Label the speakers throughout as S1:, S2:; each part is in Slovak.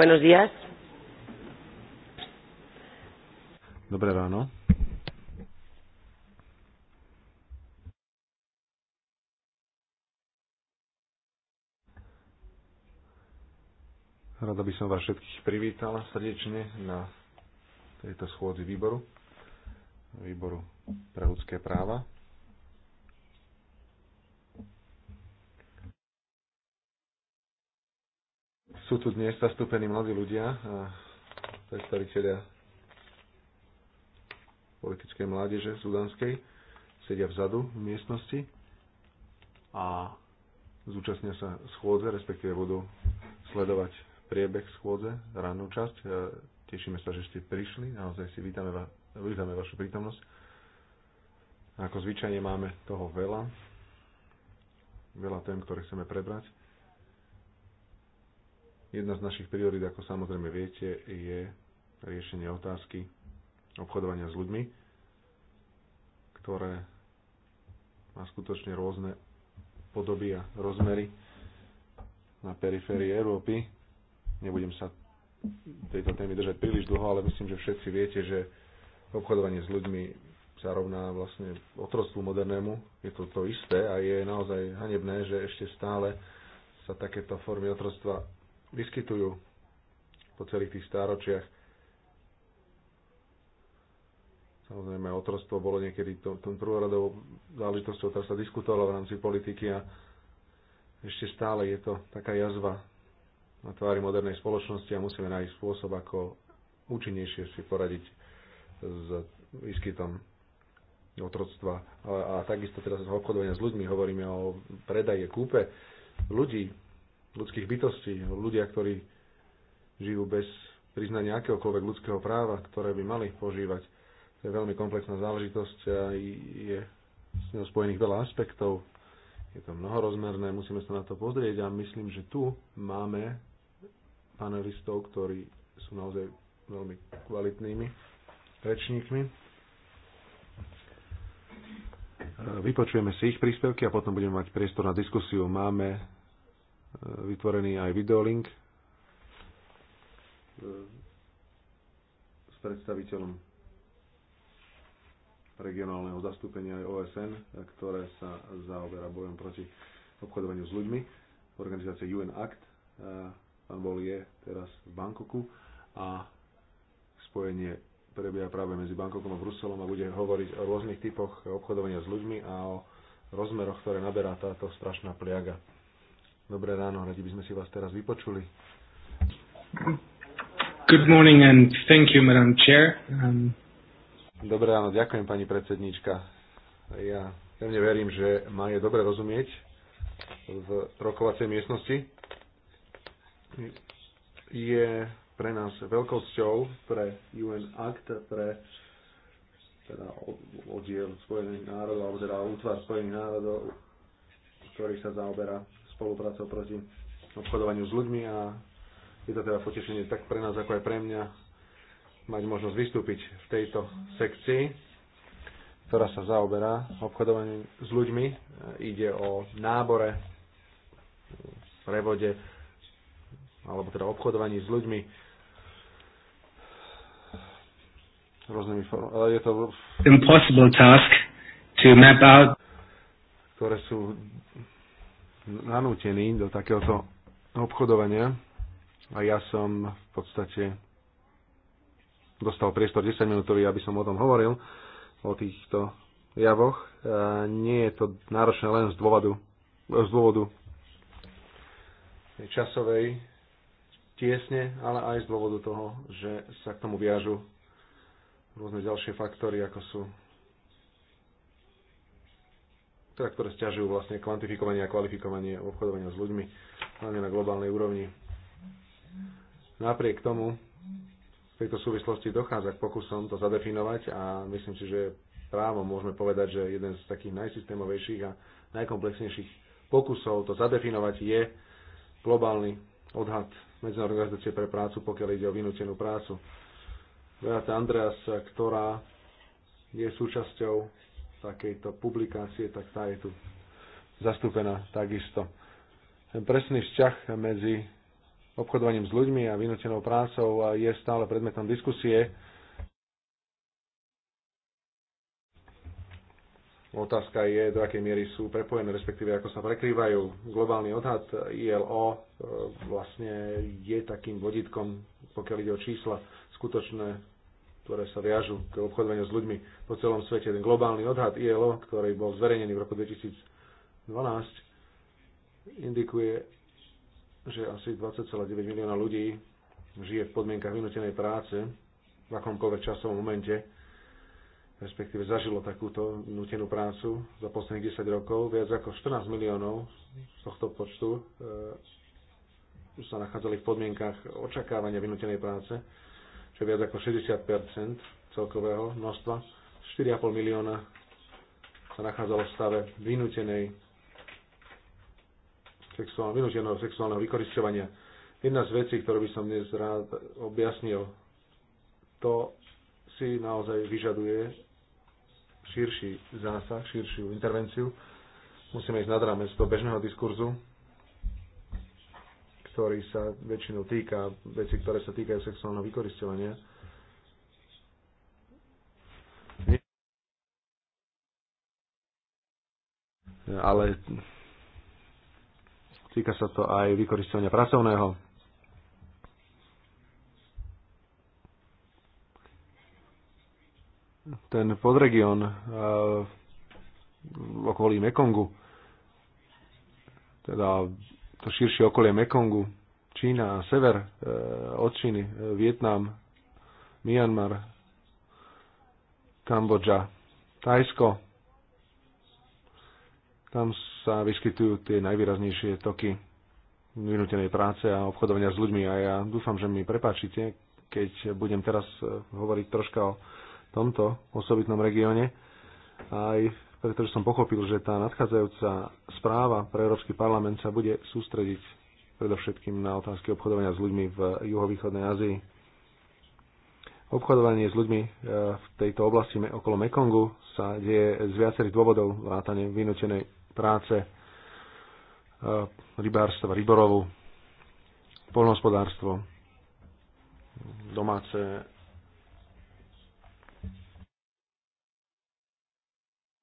S1: Buenos días. Dobré ráno. Rada by som vás všetkých privítal srdečne na tejto schôdzi výboru, výboru pre ľudské práva Sú tu dnes zastúpení mladí ľudia a predstaviteľia politickej mládeže sudanskej sedia vzadu v miestnosti a zúčastnia sa schôdze, respektíve budú sledovať priebeh schôdze, rannú časť. E, tešíme sa, že ste prišli, naozaj si vítame, va- vítame vašu prítomnosť. Ako zvyčajne máme toho veľa, veľa tém, ktoré chceme prebrať. Jedna z našich priorít, ako samozrejme viete, je riešenie otázky obchodovania s ľuďmi, ktoré má skutočne rôzne podoby a rozmery na periférii Európy. Nebudem sa tejto témy držať príliš dlho, ale myslím, že všetci viete, že obchodovanie s ľuďmi sa rovná vlastne otrostvu modernému. Je to to isté a je naozaj hanebné, že ešte stále sa takéto formy otrostva vyskytujú po celých tých stáročiach. Samozrejme, otrostvo bolo niekedy to, tom prvoradou záležitosťou, ktorá sa diskutovala v rámci politiky a ešte stále je to taká jazva na tvári modernej spoločnosti a musíme nájsť spôsob, ako účinnejšie si poradiť s výskytom otroctva a, a takisto teraz z obchodovania s ľuďmi hovoríme o predaje, kúpe ľudí, ľudských bytostí, ľudia, ktorí žijú bez priznania akéhokoľvek ľudského práva, ktoré by mali požívať. To je veľmi komplexná záležitosť a je s ňou spojených veľa aspektov. Je to mnohorozmerné, musíme sa na to pozrieť a myslím, že tu máme panelistov, ktorí sú naozaj veľmi kvalitnými rečníkmi. Vypočujeme si ich príspevky a potom budeme mať priestor na diskusiu. Máme vytvorený aj videolink e, s predstaviteľom regionálneho zastúpenia aj OSN, ktoré sa zaoberá bojom proti obchodovaniu s ľuďmi. Organizácia UN Act. E, pán Bol je teraz v Bankoku a spojenie prebieha práve medzi Bankokom a Bruselom a bude hovoriť o rôznych typoch obchodovania s ľuďmi a o rozmeroch, ktoré naberá táto strašná pliaga. Dobré ráno, radi by sme si vás teraz vypočuli.
S2: Good morning and thank you, Madam Chair. Um...
S1: Dobré ráno, ďakujem pani predsedníčka. Ja pevne verím, že má je dobre rozumieť v rokovacej miestnosti. Je pre nás veľkou cťou pre UN Act, pre teda oddiel Spojených národov, alebo teda útvar Spojených národov, ktorý sa zaoberá spoluprácou proti obchodovaniu s ľuďmi a je to teda potešenie tak pre nás, ako aj pre mňa mať možnosť vystúpiť v tejto sekcii, ktorá sa zaoberá obchodovaním s ľuďmi. Ide o nábore, prevode, alebo teda obchodovaní s ľuďmi rôznymi formami. Je to
S2: impossible task to map out
S1: ktoré sú nanútený do takéhoto obchodovania a ja som v podstate dostal priestor 10 minútový, aby som o tom hovoril, o týchto javoch. Nie je to náročné len z dôvodu, z dôvodu časovej tiesne, ale aj z dôvodu toho, že sa k tomu viažu rôzne ďalšie faktory, ako sú teda, ktoré stiažujú vlastne kvantifikovanie a kvalifikovanie obchodovania s ľuďmi, hlavne na globálnej úrovni. Napriek tomu v tejto súvislosti dochádza k pokusom to zadefinovať a myslím si, že právo môžeme povedať, že jeden z takých najsystémovejších a najkomplexnejších pokusov to zadefinovať je globálny odhad Medzinárodnej organizácie pre prácu, pokiaľ ide o vynútenú prácu. Beata Andreas, ktorá je súčasťou takejto publikácie, tak tá je tu zastúpená takisto. Ten presný vzťah medzi obchodovaním s ľuďmi a vynútenou prácou je stále predmetom diskusie. Otázka je, do akej miery sú prepojené, respektíve ako sa prekrývajú. Globálny odhad ILO e, vlastne je takým vodítkom, pokiaľ ide o čísla, skutočné ktoré sa viažu k obchodovaniu s ľuďmi po celom svete. Ten globálny odhad ILO, ktorý bol zverejnený v roku 2012, indikuje, že asi 20,9 milióna ľudí žije v podmienkach vynútenej práce v akomkoľvek časovom momente, respektíve zažilo takúto nutenú prácu za posledných 10 rokov. Viac ako 14 miliónov z tohto počtu e, sa nachádzali v podmienkach očakávania vynútenej práce čo je viac ako 60 celkového množstva. 4,5 milióna sa nachádzalo v stave vynútenej sexuál, vynúteného sexuálneho vykoristovania. Jedna z vecí, ktorú by som dnes rád objasnil, to si naozaj vyžaduje širší zásah, širšiu intervenciu. Musíme ísť nad rámec toho bežného diskurzu, ktorý sa väčšinou týka veci, ktoré sa týkajú sexuálneho vykoristovania. Ale týka sa to aj vykoristovania pracovného. Ten podregión uh, okolí Mekongu, teda to širšie okolie Mekongu, Čína, sever e, od Číny, e, Vietnam, Myanmar, Kambodža, Tajsko. Tam sa vyskytujú tie najvýraznejšie toky vynútenej práce a obchodovania s ľuďmi a ja dúfam, že mi prepáčite, keď budem teraz e, hovoriť troška o tomto osobitnom regióne aj pretože som pochopil, že tá nadchádzajúca správa pre Európsky parlament sa bude sústrediť predovšetkým na otázky obchodovania s ľuďmi v juhovýchodnej Ázii. Obchodovanie s ľuďmi e, v tejto oblasti okolo Mekongu sa deje z viacerých dôvodov, vrátane vynútenej práce, e, rybárstva, rybarovu, polnohospodárstvo, domáce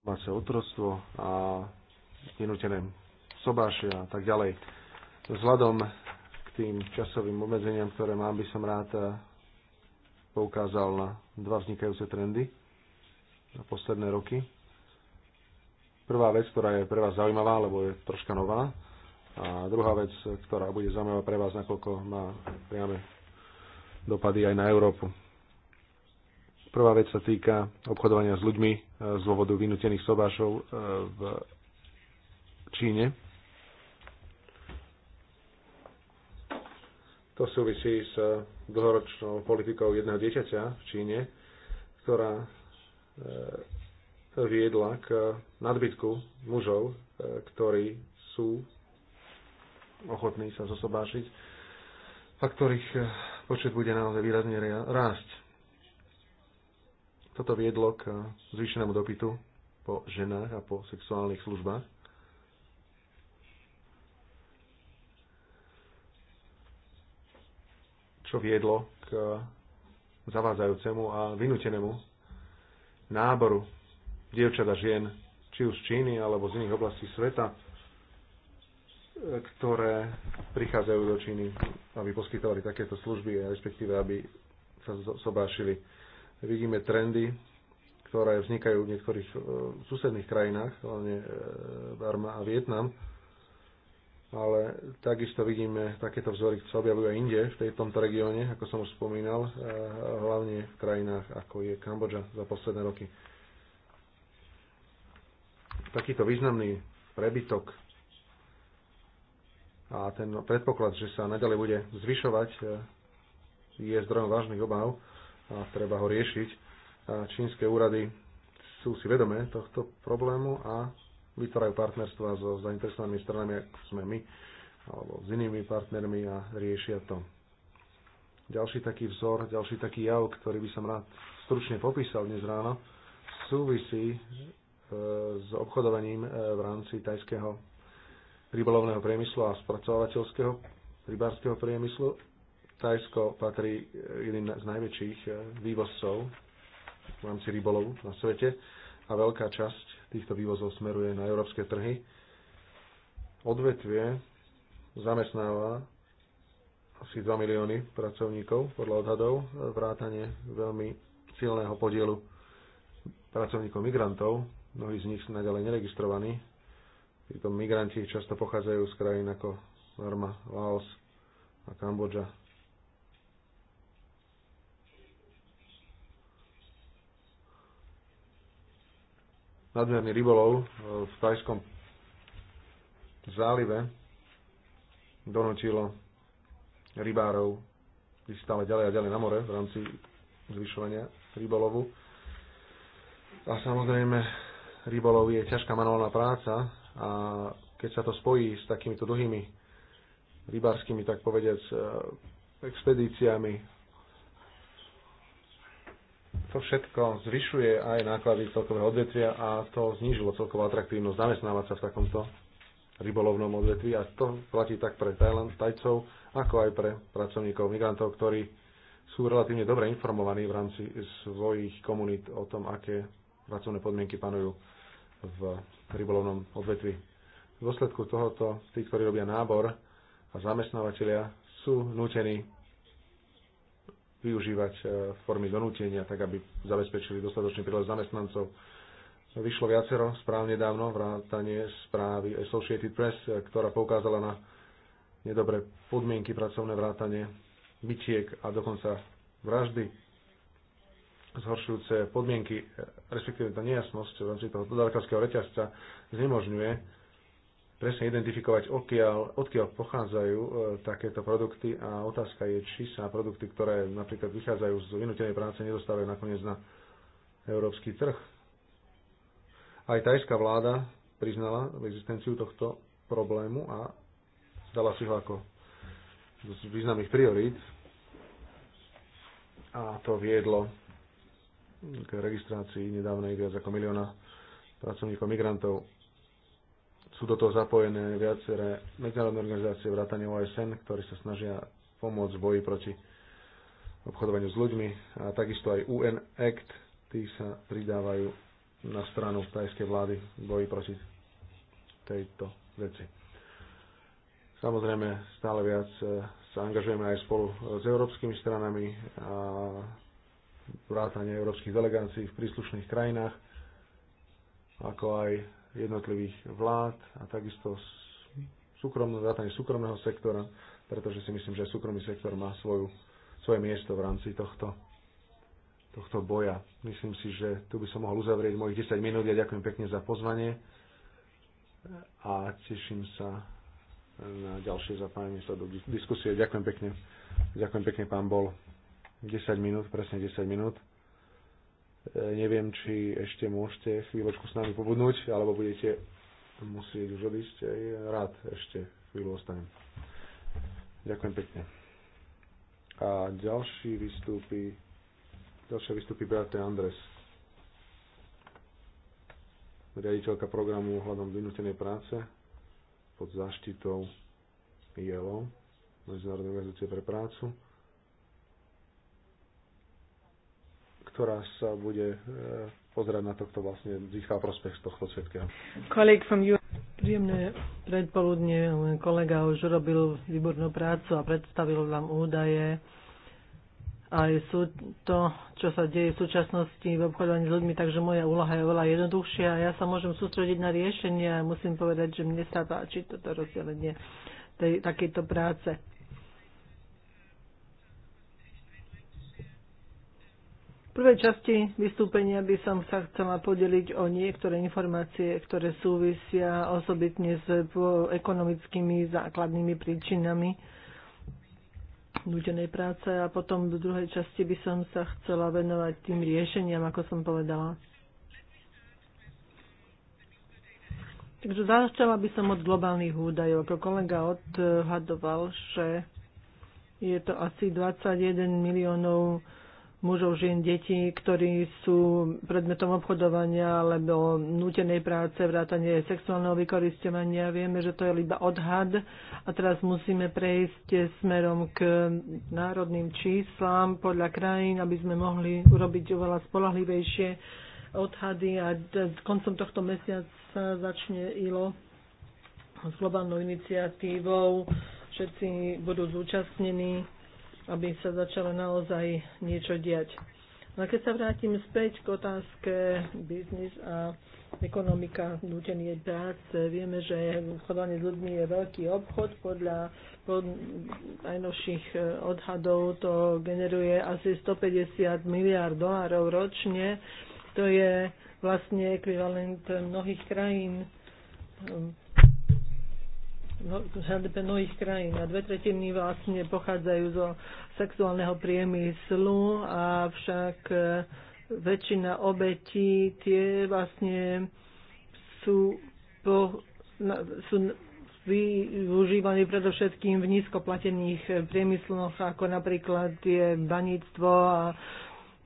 S1: domáce otrostvo a nenútené sobáše a tak ďalej. Vzhľadom k tým časovým obmedzeniam, ktoré mám, by som rád eh, poukázal na dva vznikajúce trendy na posledné roky. Prvá vec, ktorá je pre vás zaujímavá, lebo je troška nová, a druhá vec, ktorá bude zaujímavá pre vás, nakoľko má priame dopady aj na Európu. Prvá vec sa týka obchodovania s ľuďmi e, z dôvodu vynútených sobášov e, v Číne. To súvisí s dlhoročnou politikou jedného dieťaťa v Číne, ktorá e, viedla k nadbytku mužov, ktorí sú ochotní sa zosobášiť a ktorých počet bude naozaj výrazne rásť toto viedlo k zvýšenému dopytu po ženách a po sexuálnych službách. Čo viedlo k zavádzajúcemu a vynútenému náboru dievčat a žien, či už z Číny alebo z iných oblastí sveta, ktoré prichádzajú do Číny, aby poskytovali takéto služby, respektíve aby sa sobášili Vidíme trendy, ktoré vznikajú v niektorých e, susedných krajinách, hlavne e, Barma a Vietnam, ale takisto vidíme takéto vzory, ktoré sa objavujú aj inde v tomto regióne, ako som už spomínal, e, hlavne v krajinách ako je Kambodža za posledné roky. Takýto významný prebytok a ten predpoklad, že sa naďalej bude zvyšovať, je zdrojom vážnych obáv a treba ho riešiť. Čínske úrady sú si vedomé tohto problému a vytvárajú partnerstva so zainteresovanými stranami, ako sme my, alebo s inými partnermi a riešia to. Ďalší taký vzor, ďalší taký jav, ktorý by som rád stručne popísal dnes ráno, súvisí e, s obchodovaním e, v rámci tajského rybolovného priemyslu a spracovateľského rybárskeho priemyslu Tajsko patrí e, jedným z najväčších e, vývozcov v rámci rybolov na svete a veľká časť týchto vývozov smeruje na európske trhy. Odvetvie zamestnáva asi 2 milióny pracovníkov podľa odhadov, e, vrátane veľmi silného podielu pracovníkov migrantov, mnohí z nich sú naďalej neregistrovaní. Títo migranti často pochádzajú z krajín ako Norma, Laos a Kambodža. nadmerný rybolov e, v Tajskom zálive donočilo rybárov ísť stále ďalej a ďalej na more v rámci zvyšovania rybolovu. A samozrejme, rybolov je ťažká manuálna práca a keď sa to spojí s takýmito dlhými rybárskymi, tak povedec, e, expedíciami to všetko zvyšuje aj náklady celkového odvetvia a to znížilo celkovú atraktívnosť zamestnávať sa v takomto rybolovnom odvetví a to platí tak pre Thailand, Tajcov, ako aj pre pracovníkov, migrantov, ktorí sú relatívne dobre informovaní v rámci svojich komunít o tom, aké pracovné podmienky panujú v rybolovnom odvetvi. V dôsledku tohoto tí, ktorí robia nábor a zamestnávateľia sú nútení využívať e, formy donútenia, tak aby zabezpečili dostatočný prílež zamestnancov. Vyšlo viacero správ nedávno, vrátanie správy Associated Press, e, ktorá poukázala na nedobré podmienky pracovné vrátanie bytiek a dokonca vraždy, zhoršujúce podmienky, e, respektíve tá nejasnosť v rámci toho dodávateľského reťazca znemožňuje presne identifikovať, odkiaľ, odkiaľ pochádzajú e, takéto produkty a otázka je, či sa produkty, ktoré napríklad vychádzajú z vynútenej práce, nedostávajú nakoniec na európsky trh. Aj tajská vláda priznala existenciu tohto problému a dala si ho ako z významných priorít a to viedlo k registrácii nedávnej viac ako milióna pracovníkov migrantov sú do toho zapojené viaceré medzinárodné organizácie vrátane OSN, ktoré sa snažia pomôcť v boji proti obchodovaniu s ľuďmi a takisto aj UN Act, tí sa pridávajú na stranu tajskej vlády v boji proti tejto veci. Samozrejme, stále viac e, sa angažujeme aj spolu s európskymi stranami a vrátanie európskych delegácií v príslušných krajinách, ako aj jednotlivých vlád a takisto súkromné, vrátanie súkromného sektora, pretože si myslím, že súkromný sektor má svoju, svoje miesto v rámci tohto, tohto boja. Myslím si, že tu by som mohol uzavrieť mojich 10 minút. Ja ďakujem pekne za pozvanie a teším sa na ďalšie zapájanie sa do diskusie. Ďakujem pekne. Ďakujem pekne, pán Bol. 10 minút, presne 10 minút. E, neviem, či ešte môžete chvíľočku s nami pobudnúť, alebo budete musieť už odísť. Rád ešte chvíľu ostanem. Ďakujem pekne. A ďalší vystúpi, ďalšia vystúpi Beate Andres, riaditeľka programu ohľadom vynútenej práce pod záštitou ILO, Medzinárodnej organizácie pre prácu. ktorá sa bude e, pozerať na to, kto vlastne získá prospech z tohto všetkého.
S3: Koleg som ju Príjemné predpoludne. Kolega už robil výbornú prácu a predstavil vám údaje aj sú to, čo sa deje v súčasnosti v obchodovaní s ľuďmi, takže moja úloha je oveľa jednoduchšia a ja sa môžem sústrediť na riešenie a musím povedať, že mne sa páči toto rozdelenie tej, takéto práce. prvej časti vystúpenia by som sa chcela podeliť o niektoré informácie, ktoré súvisia osobitne s ekonomickými základnými príčinami nutenej práce a potom do druhej časti by som sa chcela venovať tým riešeniam, ako som povedala. Takže začala by som od globálnych údajov. Ako kolega odhadoval, že je to asi 21 miliónov mužov, žien, detí, ktorí sú predmetom obchodovania alebo nútenej práce, vrátanie sexuálneho vykoristovania. Vieme, že to je iba odhad a teraz musíme prejsť smerom k národným číslám podľa krajín, aby sme mohli urobiť oveľa spolahlivejšie odhady a koncom tohto mesiaca začne ILO s globálnou iniciatívou. Všetci budú zúčastnení aby sa začalo naozaj niečo diať. No keď sa vrátim späť k otázke biznis a ekonomika nutenie práce, vieme, že obchodovanie s ľuďmi je veľký obchod. Podľa pod najnovších e, odhadov to generuje asi 150 miliard dolárov ročne. To je vlastne ekvivalent mnohých krajín HDP mnohých krajín a dve tretiny vlastne pochádzajú zo sexuálneho priemyslu, avšak e, väčšina obetí tie vlastne sú, po, na, sú využívaní predovšetkým v nízkoplatených e, priemysloch, ako napríklad je baníctvo a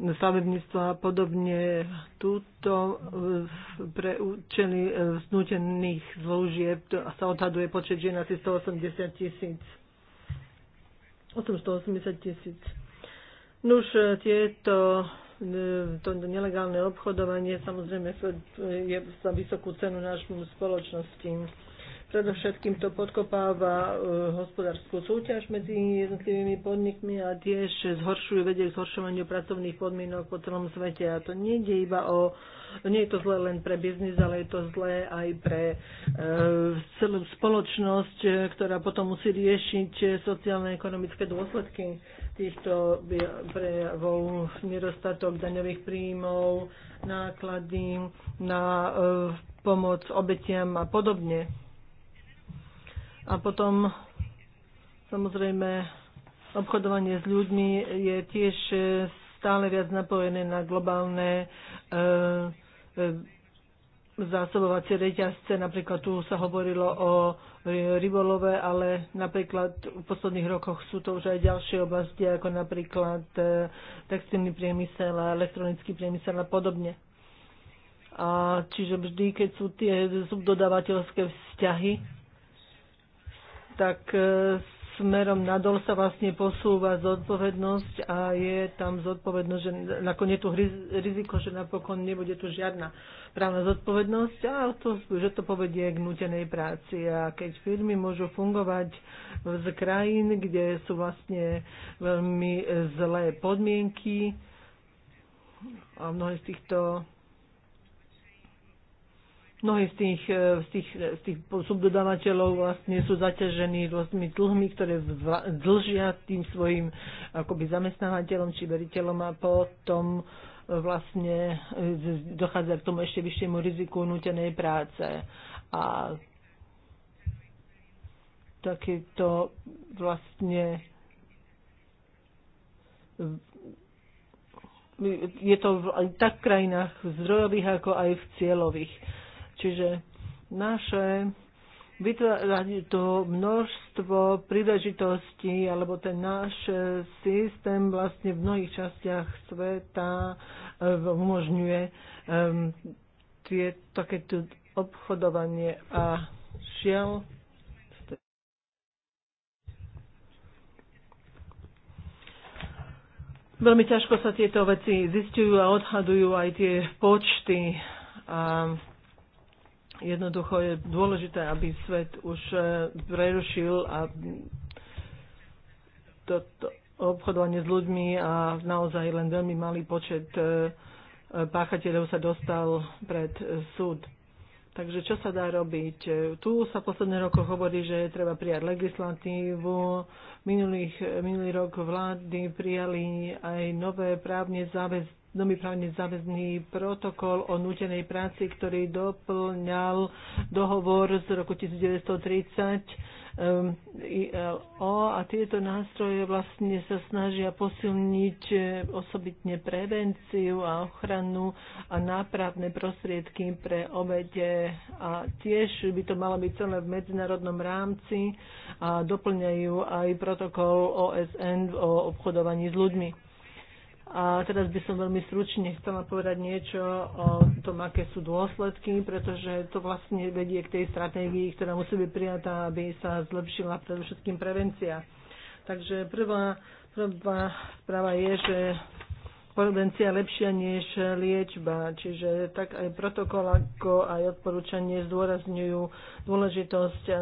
S3: stavebníctva a podobne. Túto eh, pre účely eh, znútených zložieb sa odhaduje počet žien asi 180 tisíc. 880 tisíc. Nuž eh, tieto to nelegálne obchodovanie samozrejme je za vysokú cenu nášmu spoločnosti Predovšetkým to podkopáva e, hospodárskú súťaž medzi jednotlivými podnikmi a tiež zhoršujú, vedie k zhoršovaniu pracovných podmienok po celom svete. A to nie je iba o, nie je to zlé len pre biznis, ale je to zlé aj pre e, celú spoločnosť, e, ktorá potom musí riešiť sociálne a ekonomické dôsledky týchto prejavov, nedostatok daňových príjmov, náklady na e, pomoc obetiam a podobne. A potom samozrejme obchodovanie s ľuďmi je tiež e, stále viac napojené na globálne e, e, zásobovacie reťazce, napríklad tu sa hovorilo o e, rybolove, ale napríklad v posledných rokoch sú to už aj ďalšie oblasti, ako napríklad e, textilný priemysel a elektronický priemysel a podobne. A čiže vždy, keď sú tie subdodávateľské vzťahy, tak e, smerom nadol sa vlastne posúva zodpovednosť a je tam zodpovednosť, že nakoniec tu riziko, že napokon nebude tu žiadna právna zodpovednosť a to, že to povedie k nutenej práci. A keď firmy môžu fungovať z krajín, kde sú vlastne veľmi e, zlé podmienky a mnohé z týchto mnohí z tých, e, z tých, e, z tých subdodávateľov vlastne sú zaťažení rôznymi dlhmi, ktoré vla, dlžia tým svojim akoby zamestnávateľom či veriteľom a potom e, vlastne dochádza k tomu ešte vyššiemu riziku nutenej práce. A to vlastne je to v tak v krajinách zdrojových, ako aj v cieľových. Čiže naše vytvára to množstvo príležitostí, alebo ten náš systém vlastne v mnohých častiach sveta eh, umožňuje ehm, tie, takéto obchodovanie a šiel. Veľmi ťažko sa tieto veci zistujú a odhadujú aj tie počty. A Jednoducho je dôležité, aby svet už e, prerušil a toto obchodovanie s ľuďmi a naozaj len veľmi malý počet e, e, páchateľov sa dostal pred súd. Takže čo sa dá robiť? Tu sa v posledných rokoch hovorí, že treba prijať legislatívu. Minulých, minulý rok vlády prijali aj nové právne záväzky nový právne záväzný protokol o nutenej práci, ktorý doplňal dohovor z roku 1930 um, ILO a tieto nástroje vlastne sa snažia posilniť eh, osobitne prevenciu a ochranu a nápravné prostriedky pre obete a tiež by to malo byť celé v medzinárodnom rámci a doplňajú aj protokol OSN o obchodovaní s ľuďmi. A teraz by som veľmi stručne chcela povedať niečo o tom, aké sú dôsledky, pretože to vlastne vedie k tej stratégii, ktorá musí byť prijatá, aby sa zlepšila predovšetkým prevencia. Takže prvá, prvá správa je, že prevencia lepšia než liečba, čiže tak aj protokol ako aj odporúčanie zdôrazňujú dôležitosť eh,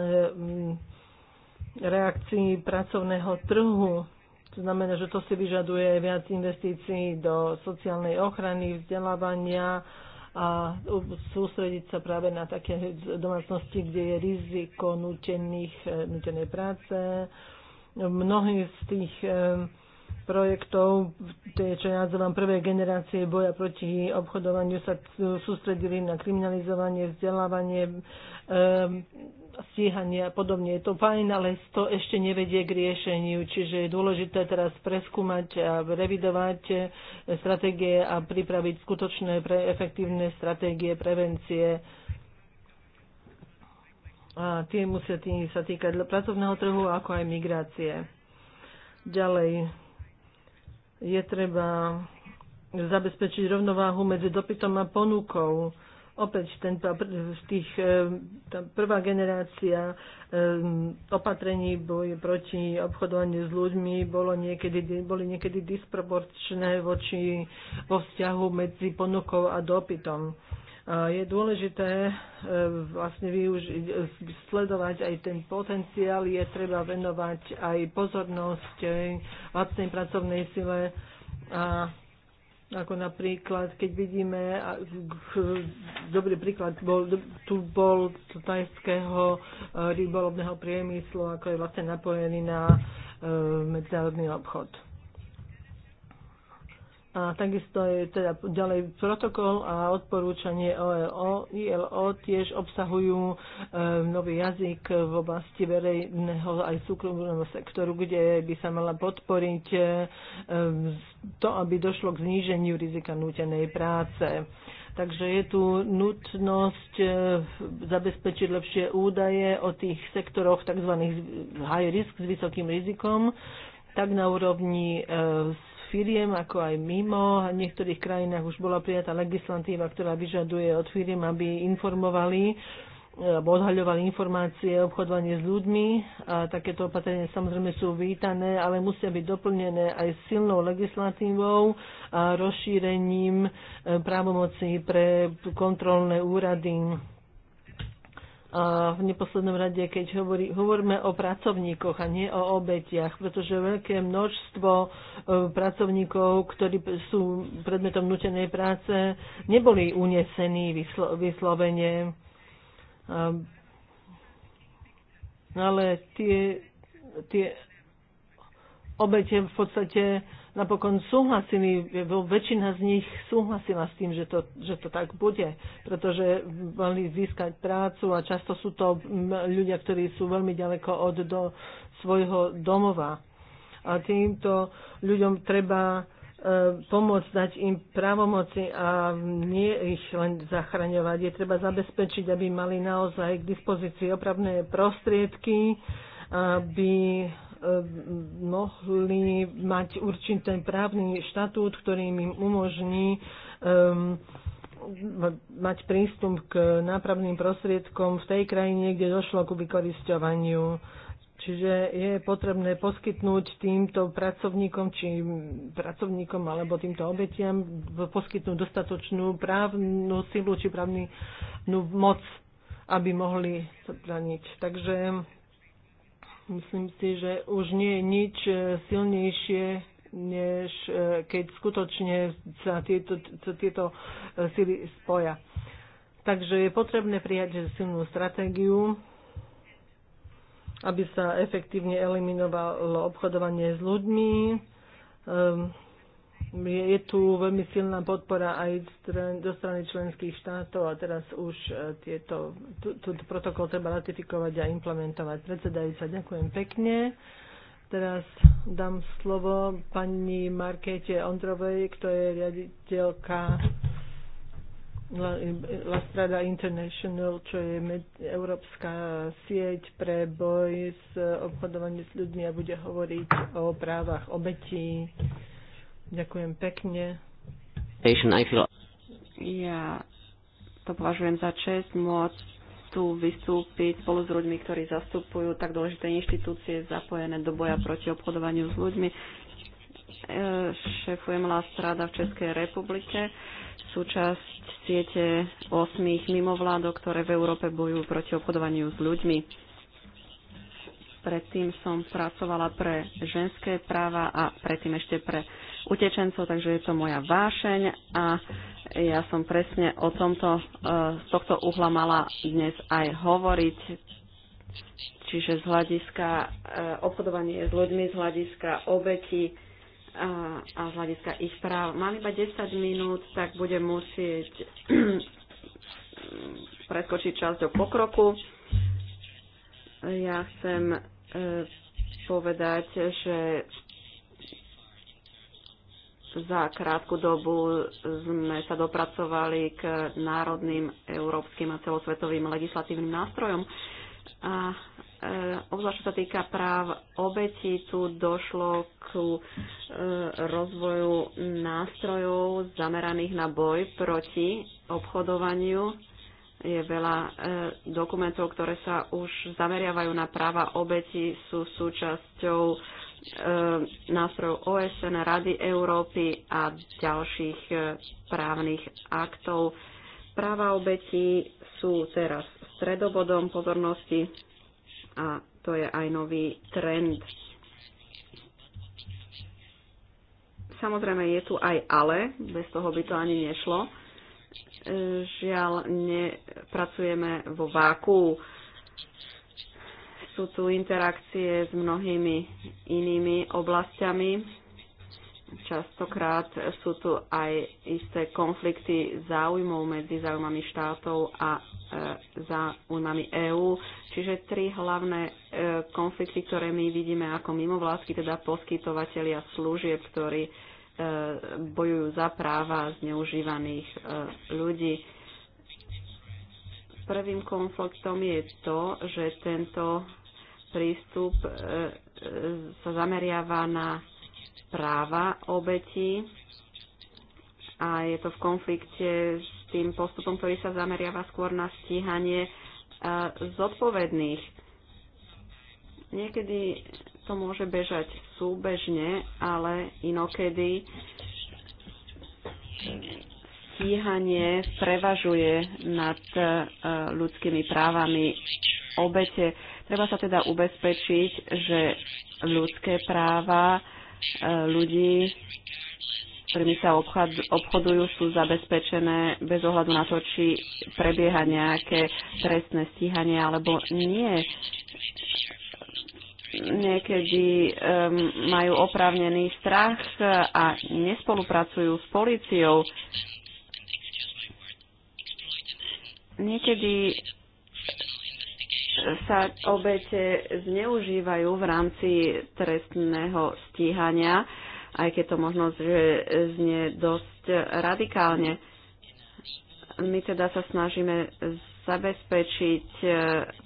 S3: reakcií pracovného trhu to znamená, že to si vyžaduje viac investícií do sociálnej ochrany, vzdelávania a sústrediť sa práve na také domácnosti, kde je riziko nutených, eh, nutenej práce. Mnohí z tých eh, projektov, tie, čo ja nazývam prvé generácie boja proti obchodovaniu, sa sústredili na kriminalizovanie, vzdelávanie, eh, stíhania a podobne. Je to fajn, ale to ešte nevedie k riešeniu, čiže je dôležité teraz preskúmať a revidovať stratégie a pripraviť skutočné pre efektívne stratégie prevencie. A tie musia tým sa týkať pracovného trhu, ako aj migrácie. Ďalej je treba zabezpečiť rovnováhu medzi dopytom a ponukou opäť ten, z tých, e, tá prvá generácia e, opatrení boje proti obchodovaniu s ľuďmi bolo niekedy, boli niekedy disproporčné voči, vo vzťahu medzi ponukou a dopytom. je dôležité e, vlastne využiť, sledovať aj ten potenciál, je treba venovať aj pozornosť vlastnej pracovnej sile a ako napríklad, keď vidíme, dobrý príklad bol, tu bol tajského e, rybolovného priemyslu, ako je vlastne napojený na e, medzinárodný obchod a takisto je teda ďalej protokol a odporúčanie OLO, ILO tiež obsahujú e, nový jazyk v oblasti verejného aj súkromného sektoru, kde by sa mala podporiť e, to, aby došlo k zníženiu rizika nútenej práce. Takže je tu nutnosť e, zabezpečiť lepšie údaje o tých sektoroch tzv. high risk s vysokým rizikom, tak na úrovni e, firiem, ako aj mimo. V niektorých krajinách už bola prijatá legislatíva, ktorá vyžaduje od firiem, aby informovali alebo odhaľovali informácie o obchodovaní s ľuďmi. A takéto opatrenia samozrejme sú vítané, ale musia byť doplnené aj silnou legislatívou a rozšírením e, právomocí pre kontrolné úrady a v neposlednom rade, keď hovorí, hovoríme o pracovníkoch a nie o obetiach, pretože veľké množstvo e, pracovníkov, ktorí sú predmetom nutenej práce, neboli unesení vyslo, vyslovene. Ale tie, tie obete v podstate napokon súhlasili, väčšina z nich súhlasila s tým, že to, že to tak bude, pretože mali získať prácu a často sú to ľudia, ktorí sú veľmi ďaleko od do svojho domova. A týmto ľuďom treba e, pomôcť, dať im právomoci a nie ich len zachraňovať. Je treba zabezpečiť, aby mali naozaj k dispozícii opravné prostriedky, aby mohli mať určitý právny štatút, ktorý im umožní um, mať prístup k nápravným prostriedkom v tej krajine, kde došlo ku vykoristovaniu. Čiže je potrebné poskytnúť týmto pracovníkom, či pracovníkom alebo týmto obetiam poskytnúť dostatočnú právnu silu či právnu moc, aby mohli sa braniť. Takže Myslím si, že už nie je nič e, silnejšie, než e, keď skutočne sa tieto, sa tieto e, sily spoja. Takže je potrebné prijať silnú stratégiu, aby sa efektívne eliminovalo obchodovanie s ľuďmi, ehm, je tu veľmi silná podpora aj do strany členských štátov a teraz už e, tieto, tu, protokol treba ratifikovať a implementovať. Predsedajúca, ďakujem pekne. Teraz dám slovo pani Markete Ondrovej, ktorá je riaditeľka La Strada International, čo je európska sieť pre boj s obchodovaním s ľuďmi a bude hovoriť o právach obetí. Ďakujem pekne. Ja to považujem za čest môcť tu
S4: vystúpiť spolu s ľuďmi, ktorí zastupujú tak dôležité inštitúcie zapojené do boja proti obchodovaniu s ľuďmi. E, šéfujem La Strada v Českej republike, súčasť siete osmých mimovládok, ktoré v Európe bojujú proti obchodovaniu s ľuďmi. Predtým som pracovala pre ženské práva a predtým ešte pre utečencov, takže je to moja vášeň a ja som presne o tomto, e, z tohto uhla mala dnes aj hovoriť. Čiže z hľadiska e, obchodovanie s ľuďmi, z hľadiska obeti e, a, z hľadiska ich práv. Mám iba 10 minút, tak budem musieť preskočiť časť do pokroku. Ja chcem povedať, že v za krátku dobu sme sa dopracovali k národným, európskym a celosvetovým legislatívnym nástrojom. A e, obzvlášť čo sa týka práv obetí, tu došlo k e, rozvoju nástrojov zameraných na boj proti obchodovaniu. Je veľa e, dokumentov, ktoré sa už zameriavajú na práva obetí, sú súčasťou E, nástrojov OSN, Rady Európy a ďalších e, právnych aktov. Práva obetí sú teraz stredobodom pozornosti a to je aj nový trend. Samozrejme je tu aj ale, bez toho by to ani nešlo. E, žiaľ, nepracujeme vo vákuu sú tu interakcie s mnohými inými oblastiami. Častokrát sú tu aj isté konflikty záujmov medzi záujmami štátov a e, záujmami EÚ. Čiže tri hlavné e, konflikty, ktoré my vidíme ako mimovládky, teda poskytovateľia služieb, ktorí e, bojujú za práva zneužívaných e, ľudí prvým konfliktom je to, že tento prístup e, e, sa zameriava na práva obetí a je to v konflikte s tým postupom, ktorý sa zameriava skôr na stíhanie e, zodpovedných. Niekedy to môže bežať súbežne, ale inokedy stíhanie prevažuje nad ľudskými právami obete Treba sa teda ubezpečiť, že ľudské práva e, ľudí, ktorými sa obchodujú, sú zabezpečené bez ohľadu na to, či prebieha nejaké trestné stíhanie alebo nie niekedy um, majú oprávnený strach a nespolupracujú s políciou. Niekedy sa obete zneužívajú v rámci trestného stíhania, aj keď to možno že znie dosť radikálne. My teda sa snažíme zabezpečiť e,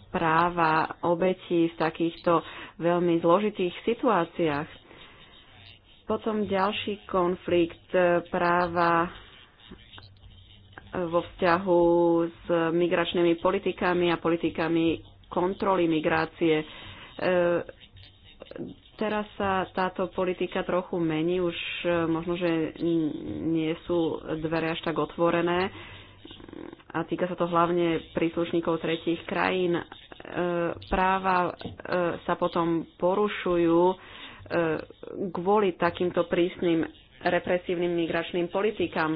S4: práva obetí v takýchto veľmi zložitých situáciách. Potom ďalší konflikt e, práva e, vo vzťahu s migračnými politikami a politikami kontroly migrácie. E, teraz sa táto politika trochu mení, už e, možno, že nie sú dvere až tak otvorené a týka sa to hlavne príslušníkov tretích krajín. E, práva sa potom porušujú kvôli takýmto prísnym represívnym migračným politikám.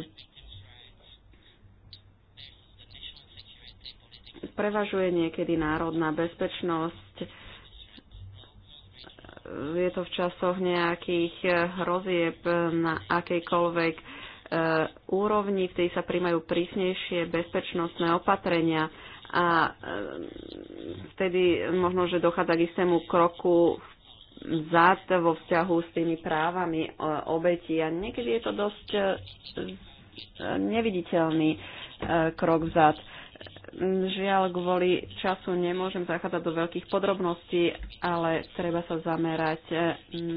S4: prevažuje niekedy národná bezpečnosť. Je to v časoch nejakých hrozieb na akejkoľvek e, úrovni, vtedy sa príjmajú prísnejšie bezpečnostné opatrenia a e, vtedy možno, že dochádza k istému kroku vzad vo vzťahu s tými právami e, obetí a niekedy je to dosť neviditeľný krok vzad. Žiaľ, kvôli času nemôžem zachádzať do veľkých podrobností, ale treba sa zamerať e,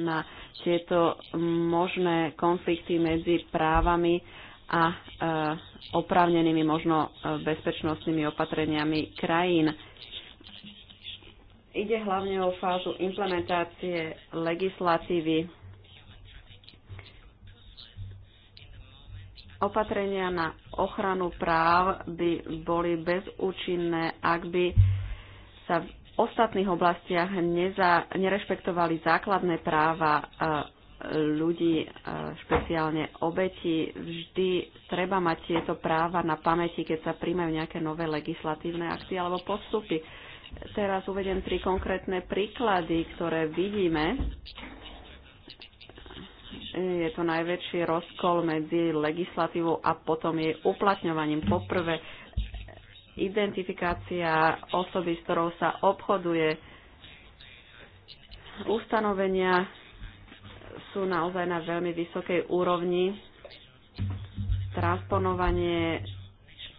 S4: na tieto možné konflikty medzi právami a e, oprávnenými možno e, bezpečnostnými opatreniami krajín. Ide hlavne o fázu implementácie legislatívy Opatrenia na ochranu práv by boli bezúčinné, ak by sa v ostatných oblastiach neza, nerešpektovali základné práva e, ľudí, e, špeciálne obeti. Vždy treba mať tieto práva na pamäti, keď sa príjmajú nejaké nové legislatívne akty alebo postupy. Teraz uvedem tri konkrétne príklady, ktoré vidíme je to najväčší rozkol medzi legislatívou a potom jej uplatňovaním. Poprvé, identifikácia osoby, s ktorou sa obchoduje. Ustanovenia sú naozaj na veľmi vysokej úrovni. Transponovanie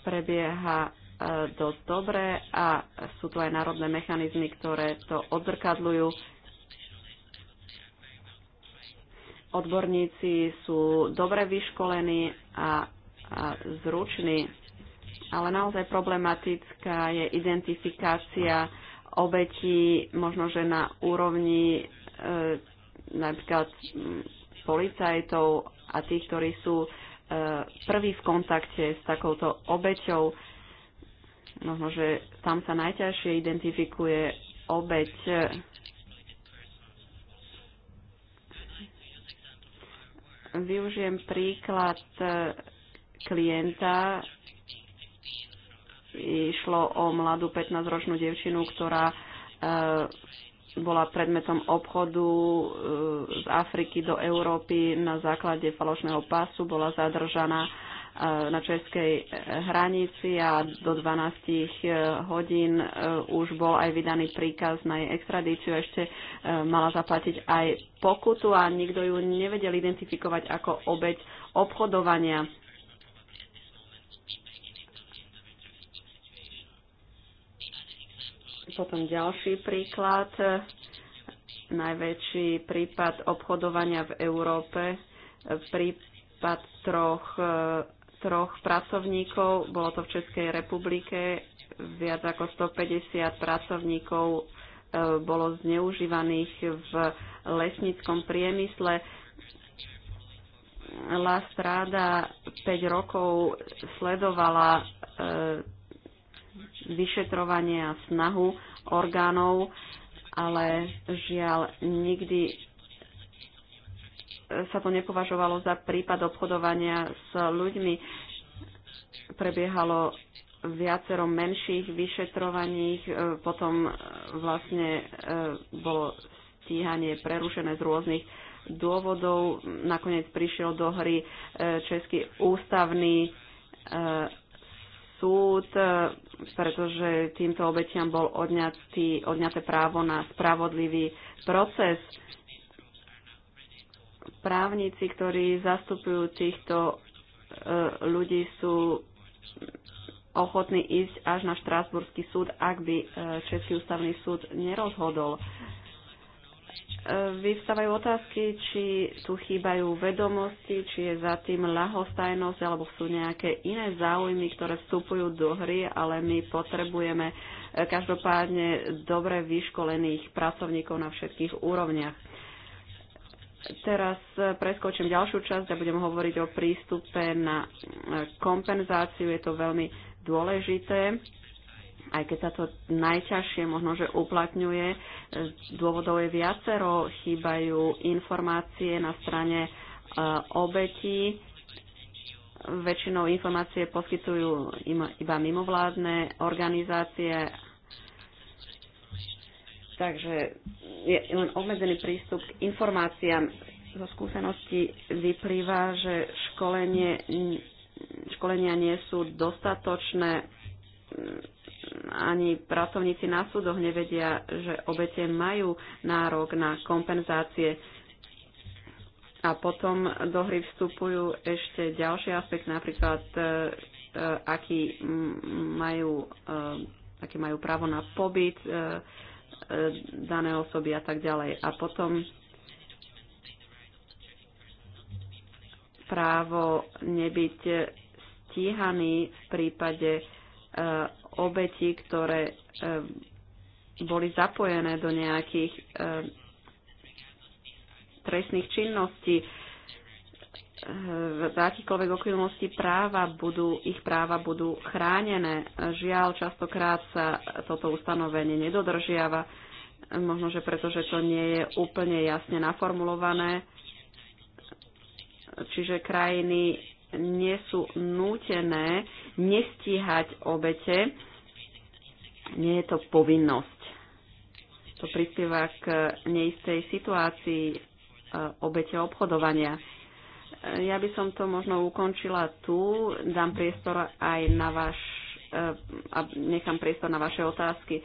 S4: prebieha e, dosť dobre a sú tu aj národné mechanizmy, ktoré to odzrkadľujú Odborníci sú dobre vyškolení a, a zruční, ale naozaj problematická je identifikácia obetí, možno že na úrovni e, napríklad policajtov a tých, ktorí sú e, prví v kontakte s takouto obeťou. Možno, že tam sa najťažšie identifikuje obeť Využijem príklad e, klienta. Išlo o mladú 15-ročnú devčinu, ktorá e, bola predmetom obchodu e, z Afriky do Európy na základe falošného pasu, bola zadržaná na českej hranici a do 12 eh, hodín eh, už bol aj vydaný príkaz na jej extradíciu. Ešte eh, mala zaplatiť aj pokutu a nikto ju nevedel identifikovať ako obeď obchodovania. Potom ďalší príklad. Najväčší prípad obchodovania v Európe. Prípad troch troch pracovníkov. Bolo to v Českej republike. Viac ako 150 pracovníkov e, bolo zneužívaných v lesníckom priemysle. La Strada 5 rokov sledovala e, vyšetrovanie a snahu orgánov, ale žiaľ nikdy sa to nepovažovalo za prípad obchodovania s ľuďmi. Prebiehalo viacero menších vyšetrovaní, e, potom e, vlastne e, bolo stíhanie prerušené z rôznych dôvodov. Nakoniec prišiel do hry Český ústavný súd, pretože týmto obetiam bol odňatý, odňaté právo na spravodlivý proces právnici, ktorí zastupujú týchto e, ľudí, sú ochotní ísť až na Štrásburský súd, ak by e, Český ústavný súd nerozhodol. E, Vystávajú otázky, či tu chýbajú vedomosti, či je za tým ľahostajnosť, alebo sú nejaké iné záujmy, ktoré vstupujú do hry, ale my potrebujeme každopádne dobre vyškolených pracovníkov na všetkých úrovniach. Teraz e, preskočím ďalšiu časť a budem hovoriť o prístupe na e, kompenzáciu. Je to veľmi dôležité, aj keď sa to najťažšie možno, že uplatňuje. E, dôvodov je viacero, chýbajú informácie na strane obetí. Väčšinou informácie poskytujú iba mimovládne organizácie Takže je len obmedzený prístup k informáciám. Zo skúsenosti vyplýva, že školenie, školenia nie sú dostatočné. Ani pracovníci na súdoch nevedia, že obete majú nárok na kompenzácie. A potom do hry vstupujú ešte ďalší aspekt, napríklad e, e, aký majú, e, aký majú právo na pobyt, E, dané osoby a tak ďalej. A potom právo nebyť stíhaný v prípade e, obetí, ktoré e, boli zapojené do nejakých trestných činností v akýchkoľvek okolnosti práva budú, ich práva budú chránené. Žiaľ, častokrát sa toto ustanovenie nedodržiava, možno, že preto, že to nie je úplne jasne naformulované. Čiže krajiny nie sú nútené nestíhať obete. Nie je to povinnosť. To prispieva k neistej situácii e, obete obchodovania ja by som to možno ukončila tu, dám priestor aj na váš eh, a nechám priestor na vaše otázky.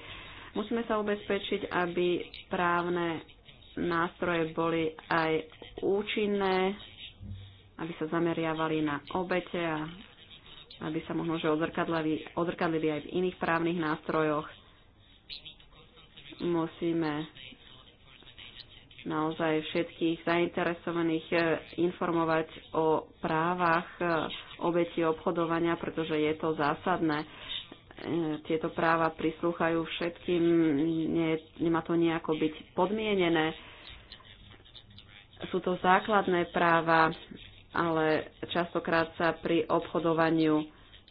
S4: Musíme sa ubezpečiť, aby právne nástroje boli aj účinné, aby sa zameriavali na obete a aby sa možno že odzrkadlili, odzrkadlili aj v iných právnych nástrojoch. Musíme naozaj všetkých zainteresovaných e, informovať o právach e, obeti obchodovania, pretože je to zásadné. E, tieto práva prislúchajú všetkým, nie, nemá to nejako byť podmienené. Sú to základné práva, ale častokrát sa pri obchodovaniu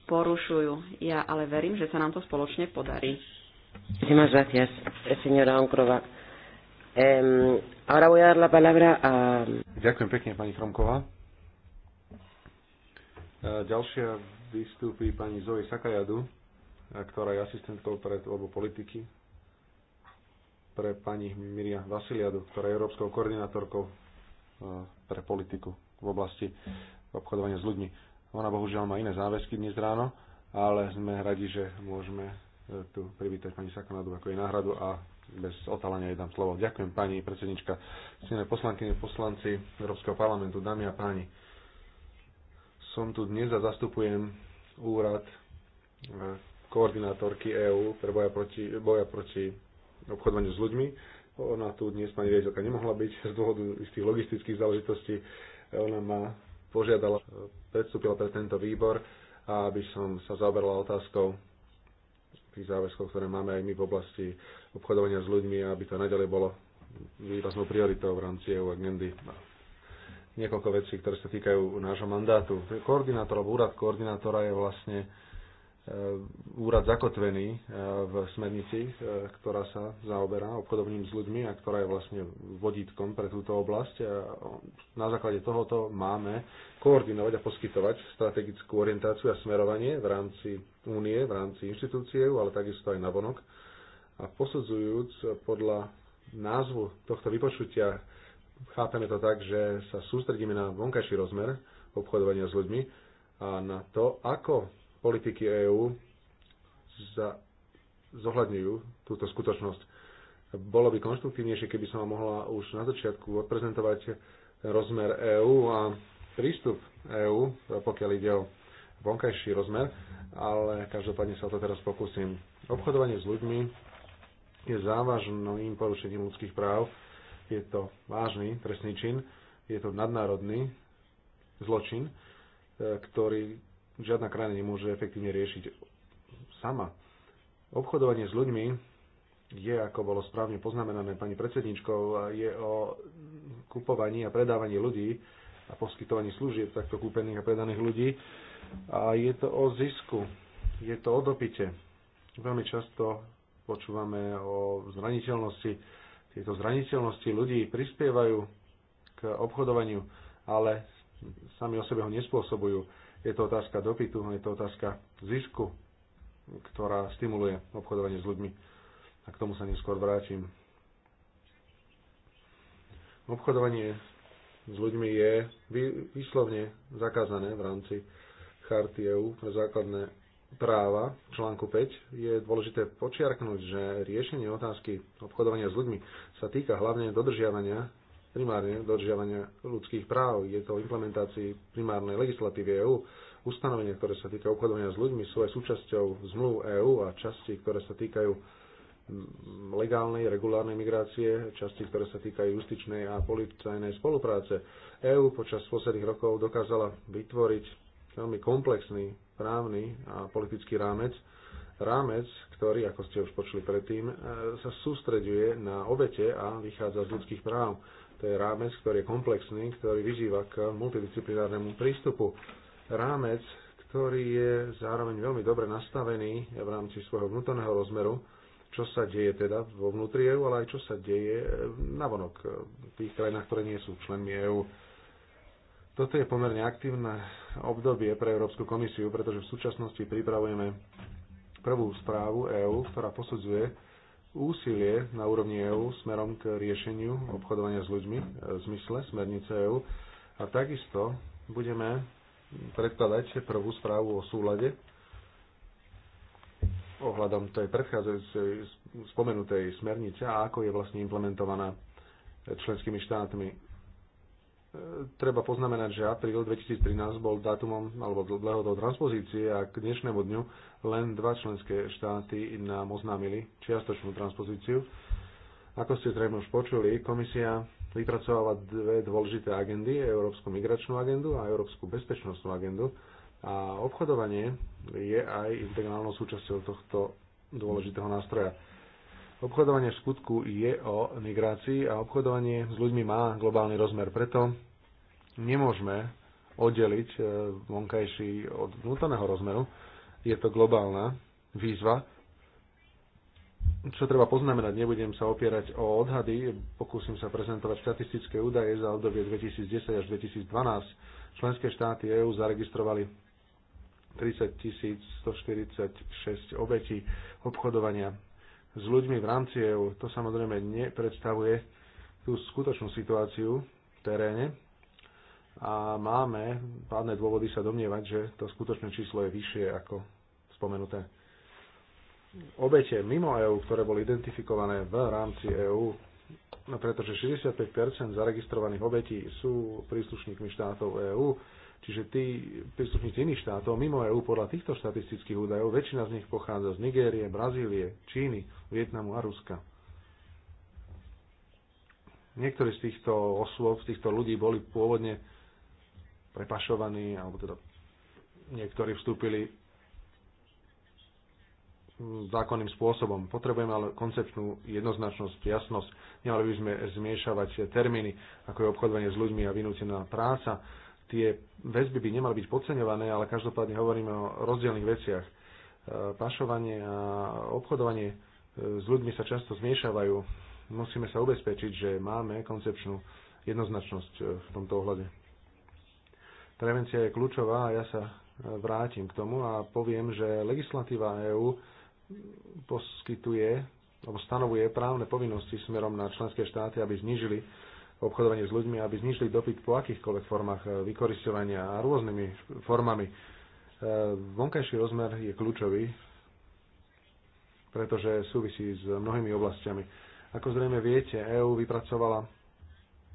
S4: porušujú. Ja ale verím, že sa nám to spoločne podarí. Muchísimas gracias, señora Onkrova. Um, ahora voy a dar la palabra a...
S1: Ďakujem pekne, pani Chromková. E, ďalšia vystúpi pani Zoe Sakajadu, e, ktorá je asistentkou pre tvorbu politiky pre pani Miria Vasiliadu, ktorá je európskou koordinátorkou e, pre politiku v oblasti obchodovania s ľuďmi. Ona bohužiaľ má iné záväzky dnes ráno, ale sme radi, že môžeme tu privítať pani Sakanadu ako jej náhradu a bez otalania jej dám slovo. Ďakujem pani predsednička, ctené poslankyne, poslanci Európskeho parlamentu, dámy a páni. Som tu dnes a zastupujem úrad eh, koordinátorky EÚ pre boja proti, boja proti obchodovaniu s ľuďmi. Ona tu dnes, pani riaditeľka, nemohla byť z dôvodu istých logistických záležitostí. Ona ma požiadala, eh, predstúpila pre tento výbor, aby som sa zaoberala otázkou tých záväzkov, ktoré máme aj my v oblasti obchodovania s ľuďmi, aby to naďalej bolo výraznou prioritou v rámci EU agendy. Niekoľko vecí, ktoré sa týkajú nášho mandátu. Koordinátor, alebo úrad koordinátora je vlastne E, úrad zakotvený e, v smernici, e, ktorá sa zaoberá obchodovným s ľuďmi a ktorá je vlastne vodítkom pre túto oblasť. Na základe tohoto máme koordinovať a poskytovať strategickú orientáciu a smerovanie v rámci únie, v rámci inštitúcie, ale takisto aj na Vonok. A posudzujúc podľa názvu tohto vypočutia, chápeme to tak, že sa sústredíme na vonkajší rozmer obchodovania s ľuďmi a na to, ako politiky EÚ zohľadňujú túto skutočnosť. Bolo by konštruktívnejšie, keby som vám mohla už na začiatku odprezentovať rozmer EÚ a prístup EÚ, pokiaľ ide o vonkajší rozmer, ale každopádne sa o to teraz pokúsim. Obchodovanie s ľuďmi je závažným porušením ľudských práv, je to vážny trestný čin, je to nadnárodný zločin, ktorý žiadna krajina nemôže efektívne riešiť sama. Obchodovanie s ľuďmi je, ako bolo správne poznamenané pani predsedničkou, je o kupovaní a predávaní ľudí a poskytovaní služieb takto kúpených a predaných ľudí. A je to o zisku, je to o dopite. Veľmi často počúvame o zraniteľnosti. Tieto zraniteľnosti ľudí prispievajú k obchodovaniu, ale sami o sebe ho nespôsobujú je to otázka dopytu, je to otázka zisku, ktorá stimuluje obchodovanie s ľuďmi. A k tomu sa neskôr vrátim. Obchodovanie s ľuďmi je výslovne zakázané v rámci Charty EU pre základné práva článku 5 je dôležité počiarknúť, že riešenie otázky obchodovania s ľuďmi sa týka hlavne dodržiavania primárne dodržiavania ľudských práv, je to o implementácii primárnej legislatívy EÚ. Ustanovenia, ktoré sa týkajú obchodovania s ľuďmi, sú aj súčasťou zmluv EÚ a časti, ktoré sa týkajú mm, legálnej, regulárnej migrácie, časti, ktoré sa týkajú justičnej a policajnej spolupráce. EÚ počas posledných rokov dokázala vytvoriť veľmi komplexný právny a politický rámec, rámec, ktorý, ako ste už počuli predtým, e, sa sústreďuje na obete a vychádza z ľudských práv. To je rámec, ktorý je komplexný, ktorý vyzýva k multidisciplinárnemu prístupu. Rámec, ktorý je zároveň veľmi dobre nastavený v rámci svojho vnútorného rozmeru, čo sa deje teda vo vnútri EU, ale aj čo sa deje navonok v tých krajinách, ktoré nie sú členmi EÚ. Toto je pomerne aktívne obdobie pre Európsku komisiu, pretože v súčasnosti pripravujeme prvú správu EÚ, ktorá posudzuje úsilie na úrovni EÚ smerom k riešeniu obchodovania s ľuďmi e, v zmysle smernice EÚ a takisto budeme predkladať prvú správu o súlade ohľadom tej predchádzajúcej spomenutej smernice a ako je vlastne implementovaná členskými štátmi treba poznamenať, že apríl 2013 bol dátumom alebo do transpozície a k dnešnému dňu len dva členské štáty nám oznámili čiastočnú transpozíciu. Ako ste zrejme už počuli, komisia vypracováva dve dôležité agendy, Európsku migračnú agendu a Európsku bezpečnostnú agendu. A obchodovanie je aj integrálnou súčasťou tohto dôležitého nástroja. Obchodovanie v skutku je o migrácii a obchodovanie s ľuďmi má globálny rozmer. Preto nemôžeme oddeliť e, vonkajší od vnútorného rozmeru. Je to globálna výzva, čo treba poznamenať, nebudem sa opierať o odhady, pokúsim sa prezentovať štatistické údaje za obdobie 2010 až 2012. Členské štáty EÚ zaregistrovali 30 146 obetí obchodovania s ľuďmi v rámci EÚ. To samozrejme nepredstavuje tú skutočnú situáciu v teréne a máme pádne dôvody sa domnievať, že to skutočné číslo je vyššie ako spomenuté. Obete mimo EÚ, ktoré boli identifikované v rámci EÚ, no pretože 65% zaregistrovaných obetí sú príslušníkmi štátov EÚ, čiže tí príslušníci iných štátov mimo EÚ podľa týchto štatistických údajov, väčšina z nich pochádza z Nigérie, Brazílie, Číny, Vietnamu a Ruska. Niektorí z týchto osôb, z týchto ľudí boli pôvodne prepašovaní, alebo teda niektorí vstúpili zákonným spôsobom. Potrebujeme ale koncepčnú jednoznačnosť, jasnosť. Nemali by sme zmiešavať termíny, ako je obchodovanie s ľuďmi a vynútená práca. Tie väzby by nemali byť podceňované, ale každopádne hovoríme o rozdielnych veciach. E, pašovanie a obchodovanie e, s ľuďmi sa často zmiešavajú. Musíme sa ubezpečiť, že máme koncepčnú jednoznačnosť e, v tomto ohľade. Prevencia je kľúčová a ja sa e, vrátim k tomu a poviem, že legislatíva EÚ poskytuje alebo stanovuje právne povinnosti smerom na členské štáty, aby znížili obchodovanie s ľuďmi, aby znižili dopyt po akýchkoľvek formách e, vykoristovania a rôznymi formami. E, vonkajší rozmer je kľúčový, pretože súvisí s mnohými oblastiami. Ako zrejme viete, EÚ vypracovala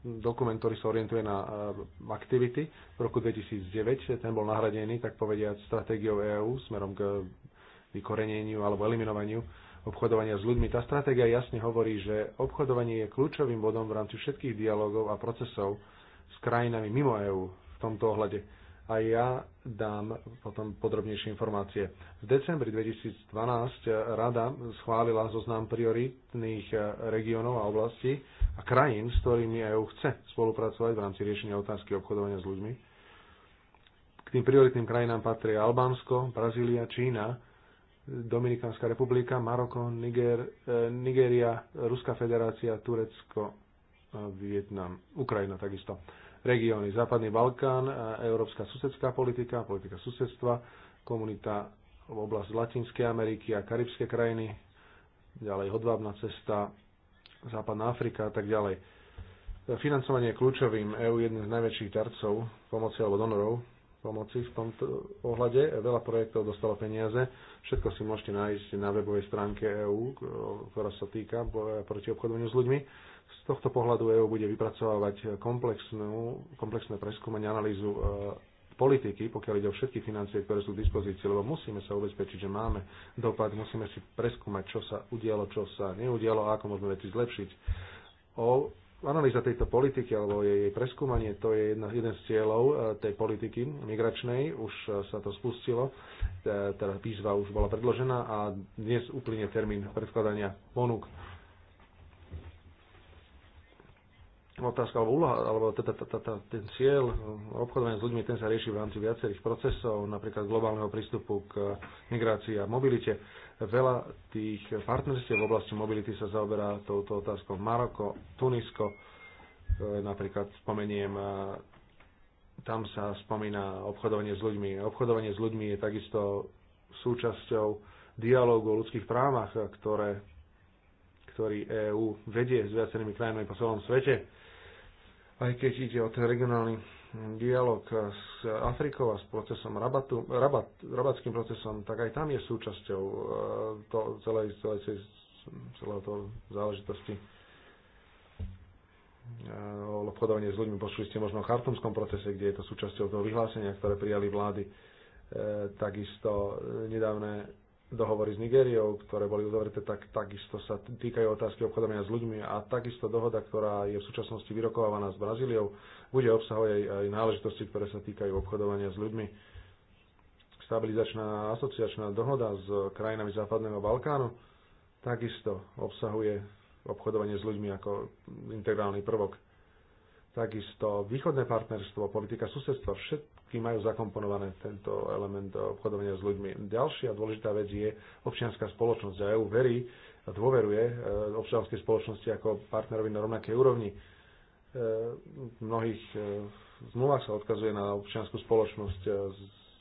S1: dokument, ktorý sa orientuje na eh, aktivity. V roku 2009 eh, ten bol nahradený, tak povediať, stratégiou EÚ smerom k vykoreneniu alebo eliminovaniu obchodovania s ľuďmi. Tá stratégia jasne hovorí, že obchodovanie je kľúčovým bodom v rámci všetkých dialogov a procesov s krajinami mimo EÚ v tomto ohľade a ja dám potom podrobnejšie informácie. V decembri 2012 Rada schválila zoznam prioritných eh, regiónov a oblastí a krajín, s ktorými EU chce spolupracovať v rámci riešenia otázky obchodovania s ľuďmi. K tým prioritným krajinám patria Albánsko, Brazília, Čína, Dominikánska republika, Maroko, Niger, eh, Nigeria, Ruská federácia, Turecko, Vietnam, Ukrajina takisto regióny. Západný Balkán, e, európska susedská politika, politika susedstva, komunita v oblasti Latinskej Ameriky a karibské krajiny, ďalej hodvábna cesta, Západná Afrika a tak ďalej. E, financovanie je kľúčovým EU jedným z najväčších darcov pomoci alebo donorov pomoci v tomto ohľade. E, veľa projektov dostalo peniaze. Všetko si môžete nájsť na webovej stránke EU, ktorá sa týka proti obchodovaniu s ľuďmi z tohto pohľadu EÚ bude vypracovávať komplexnú, komplexné preskúmanie, analýzu e, politiky, pokiaľ ide o všetky financie, ktoré sú v dispozícii, lebo musíme sa ubezpečiť, že máme dopad, musíme si preskúmať, čo sa udialo, čo sa neudialo a ako môžeme veci zlepšiť. O analýza tejto politiky alebo jej preskúmanie, to je jedna, jeden z cieľov e, tej politiky migračnej, už e, sa to spustilo, teda výzva už bola predložená a dnes uplynie termín predkladania ponúk otázka alebo úloha, alebo teda, ten cieľ eh, obchodovania s ľuďmi, ten sa rieši v rámci viacerých procesov, napríklad globálneho prístupu k eh, migrácii a mobilite. Veľa tých partnerstiev v oblasti mobility sa zaoberá touto otázkou Maroko, Tunisko, eh, napríklad spomeniem, tam sa spomína obchodovanie s ľuďmi. Obchodovanie s ľuďmi je takisto súčasťou dialógu o ľudských právach, ktoré, ktorý EÚ vedie s viacerými krajinami po celom svete aj keď ide o ten regionálny dialog s Afrikou a s procesom rabatu, rabat, rabatským procesom, tak aj tam je súčasťou e, to, celej, celej, celej to záležitosti e, o obchodovanie s ľuďmi. Počuli ste možno o chartumskom procese, kde je to súčasťou toho vyhlásenia, ktoré prijali vlády. E, takisto e, nedávne dohovory s Nigériou, ktoré boli uzavreté, tak takisto sa týkajú otázky obchodovania s ľuďmi a takisto dohoda, ktorá je v súčasnosti vyrokovaná s Brazíliou, bude obsahovať aj, aj náležitosti, ktoré sa týkajú obchodovania s ľuďmi. Stabilizačná asociačná dohoda s krajinami Západného Balkánu takisto obsahuje obchodovanie s ľuďmi ako integrálny prvok. Takisto východné partnerstvo, politika susedstva, všetko kým majú zakomponované tento element obchodovania s ľuďmi. Ďalšia dôležitá vec je občianská spoločnosť. A EU verí a dôveruje e, občianskej spoločnosti ako partnerovi na rovnakej úrovni. E, v mnohých e, zmluvách sa odkazuje na občianskú spoločnosť.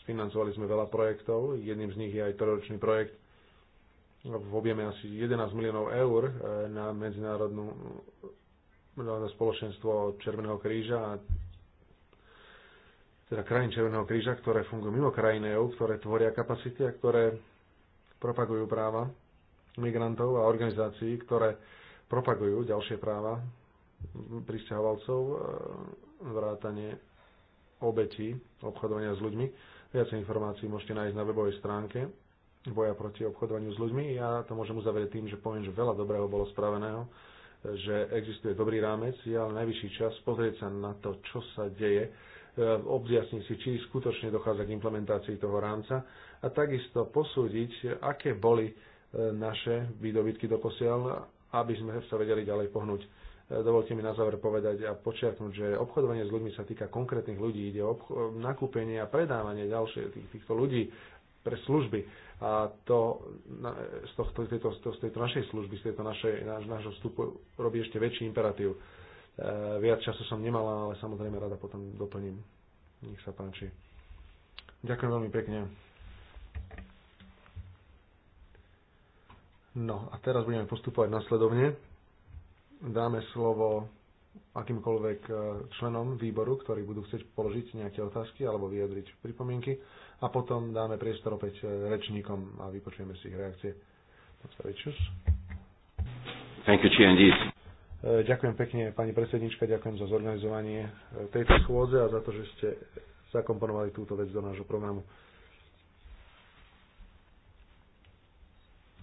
S1: Financovali sme veľa projektov. Jedným z nich je aj trojročný projekt v objeme asi 11 miliónov eur na medzinárodnú spoločenstvo Červeného kríža a teda krajín Červeného kríža, ktoré fungujú mimo krajín EU, ktoré tvoria kapacity a ktoré propagujú práva migrantov a organizácií, ktoré propagujú ďalšie práva pristahovalcov, e, vrátanie obetí obchodovania s ľuďmi. Viac informácií môžete nájsť na webovej stránke boja proti obchodovaniu s ľuďmi. Ja to môžem uzavrieť tým, že poviem, že veľa dobrého bolo spraveného, že existuje dobrý rámec, je ale najvyšší čas pozrieť sa na to, čo sa deje E, objasniť si, či skutočne dochádza k implementácii toho rámca a takisto posúdiť, aké boli e, naše výdobytky doposiaľ, aby sme sa vedeli ďalej pohnúť. E, dovolte mi na záver povedať a počiarknúť, že obchodovanie s ľuďmi sa týka konkrétnych ľudí, ide o nakúpenie a predávanie ďalšie tých, týchto ľudí pre služby. A to z, tohto, tejto, z tejto našej služby, z tejto našej, náš, nášho vstupu robí ešte väčší imperatív. Eh, viac času som nemala, ale samozrejme rada potom doplním. Nech sa páči. Ďakujem veľmi pekne. No a teraz budeme postupovať nasledovne. Dáme slovo akýmkoľvek eh, členom výboru, ktorí budú chcieť položiť nejaké otázky alebo vyjadriť pripomienky a potom dáme priestor opäť eh, rečníkom a vypočujeme si ich reakcie.
S2: Thank you,
S1: E, ďakujem pekne, pani predsednička, ďakujem za zorganizovanie e, tejto schôdze a za to, že ste zakomponovali túto vec do nášho programu.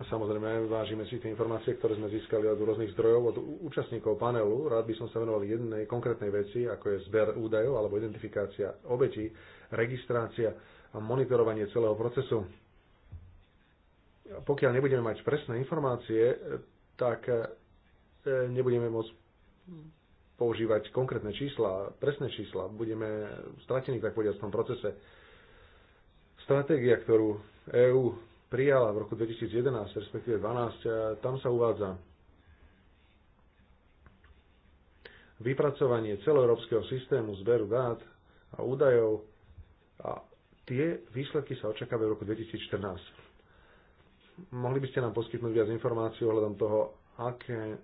S1: Samozrejme, vážime si tie informácie, ktoré sme získali od rôznych zdrojov, od účastníkov panelu. Rád by som sa venoval jednej konkrétnej veci, ako je zber údajov alebo identifikácia obetí, registrácia a monitorovanie celého procesu. Pokiaľ nebudeme mať presné informácie, tak E, nebudeme môcť používať konkrétne čísla, presné čísla, budeme stratení, tak povediať, v tom procese. Stratégia, ktorú EÚ prijala v roku 2011, respektíve 2012, e, tam sa uvádza vypracovanie celoeurópskeho systému zberu dát a údajov a tie výsledky sa očakávajú v roku 2014. Mohli by ste nám poskytnúť viac informácií ohľadom toho, aké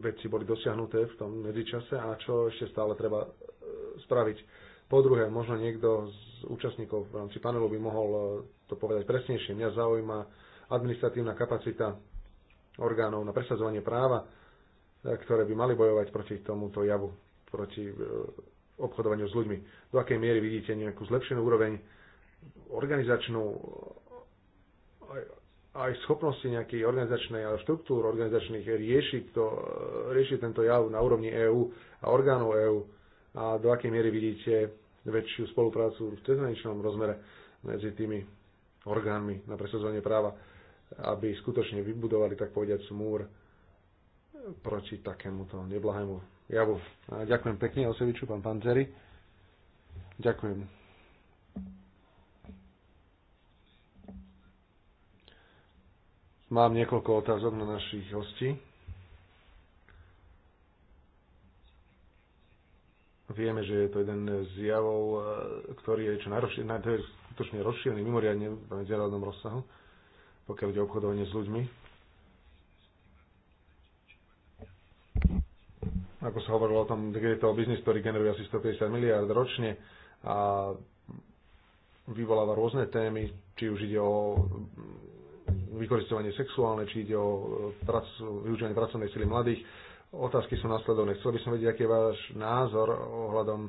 S1: veci boli dosiahnuté v tom medzičase a čo ešte stále treba e, spraviť. Po druhé, možno niekto z účastníkov v rámci panelu by mohol e, to povedať presnejšie. Mňa zaujíma administratívna kapacita orgánov na presadzovanie práva, e, ktoré by mali bojovať proti tomuto javu, proti obchodovaniu s ľuďmi. Do akej miery vidíte nejakú zlepšenú úroveň organizačnú aj schopnosti nejakej organizačnej ale štruktúr organizačných riešiť, to, riešiť tento jav na úrovni EÚ a orgánov EÚ a do akej miery vidíte väčšiu spoluprácu v cezhraničnom rozmere medzi tými orgánmi na presadzovanie práva, aby skutočne vybudovali, tak povediať, múr proti takémuto neblahému javu. A ďakujem pekne Oseviču, pán Panzeri. Ďakujem. Mám niekoľko otázok na našich hostí. Vieme, že je to jeden z javov, e, ktorý je čo najrošírený, skutočne rozšírený, mimoriadne v medzinárodnom rozsahu, pokiaľ ide obchodovanie s ľuďmi. Ako sa hovorilo o tom, kde je to biznis, ktorý generuje asi 150 miliard ročne a vyvoláva rôzne témy, či už ide o vykoristovanie sexuálne, či ide o e, prac, využívanie pracovnej sily mladých. Otázky sú následovné. Chcel by som vedieť, aký je váš názor ohľadom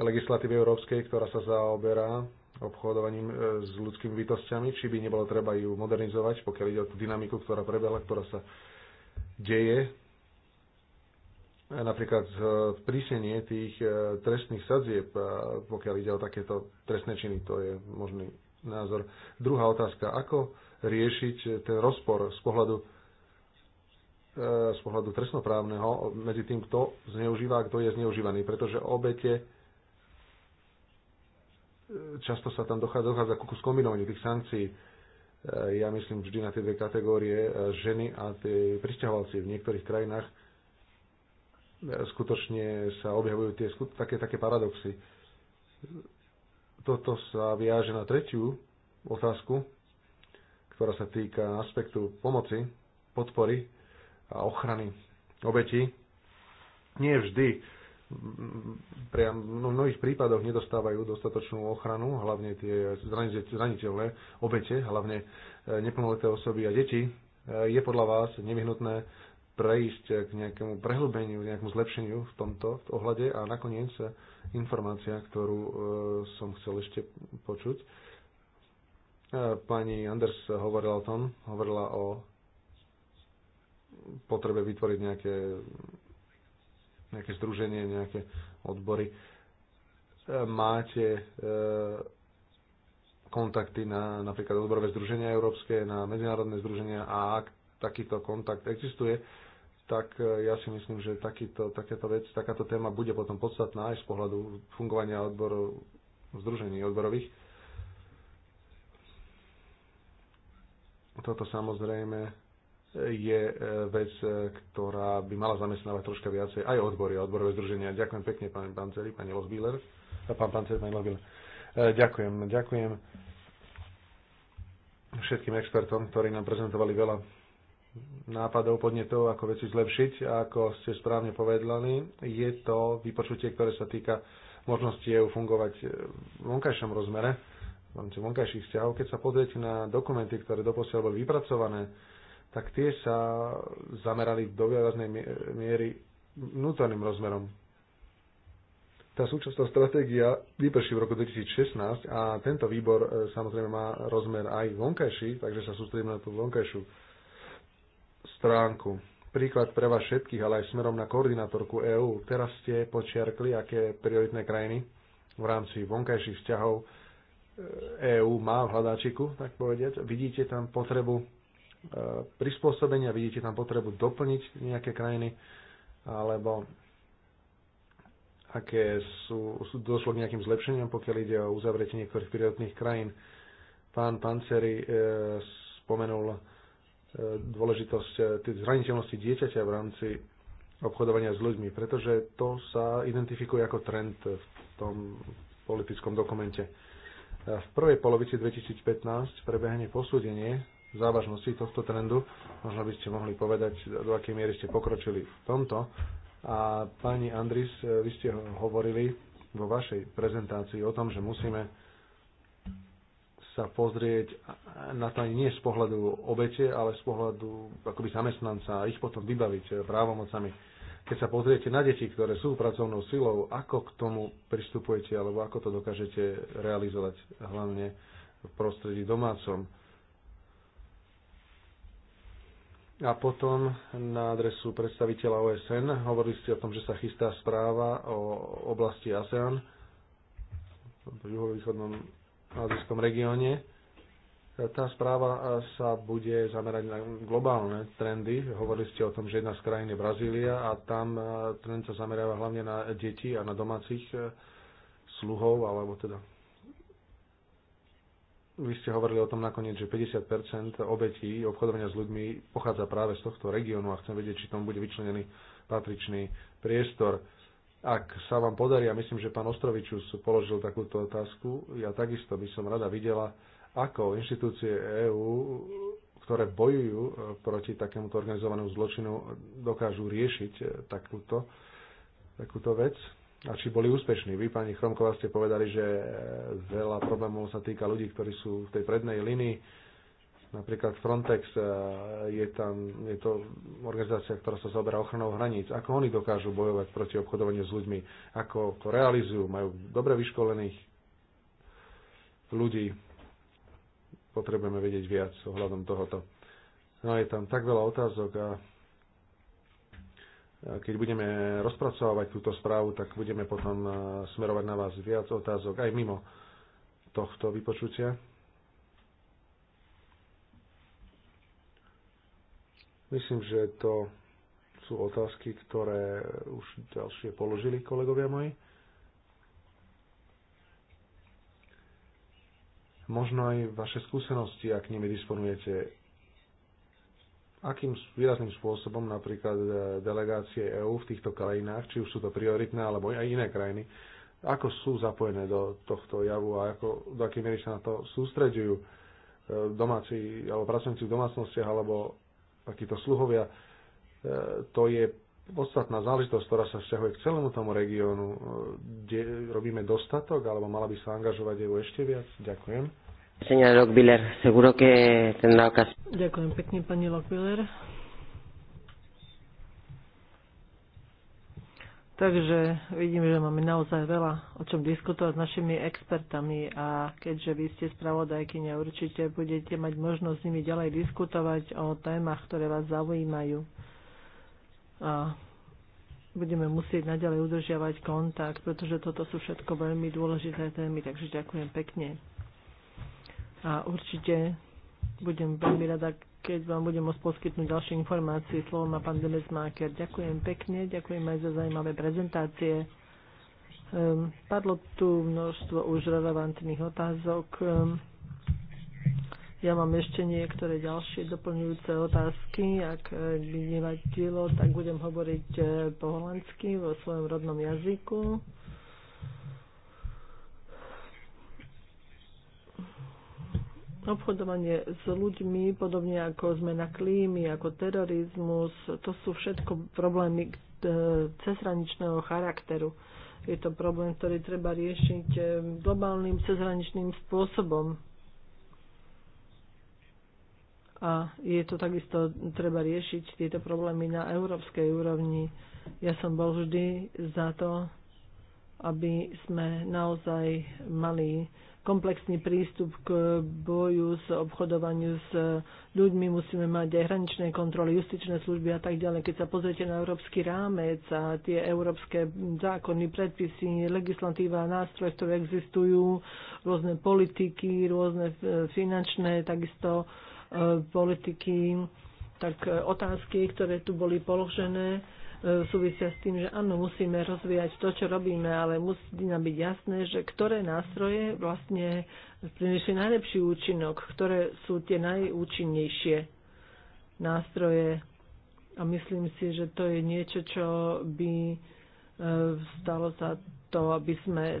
S1: legislatívy európskej, ktorá sa zaoberá obchodovaním e, s ľudskými bytostiami, či by nebolo treba ju modernizovať, pokiaľ ide o tú dynamiku, ktorá prebehla, ktorá sa deje. E, napríklad prísnenie tých trestných sadzieb, pokiaľ ide o takéto trestné činy, to je možný názor. Druhá otázka, ako riešiť ten rozpor z pohľadu, e, z pohľadu trestnoprávneho medzi tým, kto zneužíva a kto je zneužívaný, pretože obete e, často sa tam dochádza, dochádza ku skombinovaniu tých sankcií. E, ja myslím vždy na tie dve kategórie, ženy a tie pristahovalci v niektorých krajinách skutočne sa objavujú tie, také, také paradoxy toto sa viaže na tretiu otázku, ktorá sa týka aspektu pomoci, podpory a ochrany obetí. Nie vždy, priam no, v mnohých prípadoch nedostávajú dostatočnú ochranu, hlavne tie zraniteľné obete, hlavne eh, neplnoleté osoby a deti. Eh, je podľa vás nevyhnutné prejsť k nejakému prehlbeniu, k nejakému zlepšeniu v tomto ohľade. A nakoniec informácia, ktorú e, som chcel ešte počuť. E, pani Anders hovorila o tom, hovorila o potrebe vytvoriť nejaké, nejaké združenie, nejaké odbory. E, máte kontakty na napríklad odborové združenia európske, na medzinárodné združenia a ak takýto kontakt existuje, tak e, ja si myslím, že takýto, takáto vec, takáto téma bude potom podstatná aj z pohľadu fungovania odborov, združení odborových. Toto samozrejme je e, vec, e, ktorá by mala zamestnávať troška viacej aj odbory a odborové združenia. Ďakujem pekne, pán Panceri, pani Lozbíler. Pán Panceri, pani Lozbíler. Ďakujem, ďakujem všetkým expertom, ktorí nám prezentovali veľa nápadov, podnetov, ako veci zlepšiť. A ako ste správne povedali, je to vypočutie, ktoré sa týka možnosti EU fungovať v vonkajšom rozmere, v rámci vonkajších vzťahov. Keď sa pozriete na dokumenty, ktoré doposiaľ boli vypracované, tak tie sa zamerali do výraznej miery vnútorným rozmerom. Tá súčasná stratégia vyprší v roku 2016 a tento výbor e, samozrejme má rozmer aj vonkajší, takže sa sústredíme na tú vonkajšiu stránku. Príklad pre vás všetkých, ale aj smerom na koordinátorku EÚ. Teraz ste počiarkli, aké prioritné krajiny v rámci vonkajších vzťahov EÚ e má v hľadáčiku, tak povediať. Vidíte tam potrebu e, prispôsobenia, vidíte tam potrebu doplniť nejaké krajiny, alebo aké sú, sú došlo k nejakým zlepšeniam, pokiaľ ide o uzavretie niektorých prioritných krajín. Pán Panceri e, spomenul E, dôležitosť e, tých zraniteľnosti dieťaťa v rámci obchodovania s ľuďmi, pretože to sa identifikuje ako trend v tom politickom dokumente. E, v prvej polovici 2015 prebehne posúdenie závažnosti tohto trendu. Možno by ste mohli povedať, do akej miery ste pokročili v tomto. A pani Andris, vy ste hovorili vo vašej prezentácii o tom, že musíme sa pozrieť na to ani nie z pohľadu obete, ale z pohľadu akoby zamestnanca a ich potom vybaviť eh, právomocami. Keď sa pozriete na deti, ktoré sú pracovnou silou, ako k tomu pristupujete alebo ako to dokážete realizovať hlavne v prostredí domácom. A potom na adresu predstaviteľa OSN hovorili ste o tom, že sa chystá správa o oblasti ASEAN v juhovýchodnom azijskom regióne. E, tá správa e, sa bude zamerať na globálne trendy. Hovorili ste o tom, že jedna z krajín je Brazília a tam e, trend sa zameráva hlavne na deti a na domácich sluhov, alebo teda vy ste hovorili o tom nakoniec, že 50% obetí obchodovania s ľuďmi pochádza práve z tohto regiónu a chcem vedieť, či tomu bude vyčlenený patričný priestor ak sa vám podarí, a myslím, že pán Ostrovičus položil takúto otázku, ja takisto by som rada videla, ako inštitúcie EÚ, ktoré bojujú e, proti takémuto organizovanému zločinu, dokážu riešiť e, takúto, takúto vec a či boli úspešní. Vy, pani Chromková, ste povedali, že e, veľa problémov sa týka ľudí, ktorí sú v tej prednej linii Napríklad Frontex e, je tam, je to organizácia, ktorá sa zaoberá ochranou hraníc. Ako oni dokážu bojovať proti obchodovaniu s ľuďmi? Ako to realizujú? Majú dobre vyškolených ľudí? Potrebujeme vedieť viac ohľadom tohoto. No je tam tak veľa otázok a keď budeme rozpracovávať túto správu, tak budeme potom e, smerovať na vás viac otázok aj mimo tohto vypočutia. Myslím, že to sú otázky, ktoré už ďalšie položili kolegovia moji. Možno aj vaše skúsenosti, ak nimi disponujete, akým výrazným spôsobom napríklad e, delegácie EÚ v týchto krajinách, či už sú to prioritné alebo aj iné krajiny, ako sú zapojené do tohto javu a ako, do akej miery sa na to sústreďujú e, domáci alebo pracujúci v domácnostiach alebo takíto sluhovia, e, to je podstatná záležitosť, ktorá sa vzťahuje k celému tomu regiónu, e, robíme dostatok, alebo mala by sa angažovať EU ešte viac?
S2: Ďakujem.
S3: Ďakujem pekne, pani Lockbiller. Takže vidím, že máme naozaj veľa o čom diskutovať s našimi expertami a keďže vy ste spravodajky určite budete mať možnosť s nimi ďalej diskutovať o témach, ktoré vás zaujímajú. A budeme musieť naďalej udržiavať kontakt, pretože toto sú všetko veľmi dôležité témy, takže ďakujem pekne. A určite budem veľmi rada, keď vám budem môcť poskytnúť ďalšie informácie. Slovo má pán Demesmáker. Ďakujem pekne, ďakujem aj za zaujímavé prezentácie. Um, padlo tu množstvo už relevantných otázok. Um, ja mám ešte niektoré ďalšie doplňujúce otázky. Ak e, by nevadilo, tak budem hovoriť e, po holandsky vo svojom rodnom jazyku. Obchodovanie s ľuďmi, podobne ako zmena klímy, ako terorizmus, to sú všetko problémy e, cezhraničného charakteru. Je to problém, ktorý treba riešiť e, globálnym cezhraničným spôsobom. A je to takisto, treba riešiť tieto problémy na európskej úrovni. Ja som bol vždy za to, aby sme naozaj mali komplexný prístup k boju s obchodovaniu s ľuďmi, musíme mať aj hraničné kontroly, justičné služby a tak ďalej. Keď sa pozriete na európsky rámec a tie európske zákony, predpisy, legislatíva nástroje, ktoré existujú, rôzne politiky, rôzne e, finančné, takisto e, politiky, tak e, otázky, ktoré tu boli položené, E, súvisia s tým, že áno, musíme rozvíjať to, čo robíme, ale musí nám byť jasné, že ktoré nástroje vlastne prinesli najlepší účinok, ktoré sú tie najúčinnejšie nástroje. A myslím si, že to je niečo, čo by e, stalo za to, aby sme e,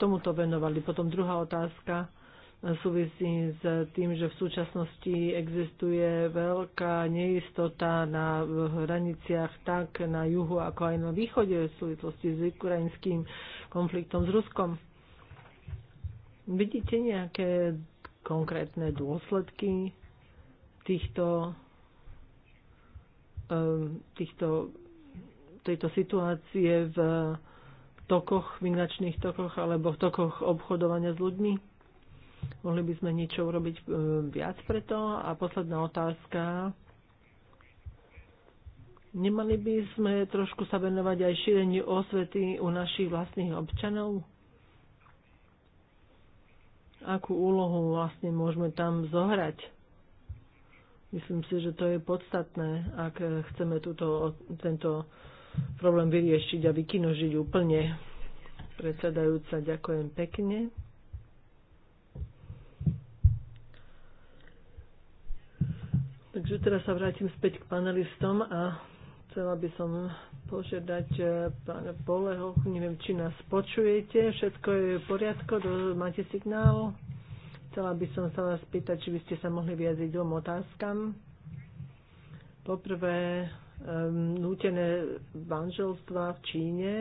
S3: tomuto venovali. Potom druhá otázka súvisí s tým, že v súčasnosti existuje veľká neistota na hraniciach tak na juhu, ako aj na východe v súvislosti s ukrajinským konfliktom s Ruskom. Vidíte nejaké konkrétne dôsledky týchto, týchto tejto situácie v tokoch, migračných tokoch alebo v tokoch obchodovania s ľuďmi? Mohli by sme niečo urobiť e, viac preto? A posledná otázka. Nemali by sme trošku sa venovať aj šíreniu osvety u našich vlastných občanov? Akú úlohu vlastne môžeme tam zohrať? Myslím si, že to je podstatné, ak chceme túto, tento problém vyriešiť a vykinožiť úplne. Predsedajúca, ďakujem pekne. Takže teraz sa vrátim späť k panelistom a chcela by som požiadať e, pána Poleho, neviem, či nás počujete, všetko je v poriadku, máte signál. Chcela by som sa vás pýtať, či by ste sa mohli vyjadriť dvom otázkam. Poprvé, um, nútené manželstva v Číne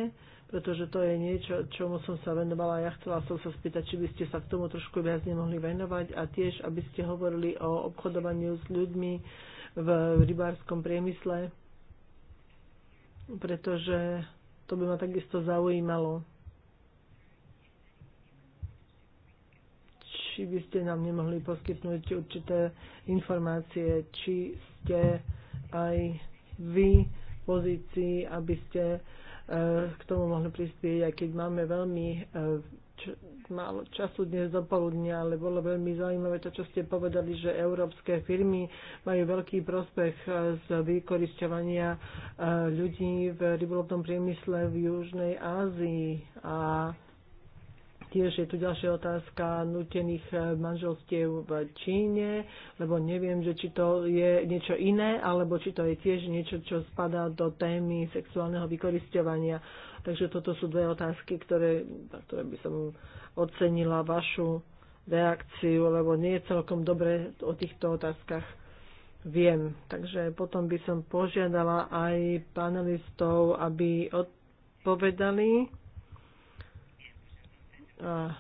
S3: pretože to je niečo, čomu som sa venovala. Ja chcela som sa spýtať, či by ste sa k tomu trošku viac nemohli venovať a tiež, aby ste hovorili o obchodovaniu s ľuďmi v rybárskom priemysle, pretože to by ma takisto zaujímalo. Či by ste nám nemohli poskytnúť určité informácie, či ste aj vy v pozícii, aby ste k tomu mohli prispieť, aj keď máme veľmi eh, č- málo času dnes do poludnia, ale bolo veľmi zaujímavé to, čo ste povedali, že európske firmy majú veľký prospech eh, z vykorisťovania eh, ľudí v rybolovnom priemysle v Južnej Ázii a Tiež je tu ďalšia otázka nutených eh, manželstiev v Číne, lebo neviem, že či to je niečo iné, alebo či to je tiež niečo, čo spadá do témy sexuálneho vykoristovania. Takže toto sú dve otázky, ktoré, ktoré by som ocenila vašu reakciu, lebo nie je celkom dobre o týchto otázkach viem. Takže potom by som požiadala aj panelistov, aby odpovedali a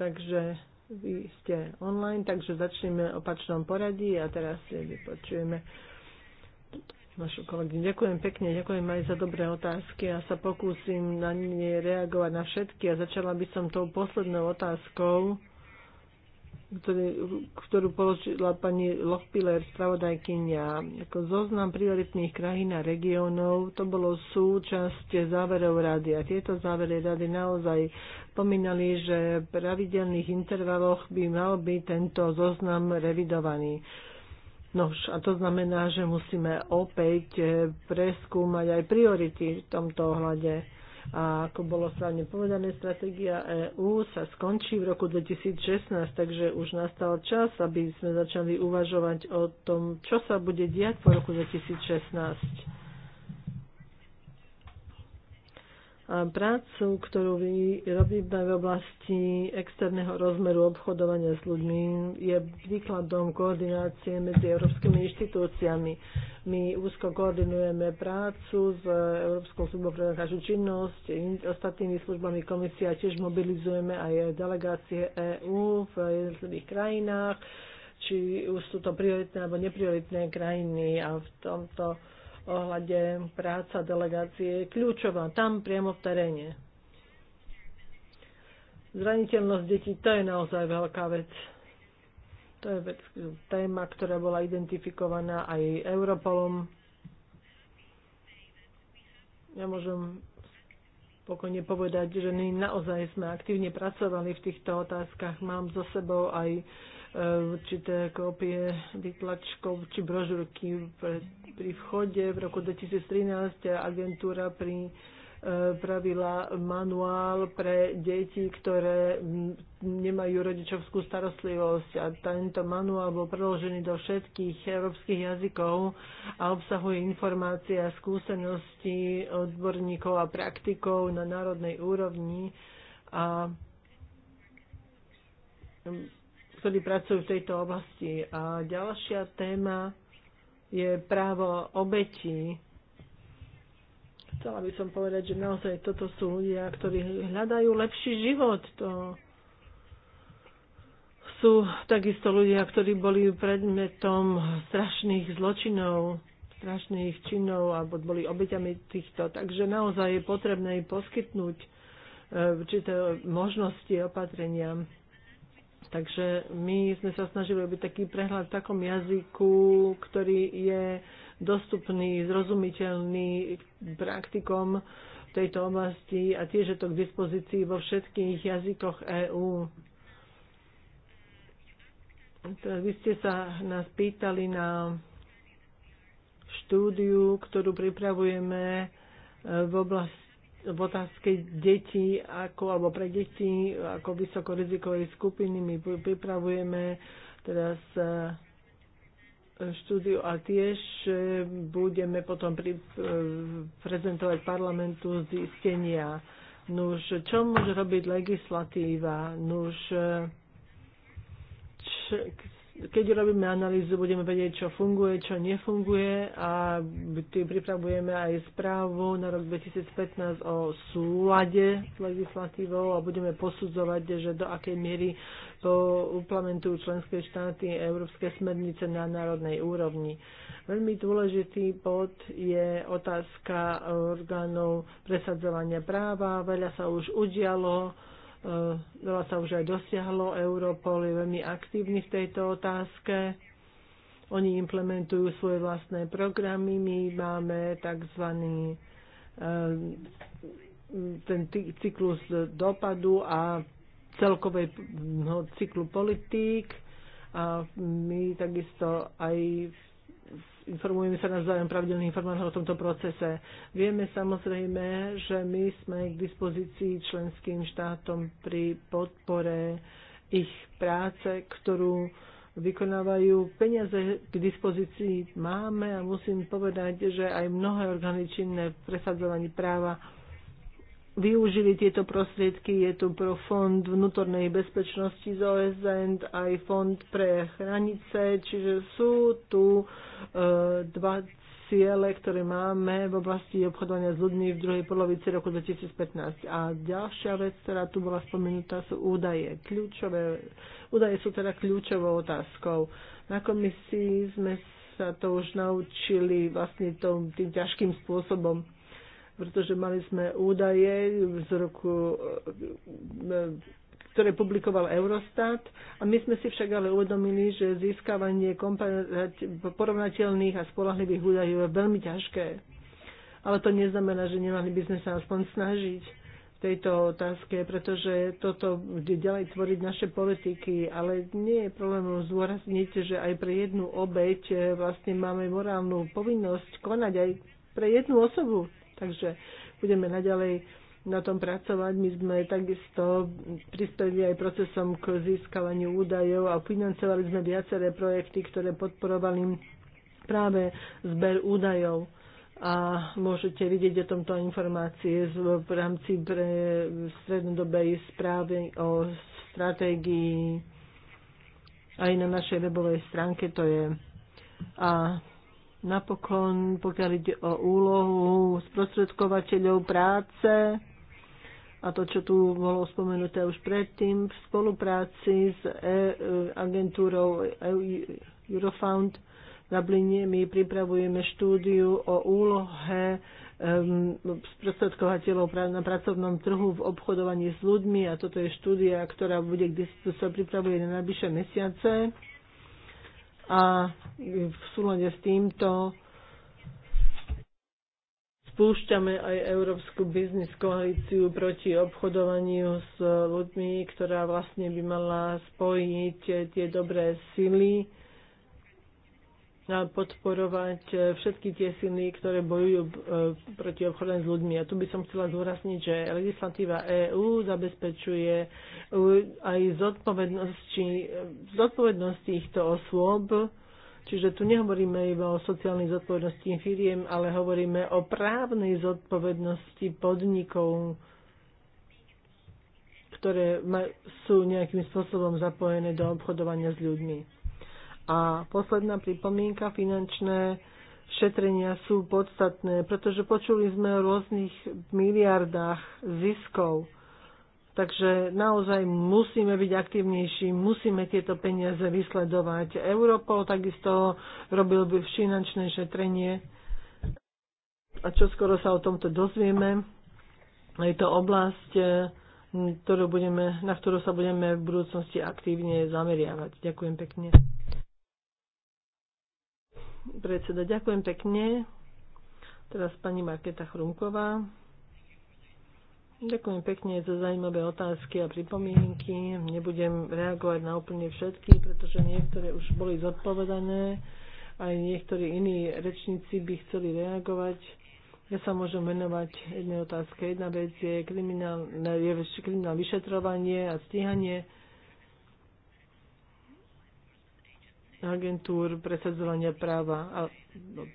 S3: takže vy ste online, takže začneme opačnom poradí a teraz vypočujeme našu kolegyňu. Ďakujem pekne, ďakujem aj za dobré otázky a ja sa pokúsim na ne reagovať na všetky a začala by som tou poslednou otázkou ktoré, ktorú položila pani Lochpiller, spravodajkynia, ako zoznam prioritných krajín a regiónov, to bolo súčasť záverov rady. A tieto závery rady naozaj pomínali, že v pravidelných intervaloch by mal byť tento zoznam revidovaný. Nož, a to znamená, že musíme opäť eh, preskúmať aj priority v tomto ohľade a ako bolo správne povedané, stratégia EÚ sa skončí v roku 2016, takže už nastal čas, aby sme začali uvažovať o tom, čo sa bude diať po roku 2016 prácu, ktorú robíme v oblasti externého rozmeru obchodovania s ľuďmi, je príkladom koordinácie medzi európskymi inštitúciami. My úzko koordinujeme prácu s Európskou službou pre našu činnosť, ostatnými službami komisia tiež mobilizujeme aj delegácie EÚ v jednotlivých krajinách, či už sú to prioritné alebo neprioritné krajiny a v tomto ohľade práca delegácie je kľúčová tam priamo v teréne. Zraniteľnosť detí to je naozaj veľká vec. To je vec, téma, ktorá bola identifikovaná aj Europolom. Ja môžem pokojne povedať, že my naozaj sme aktívne pracovali v týchto otázkach. Mám za sebou aj uh, E, určité kópie vytlačkov či brožúrky pri vchode. V roku 2013 agentúra pri e, pravila manuál pre deti, ktoré nemajú rodičovskú starostlivosť. A tento manuál bol preložený do všetkých európskych jazykov a obsahuje informácie a skúsenosti odborníkov a praktikov na národnej úrovni. A ktorí pracujú v tejto oblasti. A ďalšia téma je právo obetí. Chcela by som povedať, že naozaj toto sú ľudia, ktorí hľadajú lepší život. To sú takisto ľudia, ktorí boli predmetom strašných zločinov, strašných činov alebo boli obeťami týchto. Takže naozaj je potrebné im poskytnúť eh, určité možnosti opatrenia. Takže my sme sa snažili robiť taký prehľad v takom jazyku, ktorý je dostupný, zrozumiteľný praktikom v tejto oblasti a tiež je to k dispozícii vo všetkých jazykoch EÚ. Vy ste sa nás pýtali na štúdiu, ktorú pripravujeme e, v oblasti v otázke detí, ako, alebo pre deti, ako vysokorizikovej skupiny. My pripravujeme teraz e, štúdiu a tiež e, budeme potom pri, e, prezentovať parlamentu zistenia. Nuž, čo môže robiť legislatíva? Nuž, č, keď robíme analýzu, budeme vedieť, čo funguje, čo nefunguje a tým pripravujeme aj správu na rok 2015 o súlade s legislatívou a budeme posudzovať, že do akej miery to uplamentujú členské štáty európske smernice na národnej úrovni. Veľmi dôležitý bod je otázka orgánov presadzovania práva. Veľa sa už udialo E, veľa sa už aj dosiahlo. Europol je veľmi aktívny v tejto otázke. Oni implementujú svoje vlastné programy. My máme tzv. E, ten cyklus dopadu a celkovej no, cyklu politík a my takisto aj informujeme sa navzájom pravidelných informácií o tomto procese. Vieme samozrejme, že my sme k dispozícii členským štátom pri podpore ich práce, ktorú vykonávajú. Peniaze k dispozícii máme a musím povedať, že aj mnohé orgány činné v presadzovaní práva využili tieto prostriedky. Je tu pro Fond vnútornej bezpečnosti z OSN, aj Fond pre hranice, čiže sú tu e, dva ciele, ktoré máme v oblasti obchodovania s ľuďmi v druhej polovici roku 2015. A ďalšia vec, ktorá tu bola spomenutá, sú údaje. Kľúčové, údaje sú teda kľúčovou otázkou. Na komisii sme sa to už naučili vlastne tým, tým ťažkým spôsobom pretože mali sme údaje z roku, e, ktoré publikoval Eurostat. A my sme si však ale uvedomili, že získavanie porovnateľných a spolahlivých údajov je veľmi ťažké. Ale to neznamená, že nemali by sme sa aspoň snažiť v tejto otázke, pretože toto bude ďalej tvoriť naše politiky, ale nie je problém zdôrazniť, že aj pre jednu obeď e, vlastne máme morálnu povinnosť konať aj pre jednu osobu. Takže budeme naďalej na tom pracovať. My sme takisto prispeli aj procesom k získavaniu údajov a financovali sme viaceré projekty, ktoré podporovali práve zber údajov a môžete vidieť o tomto informácie v rámci pre strednodobej správy o stratégii aj na našej webovej stránke to je. A Napokon, pokiaľ ide o úlohu sprostredkovateľov práce, a to, čo tu bolo spomenuté už predtým, v spolupráci s e, agentúrou e, Eurofound v Dubline my pripravujeme štúdiu o úlohe sprostredkovateľov na pracovnom trhu v obchodovaní s ľuďmi a toto je štúdia, ktorá bude, kde sa pripravuje na najbližšie mesiace a v súlade s týmto spúšťame aj Európsku biznis koalíciu proti obchodovaniu s ľuďmi, ktorá vlastne by mala spojiť tie dobré sily podporovať e, všetky tie sily, ktoré bojujú e, proti obchodom s ľuďmi. A tu by som chcela zdôrazniť, že legislatíva EÚ zabezpečuje e, aj zodpovednosti, zodpovednosť týchto osôb, Čiže tu nehovoríme iba o sociálnej zodpovednosti firiem, ale hovoríme o právnej zodpovednosti podnikov, ktoré sú nejakým spôsobom zapojené do obchodovania s ľuďmi. A posledná pripomienka, finančné šetrenia sú podstatné, pretože počuli sme o rôznych miliardách ziskov. Takže naozaj musíme byť aktívnejší, musíme tieto peniaze vysledovať. Europol takisto robil by finančné šetrenie a čo skoro sa o tomto dozvieme. Je to oblasť, eh, ktorú budeme, na ktorú sa budeme v budúcnosti aktívne zameriavať. Ďakujem pekne predseda. Ďakujem pekne. Teraz pani Marketa Chrumková. Ďakujem pekne za zaujímavé otázky a pripomienky. Nebudem reagovať na úplne všetky, pretože niektoré už boli zodpovedané, aj niektorí iní rečníci by chceli reagovať. Ja sa môžem venovať jednej otázke. Jedna vec je kriminálne, je kriminálne vyšetrovanie a stíhanie agentúr presadzovania práva a no,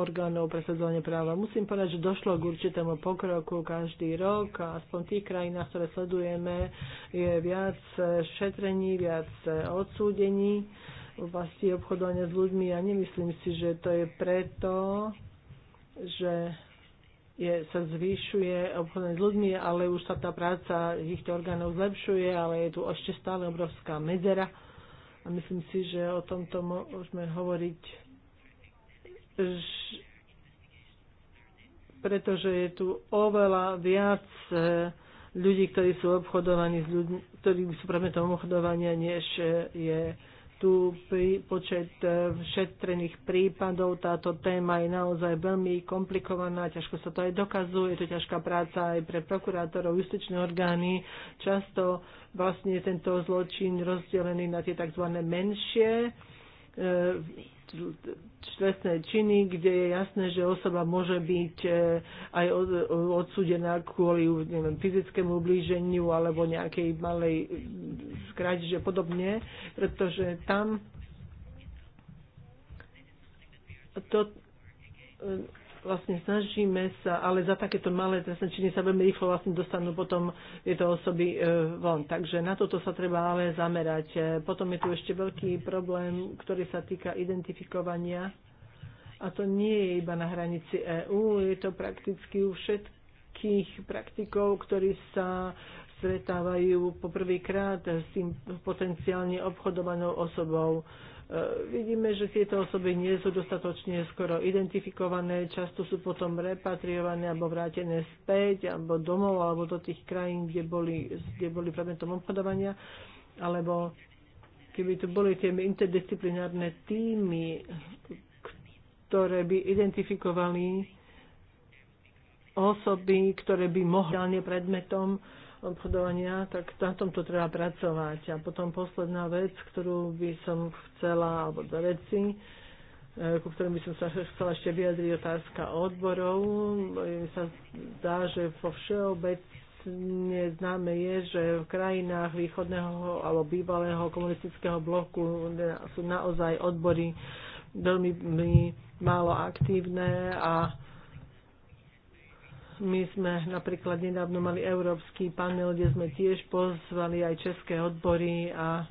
S3: orgánov presadzovania práva. Musím povedať, že došlo k určitému pokroku každý rok a aspoň v tých krajinách, ktoré sledujeme, je viac šetrení, viac odsúdení v oblasti obchodovania s ľuďmi a nemyslím si, že to je preto, že je, sa zvyšuje obchodovanie s ľuďmi, ale už sa tá práca týchto orgánov zlepšuje, ale je tu ešte stále obrovská medzera a myslím si, že o tomto môžeme hovoriť, pretože je tu oveľa viac e, ľudí, ktorí sú obchodovaní, s ľuďmi, ktorí sú predmetom obchodovania, než e, je tu počet e, šetrených prípadov. Táto téma je naozaj veľmi komplikovaná, ťažko sa to aj dokazuje, je to ťažká práca aj pre prokurátorov, justičné orgány. Často vlastne tento zločin rozdelený na tie tzv. menšie e, trestné činy, kde je jasné, že osoba môže byť e, aj odsúdená kvôli neviem, fyzickému ublíženiu alebo nejakej malej že podobne, pretože tam to e, vlastne snažíme sa, ale za takéto malé trestné činy sa veľmi rýchlo vlastne dostanú potom tieto osoby e, von. Takže na toto sa treba ale zamerať. E, potom je tu ešte veľký problém, ktorý sa týka identifikovania. A to nie je iba na hranici EÚ, je to prakticky u všetkých praktikov, ktorí sa stretávajú poprvýkrát s tým potenciálne obchodovanou osobou. E, vidíme, že tieto osoby nie sú dostatočne skoro identifikované, často sú potom repatriované alebo vrátené späť, alebo domov, alebo do tých krajín, kde boli, kde boli predmetom obchodovania, alebo keby tu boli tie interdisciplinárne týmy, ktoré by identifikovali osoby, ktoré by mohli predmetom uh, obchodovania, tak na tomto treba pracovať. A potom posledná vec, ktorú by som chcela, alebo dve veci, eh, ku ktorým by som sa chcela ešte vyjadriť, otázka odborov. Sa zdá, že vo všeobecne známe je, že v krajinách východného alebo bývalého komunistického bloku sú naozaj odbory veľmi málo aktívne a my sme napríklad nedávno mali európsky panel, kde sme tiež pozvali aj české odbory a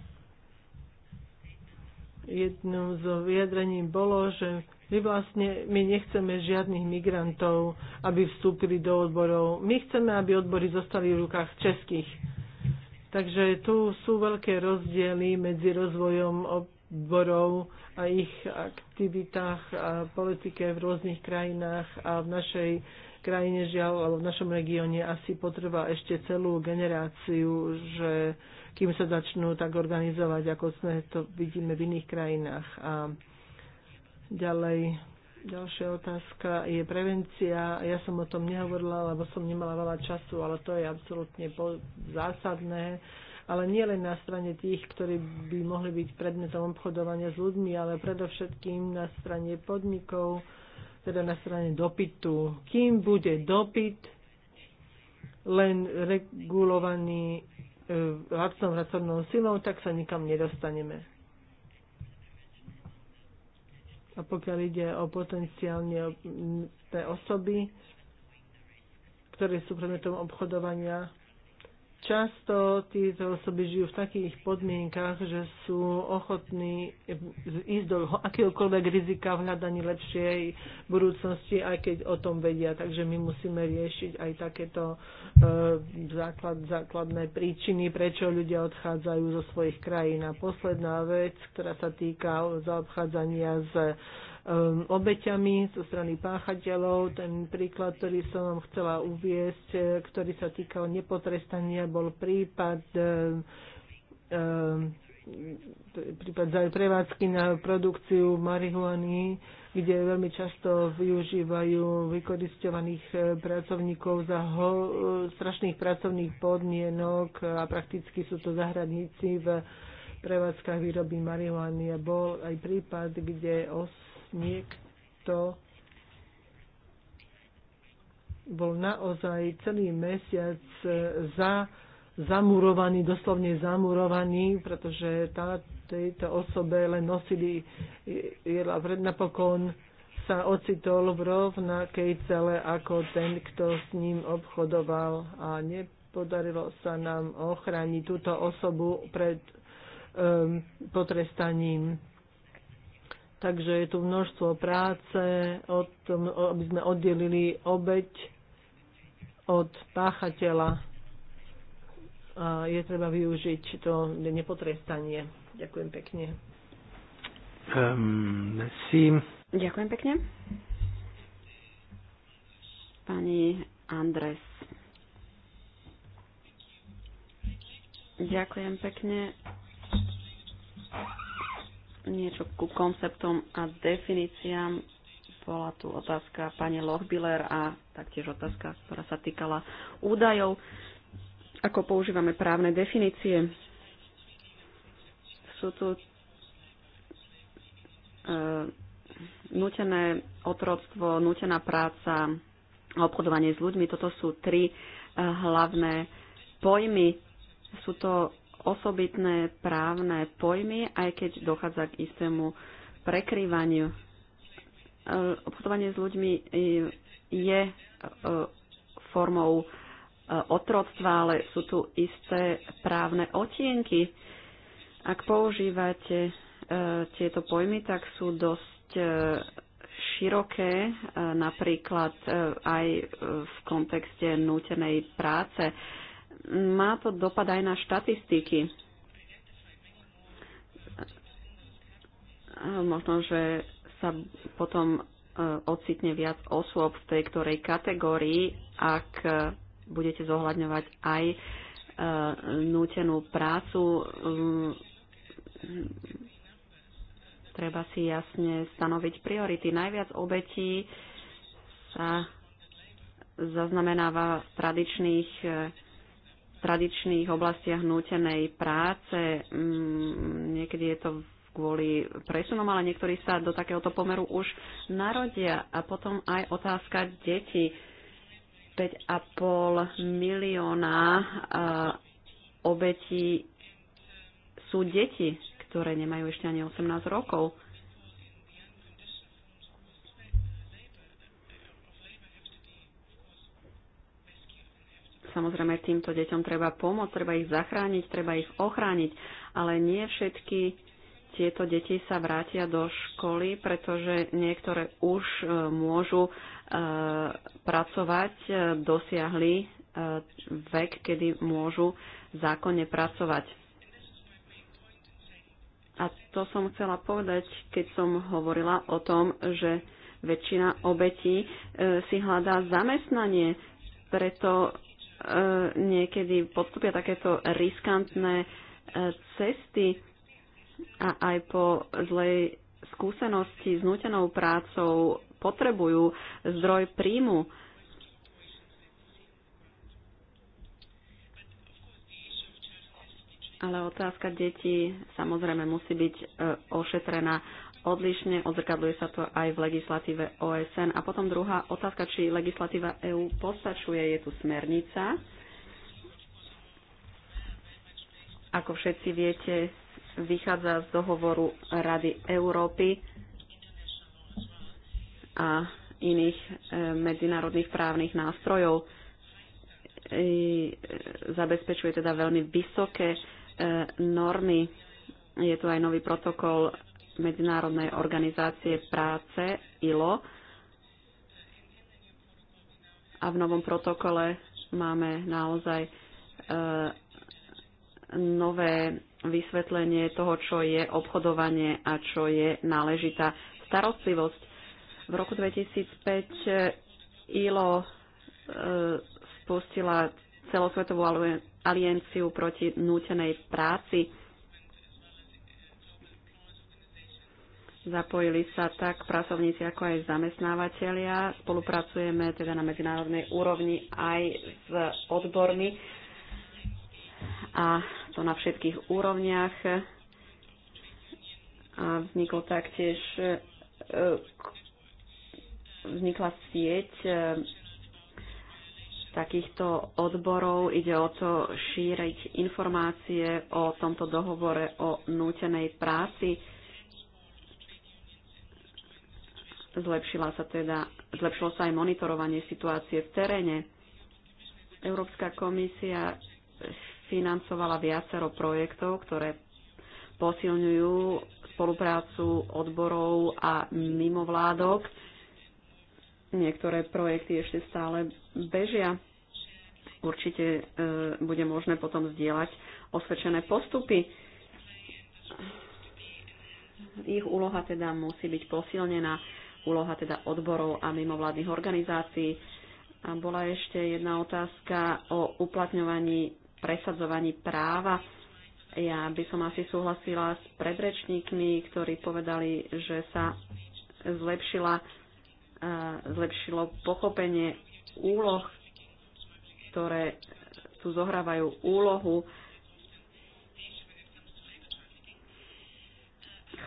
S3: jednou zo vyjadrením bolo, že my vlastne my nechceme žiadnych migrantov, aby vstúpili do odborov. My chceme, aby odbory zostali v rukách českých. Takže tu sú veľké rozdiely medzi rozvojom odborov a ich aktivitách a politike v rôznych krajinách a v našej krajine žiaľ, alebo v našom regióne asi potreba ešte celú generáciu, že kým sa začnú tak organizovať, ako sme to vidíme v iných krajinách. A ďalej, ďalšia otázka je prevencia. Ja som o tom nehovorila, lebo som nemala veľa času, ale to je absolútne zásadné ale nie len na strane tých, ktorí by mohli byť predmetom obchodovania s ľuďmi, ale predovšetkým na strane podnikov, teda na strane dopytu. Kým bude dopyt len regulovaný e, lacnou pracovnou silou, tak sa nikam nedostaneme. A pokiaľ ide o potenciálne osoby, ktoré sú predmetom obchodovania, Často tieto osoby žijú v takých podmienkach, že sú ochotní ísť do akéhokoľvek rizika v hľadaní lepšej budúcnosti, aj keď o tom vedia. Takže my musíme riešiť aj takéto e, základ, základné príčiny, prečo ľudia odchádzajú zo svojich krajín. A posledná vec, ktorá sa týka zaobchádzania s Ehm, obeťami zo strany páchateľov. Ten príklad, ktorý som vám chcela uviesť, eh, ktorý sa týkal nepotrestania, bol prípad eh, ehm, prípad za prevádzky na produkciu marihuany, kde veľmi často využívajú vykoristovaných eh, pracovníkov za ho- strašných pracovných podmienok a prakticky sú to zahradníci v prevádzkach výroby marihuany. A bol aj prípad, kde os- Vlastne niekto bol naozaj celý mesiac e, za, zamurovaný, doslovne zamurovaný, pretože tá, tejto osobe len nosili jedla napokon sa ocitol v rovnakej cele ako ten, kto s ním obchodoval a nepodarilo sa nám ochrániť túto osobu pred um, potrestaním. Takže je tu množstvo práce, od tom, aby sme oddelili obeď od páchateľa. A je treba využiť to nepotrestanie. Ďakujem pekne.
S2: Um, ehm, si...
S3: Ďakujem pekne.
S4: Pani Andres. Ďakujem pekne niečo ku konceptom a definíciám. Bola tu otázka pani Lochbiller a taktiež otázka, ktorá sa týkala údajov. Ako používame právne definície? Sú tu e, nutené otroctvo, nutená práca a obchodovanie s ľuďmi. Toto sú tri e, hlavné pojmy. Sú to osobitné právne pojmy, aj keď dochádza k istému prekrývaniu. E, obchodovanie s ľuďmi e, je e, formou otroctva, ale sú tu isté právne otienky. Ak používate tieto pojmy, tak sú dosť široké, napríklad aj v kontexte nútenej práce má to dopad aj na štatistiky. Možno, že sa potom e, ocitne viac osôb v tej ktorej kategórii, ak e, budete zohľadňovať aj e, nútenú prácu. Mm, treba si jasne stanoviť priority. Najviac obetí sa zaznamenáva v tradičných tradičných oblastiach nútenej práce. Mm, niekedy je to kvôli presunom, ale niektorí sa do takéhoto pomeru už narodia. A potom aj otázka detí. 5,5 milióna obetí sú deti, ktoré nemajú ešte ani 18 rokov. Samozrejme, týmto deťom treba pomôcť, treba ich zachrániť, treba ich ochrániť, ale nie všetky tieto deti sa vrátia do školy, pretože niektoré už e, môžu e, pracovať, e, dosiahli vek, kedy môžu zákonne pracovať. A to som chcela povedať, keď som hovorila o tom, že väčšina obetí si hľadá zamestnanie, preto E, niekedy podstúpia takéto riskantné e, cesty a aj po zlej skúsenosti s nutenou prácou potrebujú zdroj príjmu. Ale otázka detí samozrejme musí byť e, ošetrená odlišne, odzrkadluje sa to aj v legislatíve OSN. A potom druhá otázka, či legislatíva EÚ postačuje, je tu smernica. Ako všetci viete, vychádza z dohovoru Rady Európy a iných e, medzinárodných právnych nástrojov. E, zabezpečuje teda veľmi vysoké e, normy. Je tu aj nový protokol Medzinárodnej organizácie práce ILO a v novom protokole máme naozaj e, nové vysvetlenie toho, čo je obchodovanie a čo je náležitá starostlivosť. V roku 2005 e, ILO e, spustila celosvetovú alienciu proti nútenej práci Zapojili sa tak pracovníci ako aj zamestnávateľia. Spolupracujeme teda na medzinárodnej úrovni aj s odbormi a to na všetkých úrovniach. A vznikol taktiež e, vznikla sieť e, takýchto odborov. Ide o to šíriť informácie o tomto dohovore o nútenej práci. Zlepšila sa teda, zlepšilo sa aj monitorovanie situácie v teréne. Európska komisia financovala viacero projektov, ktoré posilňujú spoluprácu odborov a mimovládok. Niektoré projekty ešte stále bežia. Určite e, bude možné potom zdieľať osvedčené postupy. Ich úloha teda musí byť posilnená úloha teda odborov a mimovládnych organizácií. A bola ešte jedna otázka o uplatňovaní, presadzovaní práva. Ja by som asi súhlasila s predrečníkmi, ktorí povedali, že sa zlepšila, zlepšilo pochopenie úloh, ktoré tu zohrávajú úlohu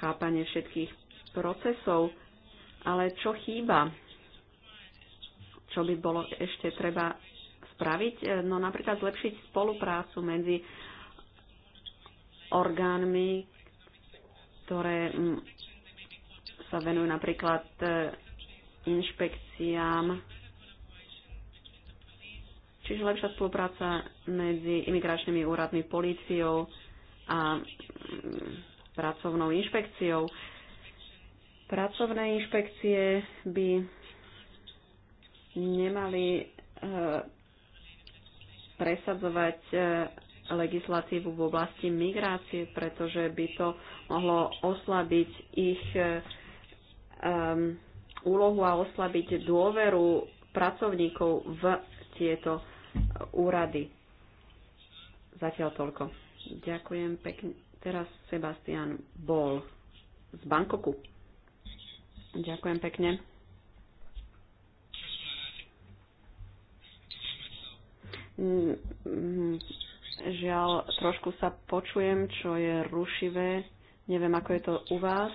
S4: chápanie všetkých procesov ale čo chýba? Čo by bolo ešte treba spraviť? E, no napríklad zlepšiť spoluprácu medzi orgánmi, ktoré mm, sa venujú napríklad e, inšpekciám, čiže lepšia spolupráca medzi imigračnými úradmi, políciou a mm, pracovnou inšpekciou. Pracovné inšpekcie by nemali eh, presadzovať eh, legislatívu v oblasti migrácie, pretože by to mohlo oslabiť ich um, úlohu a oslabiť dôveru pracovníkov v tieto úrady. Zatiaľ toľko. Ďakujem pekne. Teraz Sebastian Bol z Bankoku. Ďakujem pekne. Mm, Žiaľ, trošku sa počujem, čo je rušivé. Neviem, ako je to u vás.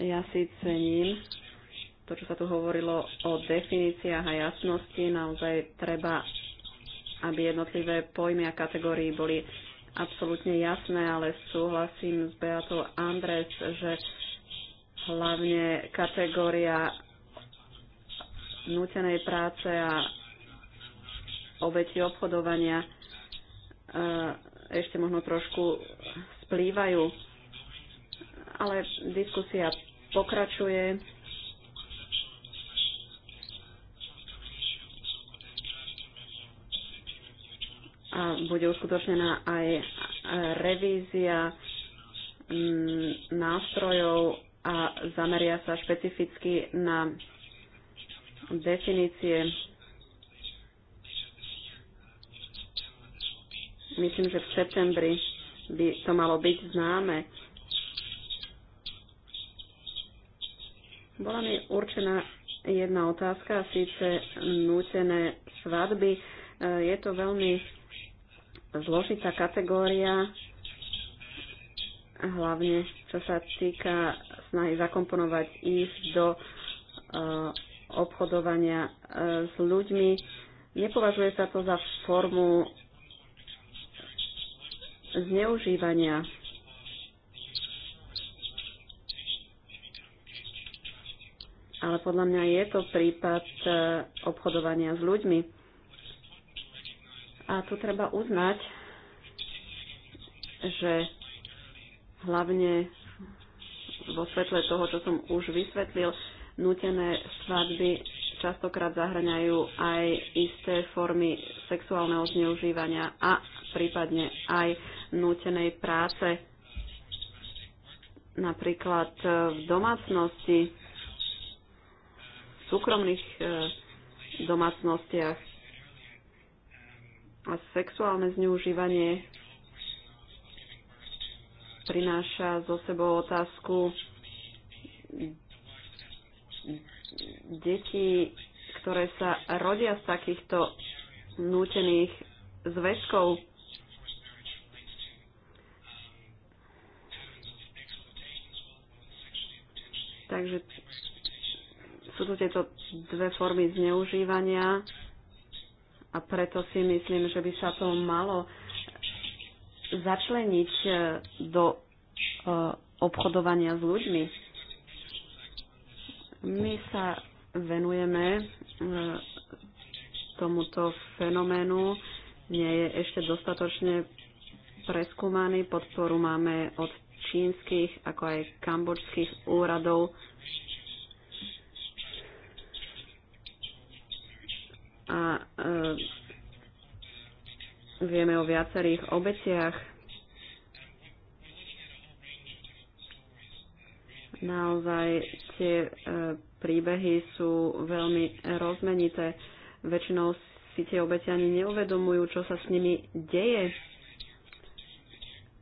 S4: Ja si cením to, čo sa tu hovorilo o definíciách a jasnosti. Naozaj treba, aby jednotlivé pojmy a kategórii boli absolútne jasné, ale súhlasím s Beatou Andres, že hlavne kategória nútenej práce a obeti obchodovania e, ešte možno trošku splývajú. Ale diskusia pokračuje. a bude uskutočnená aj revízia mm, nástrojov a zameria sa špecificky na definície. Myslím, že v septembri by to malo byť známe. Bola mi určená jedna otázka, síce nútené svadby. E, je to veľmi zložitá kategória, hlavne čo sa týka snahy zakomponovať ich do e, obchodovania e, s ľuďmi. Nepovažuje sa to za formu zneužívania. Ale podľa mňa je to prípad e, obchodovania s ľuďmi. A tu treba uznať, že hlavne vo svetle toho, čo som už vysvetlil, nutené svadby častokrát zahrňajú aj isté formy sexuálneho zneužívania a prípadne aj nútenej práce. Napríklad e, v domácnosti, v súkromných e, domácnostiach a sexuálne zneužívanie prináša zo sebou otázku detí, ktoré sa rodia z takýchto nútených zväzkov. Takže sú to tieto dve formy zneužívania a preto si myslím, že by sa to malo začleniť e, do e, obchodovania s ľuďmi. My sa venujeme e, tomuto fenoménu. Nie je ešte dostatočne preskúmaný. Podporu máme od čínskych ako aj kambočských úradov a e, vieme o viacerých obetiach. Naozaj tie e, príbehy sú veľmi rozmenité. Väčšinou si tie obete ani neuvedomujú, čo sa s nimi deje.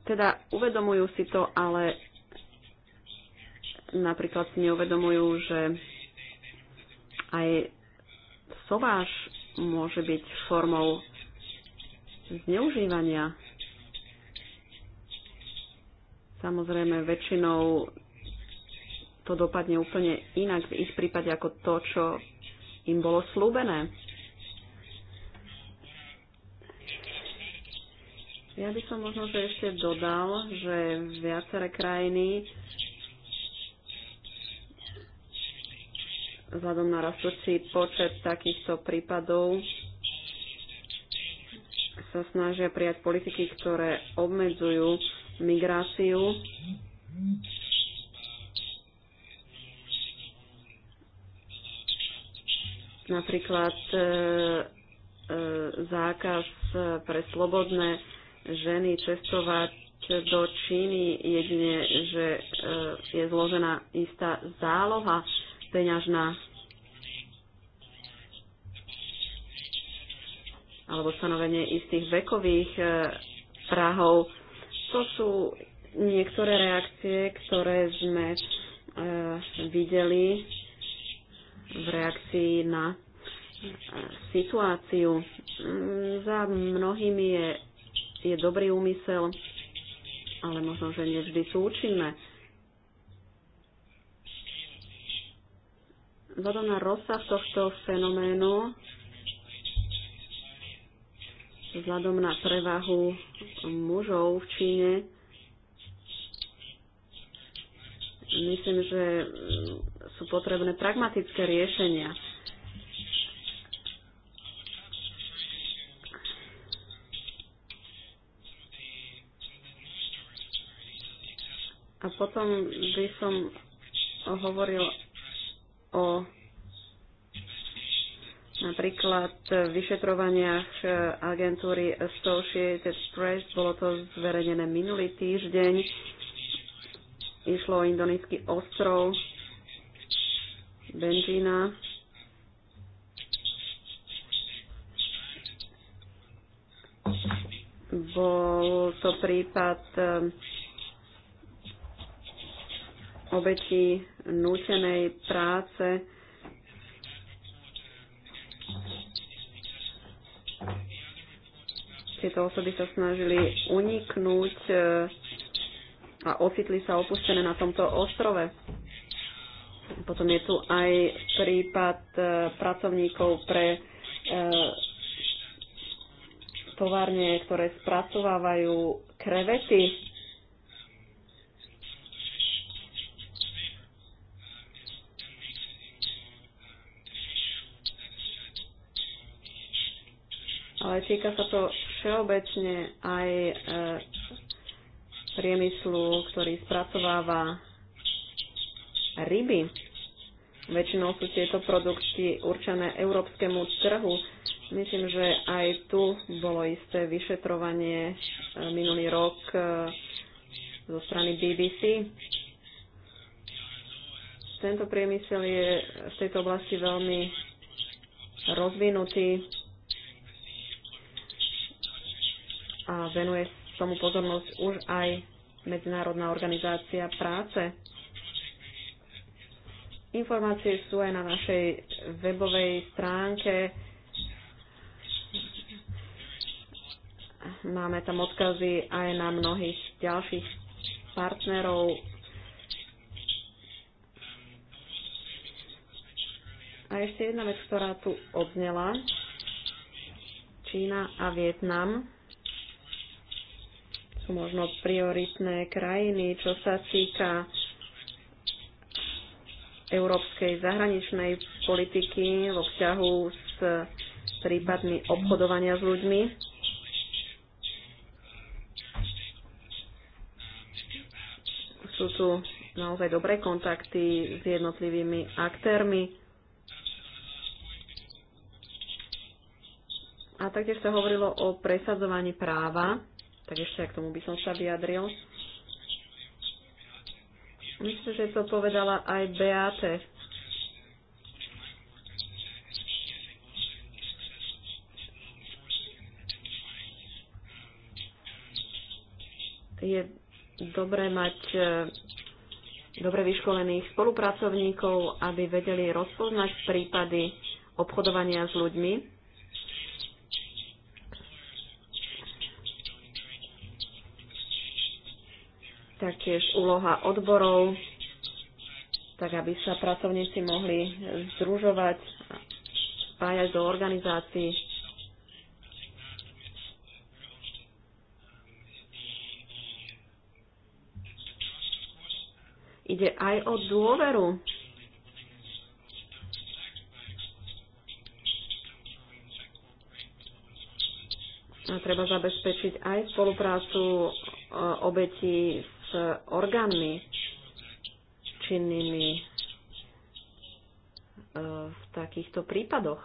S4: Teda uvedomujú si to, ale napríklad si neuvedomujú, že aj sováš môže byť formou zneužívania. Samozrejme, väčšinou to dopadne úplne inak v ich prípade ako to, čo im bolo slúbené. Ja by som možno že ešte dodal, že viaceré krajiny vzhľadom na rastúci počet takýchto prípadov sa snažia prijať politiky, ktoré obmedzujú migráciu. Napríklad e, e, zákaz pre slobodné ženy cestovať do Číny jedine, že e, je zložená istá záloha. E, peňažná alebo stanovenie istých vekových e, prahov. To sú niektoré reakcie, ktoré sme e, videli v reakcii na e, situáciu. Mm, za mnohými je, je dobrý úmysel, ale možno, že nevždy sú účinné. vzhľadom na rozsah tohto fenoménu, vzhľadom na prevahu mužov v Číne, myslím, že sú potrebné pragmatické riešenia. A potom by som hovoril o napríklad vyšetrovaniach agentúry Associated Press, bolo to zverejnené minulý týždeň, išlo o indonický ostrov Benžína. Bol to prípad obeti nútenej práce. Tieto osoby sa snažili uniknúť e, a ocitli sa opustené na tomto ostrove. Potom je tu aj prípad e, pracovníkov pre e, továrne, ktoré spracovávajú krevety týka sa to všeobecne aj e, priemyslu, ktorý spracováva ryby. Väčšinou sú tieto produkty určené európskemu trhu. Myslím, že aj tu bolo isté vyšetrovanie e, minulý rok e, zo strany BBC. Tento priemysel je v tejto oblasti veľmi rozvinutý. a venuje tomu pozornosť už aj Medzinárodná organizácia práce. Informácie sú aj na našej webovej stránke. Máme tam odkazy aj na mnohých ďalších partnerov. A ešte jedna vec, ktorá tu odznela. Čína a Vietnam možno prioritné krajiny, čo sa týka európskej zahraničnej politiky vo vzťahu s prípadmi obchodovania s ľuďmi. Sú tu naozaj dobré kontakty s jednotlivými aktérmi. A taktiež sa hovorilo o presadzovaní práva tak ešte k tomu by som sa vyjadril. Myslím, že to povedala aj Beate. Je dobré mať e, dobre vyškolených spolupracovníkov, aby vedeli rozpoznať prípady obchodovania s ľuďmi taktiež úloha odborov, tak aby sa pracovníci mohli združovať a spájať do organizácií. Ide aj o dôveru treba zabezpečiť aj spoluprácu e, obetí s s orgánmi činnými e, v takýchto prípadoch.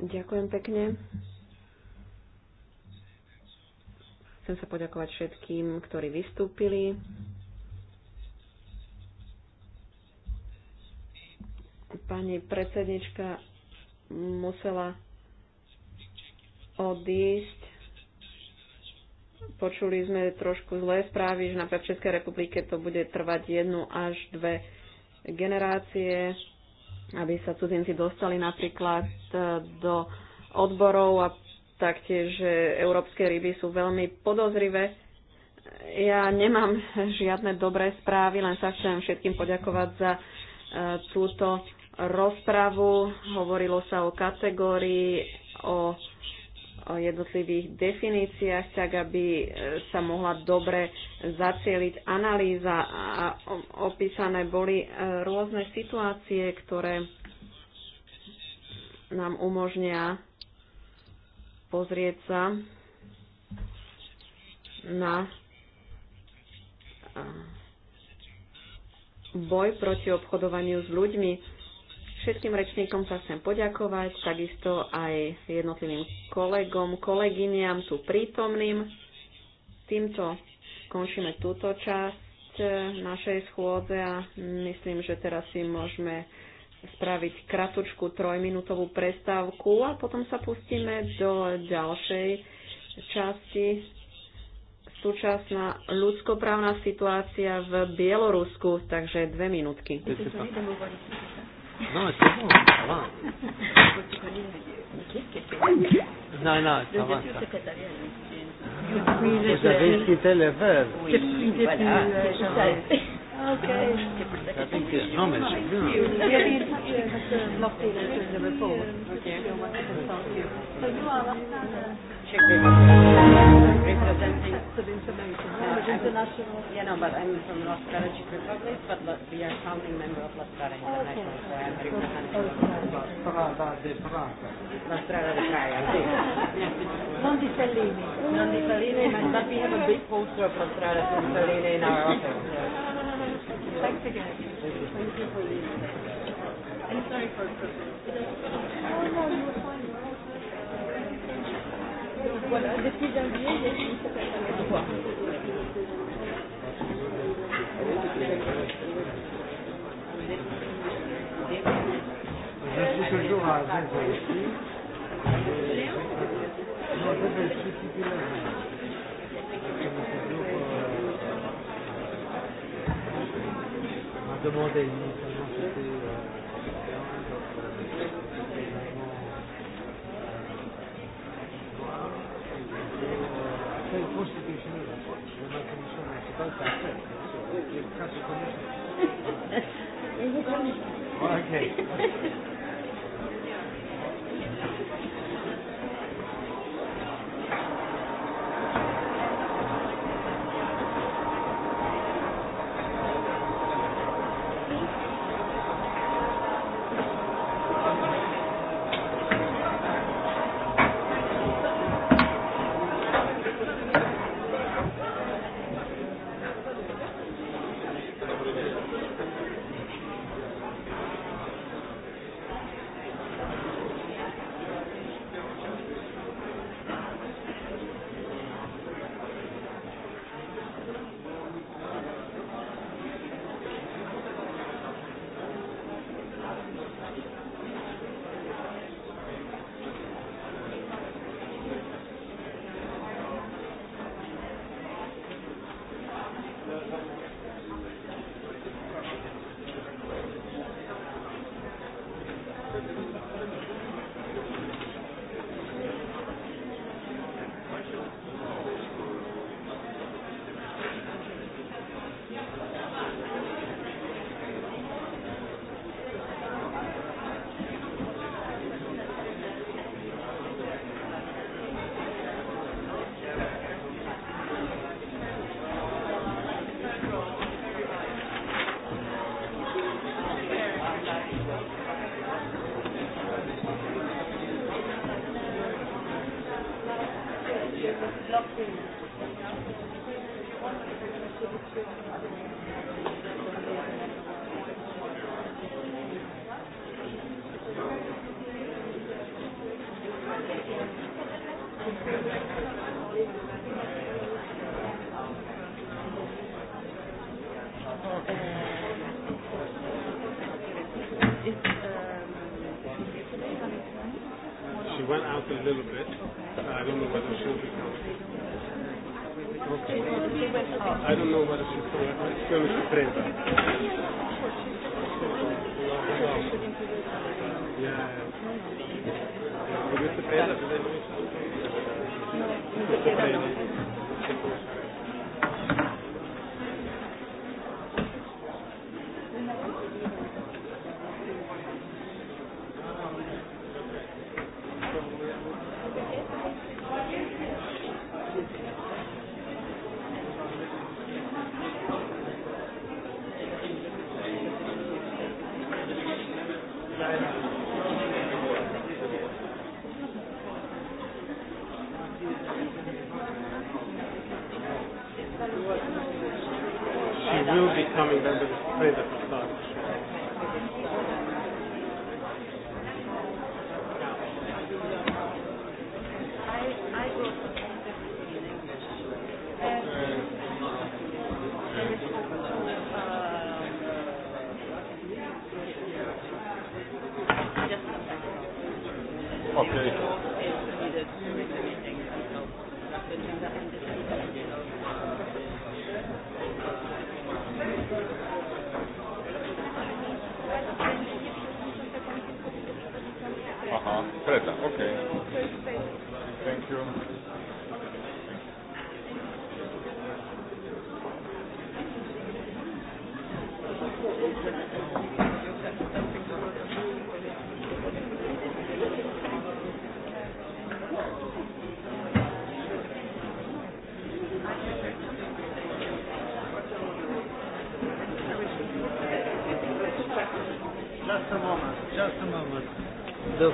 S4: Ďakujem pekne. Chcem sa poďakovať všetkým, ktorí vystúpili. Pani predsednička musela odísť, Počuli sme trošku zlé správy, že napríklad v Českej republike to bude trvať jednu až dve generácie, aby sa cudzinci dostali napríklad e, do odborov a taktiež európske ryby sú veľmi podozrivé. Ja nemám žiadne dobré správy, len sa chcem všetkým poďakovať za e, túto rozpravu. Hovorilo sa o kategórii, o o jednotlivých definíciách, tak aby e, sa mohla dobre zacieliť analýza a opísané boli e, rôzne situácie, ktoré nám umožnia pozrieť sa na e, boj proti obchodovaniu s ľuďmi Všetkým rečníkom sa chcem poďakovať, takisto aj jednotlivým kolegom, kolegyniam tu prítomným. Týmto končíme túto časť našej schôdze a myslím, že teraz si môžeme spraviť kratučku trojminútovú prestávku a potom sa pustíme do ďalšej časti. Súčasná ľudskoprávna situácia v Bielorusku, takže dve minútky.
S2: Non, c'est bon, ça va. Non, non, ça va. Ça. Ah, vous avez quitté le verre. Oui, voilà, euh, c'est ça. Okay. I think it's Thomas, isn't it? Lofty is doing the Okay. So you are representing international. Yeah, no, but I'm from Lascara Czech Republic, but we are founding member of Lascara International, so I'm representing Lascara de Praga. Non di Fellini. Non di Fellini, but we have a big poster of Lascara de Fellini in our office. Thanks again. Thank you for leaving. I'm sorry for. Oh no, you were fine. Voilà, des janvier, il y a une certaine
S3: Je suis toujours à Zazé
S2: ici. Non, Zazé, je suis titulaire. demandé une Okay.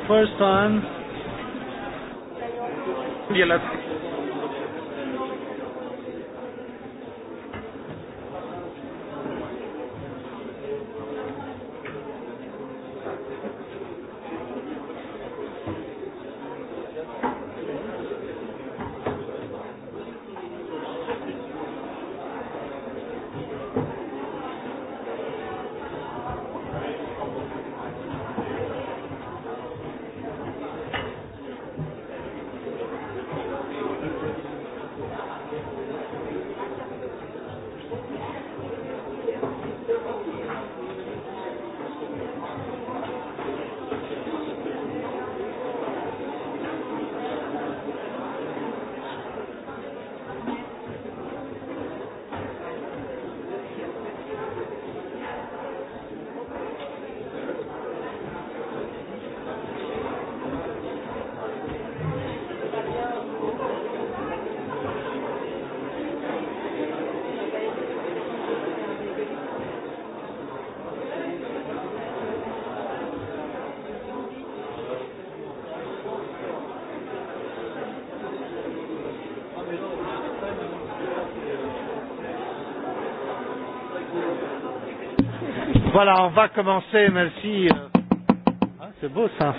S3: first time
S2: Voilà, on va commencer. Merci. Euh. Ah, c'est beau ça.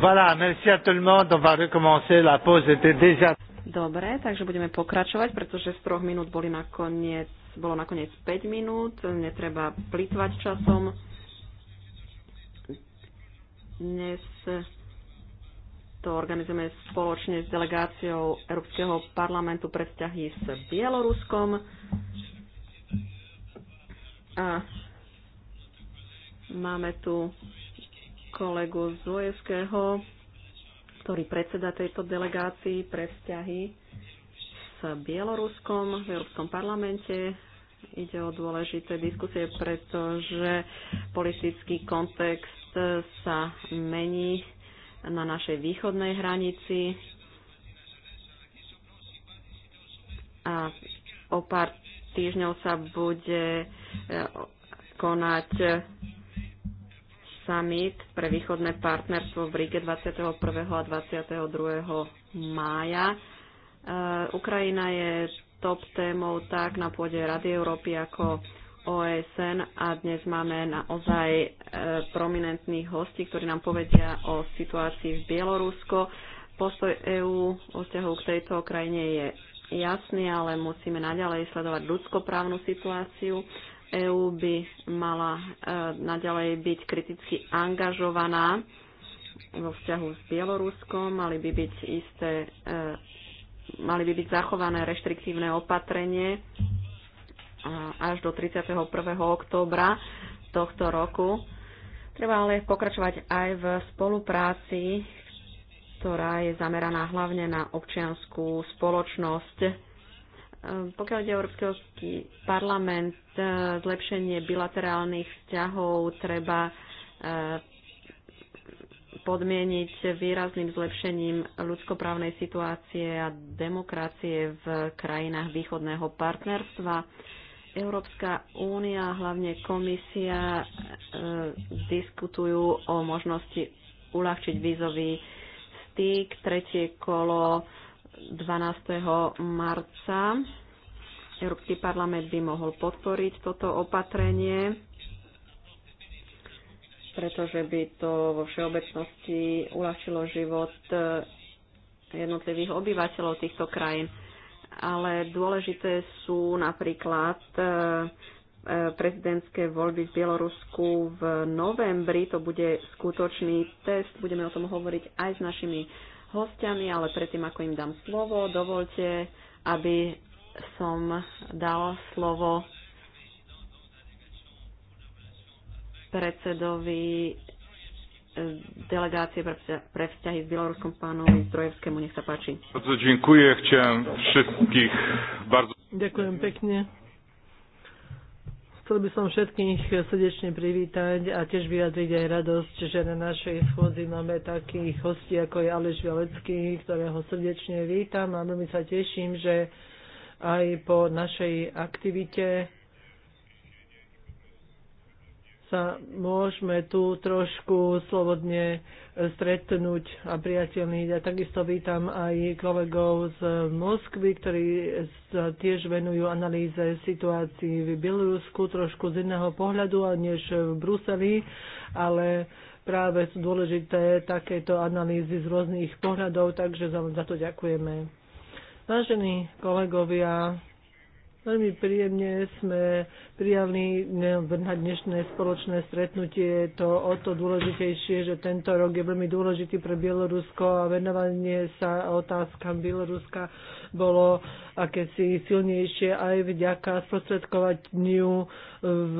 S2: Voilà, merci à tout le monde. On va recommencer. La pause était déjà.
S4: Dobre, takže budeme pokračovať, pretože z troch minút boli nakoniec, bolo nakoniec 5 minút. Netreba plitvať časom. Dnes to organizujeme spoločne s delegáciou Európskeho parlamentu pre vzťahy s Bieloruskom. A máme tu kolegu Zlojevského, ktorý predseda tejto delegácii pre vzťahy s Bieloruskom v Európskom parlamente. Ide o dôležité diskusie, pretože politický kontext sa mení na našej východnej hranici a o pár týždňov sa bude eh, konať eh, summit pre východné partnerstvo v Ríge 21. a 22. mája. Eh, Ukrajina je top témou tak na pôde Rady Európy ako OSN a dnes máme naozaj prominentných hostí, ktorí nám povedia o situácii v Bielorusko. Postoj EÚ o vzťahu k tejto krajine je jasný, ale musíme naďalej sledovať ľudskoprávnu situáciu. EÚ by mala e, naďalej byť kriticky angažovaná vo vzťahu s Bieloruskom, mali by byť isté, e, mali by byť zachované reštriktívne opatrenie až do 31. októbra tohto roku. Treba ale pokračovať aj v spolupráci ktorá je zameraná hlavne na občianskú spoločnosť. E, pokiaľ ide Európsky parlament, e, zlepšenie bilaterálnych vzťahov treba e, podmieniť výrazným zlepšením ľudskoprávnej situácie a demokracie v krajinách východného partnerstva. Európska únia, hlavne komisia, diskutujú o možnosti uľahčiť vízový politík, tretie kolo 12. marca. Európsky parlament by mohol podporiť toto opatrenie, pretože by to vo všeobecnosti uľahčilo život eh, jednotlivých obyvateľov týchto krajín. Ale dôležité sú napríklad eh, prezidentské voľby v Bielorusku v novembri. To bude skutočný test. Budeme o tom hovoriť aj s našimi hostiami, ale predtým, ako im dám slovo, dovolte, aby som dal slovo predsedovi eh, delegácie pre vzťahy s Bieloruskom pánovi Zdrojevskému. Nech sa páči.
S3: bardzo... Ďakujem pekne. Chcel by som všetkých srdečne privítať a tiež vyjadriť aj radosť, že na našej schôdzi máme takých hostí, ako je Aleš Vialecký, ktorého srdečne vítam a veľmi sa teším, že aj po našej aktivite sa môžeme tu trošku slobodne stretnúť a priateľní. Ja takisto vítam aj kolegov z Moskvy, ktorí sa tiež venujú analýze situácií v Bielorusku trošku z iného pohľadu než v Bruseli, ale práve sú dôležité takéto analýzy z rôznych pohľadov, takže za to ďakujeme. Vážení kolegovia, Veľmi príjemne sme prijali na dnešné spoločné stretnutie. Je to o to dôležitejšie, že tento rok je veľmi dôležitý pre Bielorusko a venovanie sa otázkam Bieloruska bolo akési silnejšie aj vďaka sprostredkovaniu v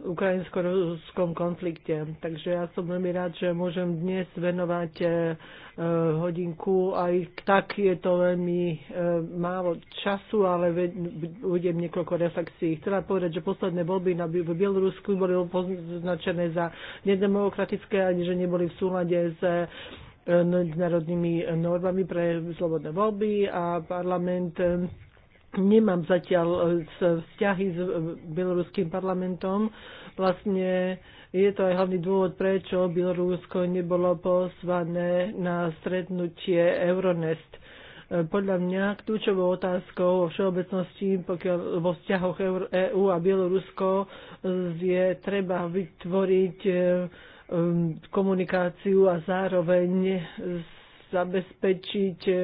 S3: ukrajinsko-ruskom konflikte. Takže ja som veľmi rád, že môžem dnes venovať e, e, hodinku. Aj tak je to veľmi e, málo času, ale budem niekoľko reflexí. Chcela povedať, že posledné voľby na, v Bielorusku boli označené za nedemokratické, ani že neboli v súlade s medzinárodnými normami pre slobodné voľby a parlament Nemám zatiaľ e, e, vzťahy s e, bieloruským parlamentom. Vlastne je to aj hlavný dôvod, prečo Bielorusko nebolo pozvané na stretnutie Euronest. Podľa mňa kľúčovou otázkou vo všeobecnosti pokiaľ vo vzťahoch EÚ a Bielorusko je treba vytvoriť komunikáciu a zároveň s zabezpečiť eh,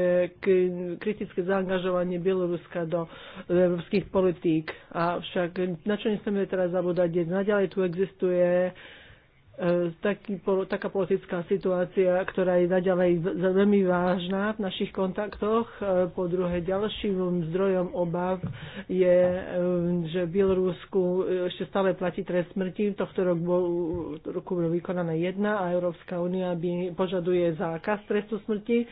S3: kritické zaangažovanie Bieloruska do eh, európskych politík. Avšak na čo nesmieme teraz zabúdať, je naďalej tu existuje E, taký, taká politická situácia, ktorá je naďalej veľmi vážna v našich kontaktoch. E, po druhé, ďalším zdrojom obav je, e, že v Bielorusku ešte stále platí trest smrti. Tohto roku bol, roku bol vykonaná jedna a Európska únia by požaduje zákaz trestu smrti.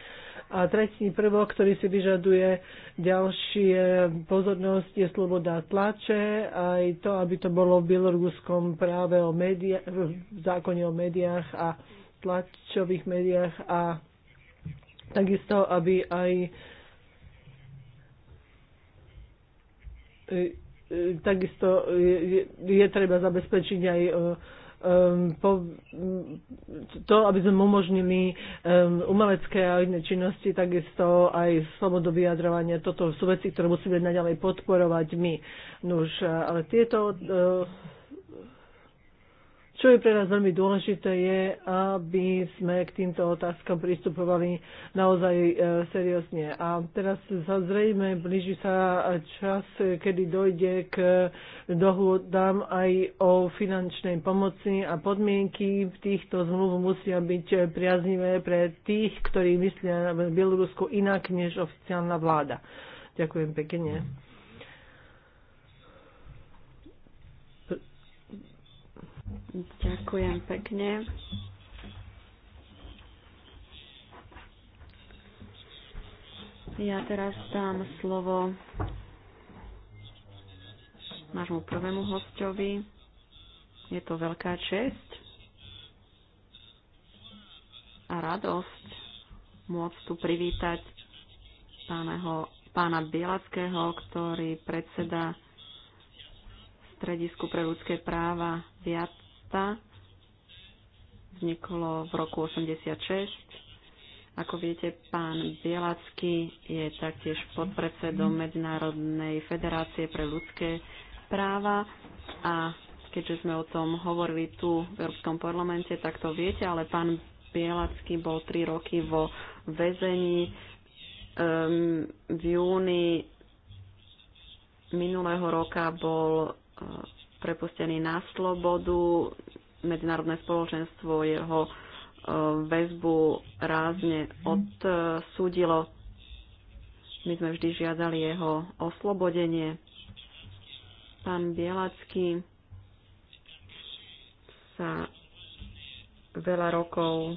S3: A tretí prvok, ktorý si vyžaduje ďalšie eh, pozornosť, je sloboda tlače, aj to, aby to bolo v bieloruskom práve o médiá, v zákone o médiách a tlačových médiách a takisto, aby aj eh, eh, takisto je, je, je treba zabezpečiť aj Ehm, to, aby sme umožnili ehm, umelecké a iné činnosti, takisto aj slobodu vyjadrovania. Toto sú veci, ktoré musíme naďalej podporovať my. Nuž, ale tieto čo je pre nás veľmi dôležité je, aby sme k týmto otázkam pristupovali naozaj e, seriózne. A teraz zrejme blíži sa čas, kedy dojde k dohodám aj o finančnej pomoci a podmienky týchto zmluv musia byť priaznivé pre tých, ktorí myslia v Bielorusku inak než oficiálna vláda. Ďakujem pekne. Ďakujem pekne.
S4: Ja teraz dám slovo nášmu prvému hostovi. Je to veľká čest a radosť môcť tu privítať páneho, pána Bielackého, ktorý predseda Stredisku pre ľudské práva viac mesta vzniklo v roku 86. Ako viete, pán Bielacký je taktiež podpredsedom Medzinárodnej federácie pre ľudské práva a keďže sme o tom hovorili tu v Európskom parlamente, tak to viete, ale pán Bielacký bol 3 roky vo väzení um, v júni minulého roka bol eh, prepustený na slobodu. Medzinárodné spoločenstvo jeho e, väzbu rázne odsúdilo. My sme vždy žiadali jeho oslobodenie. Pán Bielacký sa veľa rokov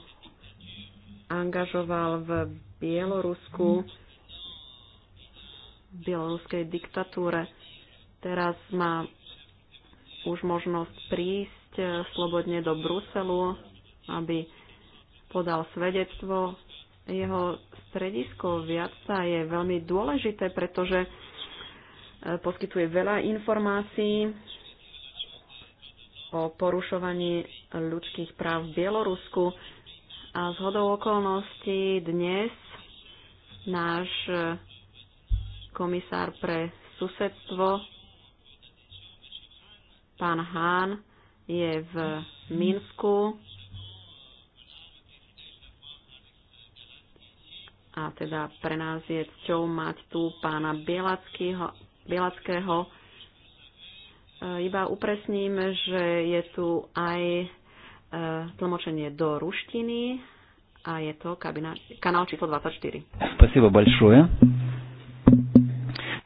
S4: angažoval v Bielorusku, v bieloruskej diktatúre. Teraz má už možnosť prísť eh, slobodne do Bruselu, aby podal svedectvo. Jeho stredisko Viaca je veľmi dôležité, pretože eh, poskytuje veľa informácií o porušovaní ľudských práv v Bielorusku a z hodou okolností dnes náš eh, komisár pre susedstvo Pán Hán je v Minsku a teda pre nás je cťou mať tu pána Bielackého. E, iba upresním, že je tu aj e, tlmočenie do ruštiny a je to kabina, kanál číslo 24.
S2: Spasibo большое.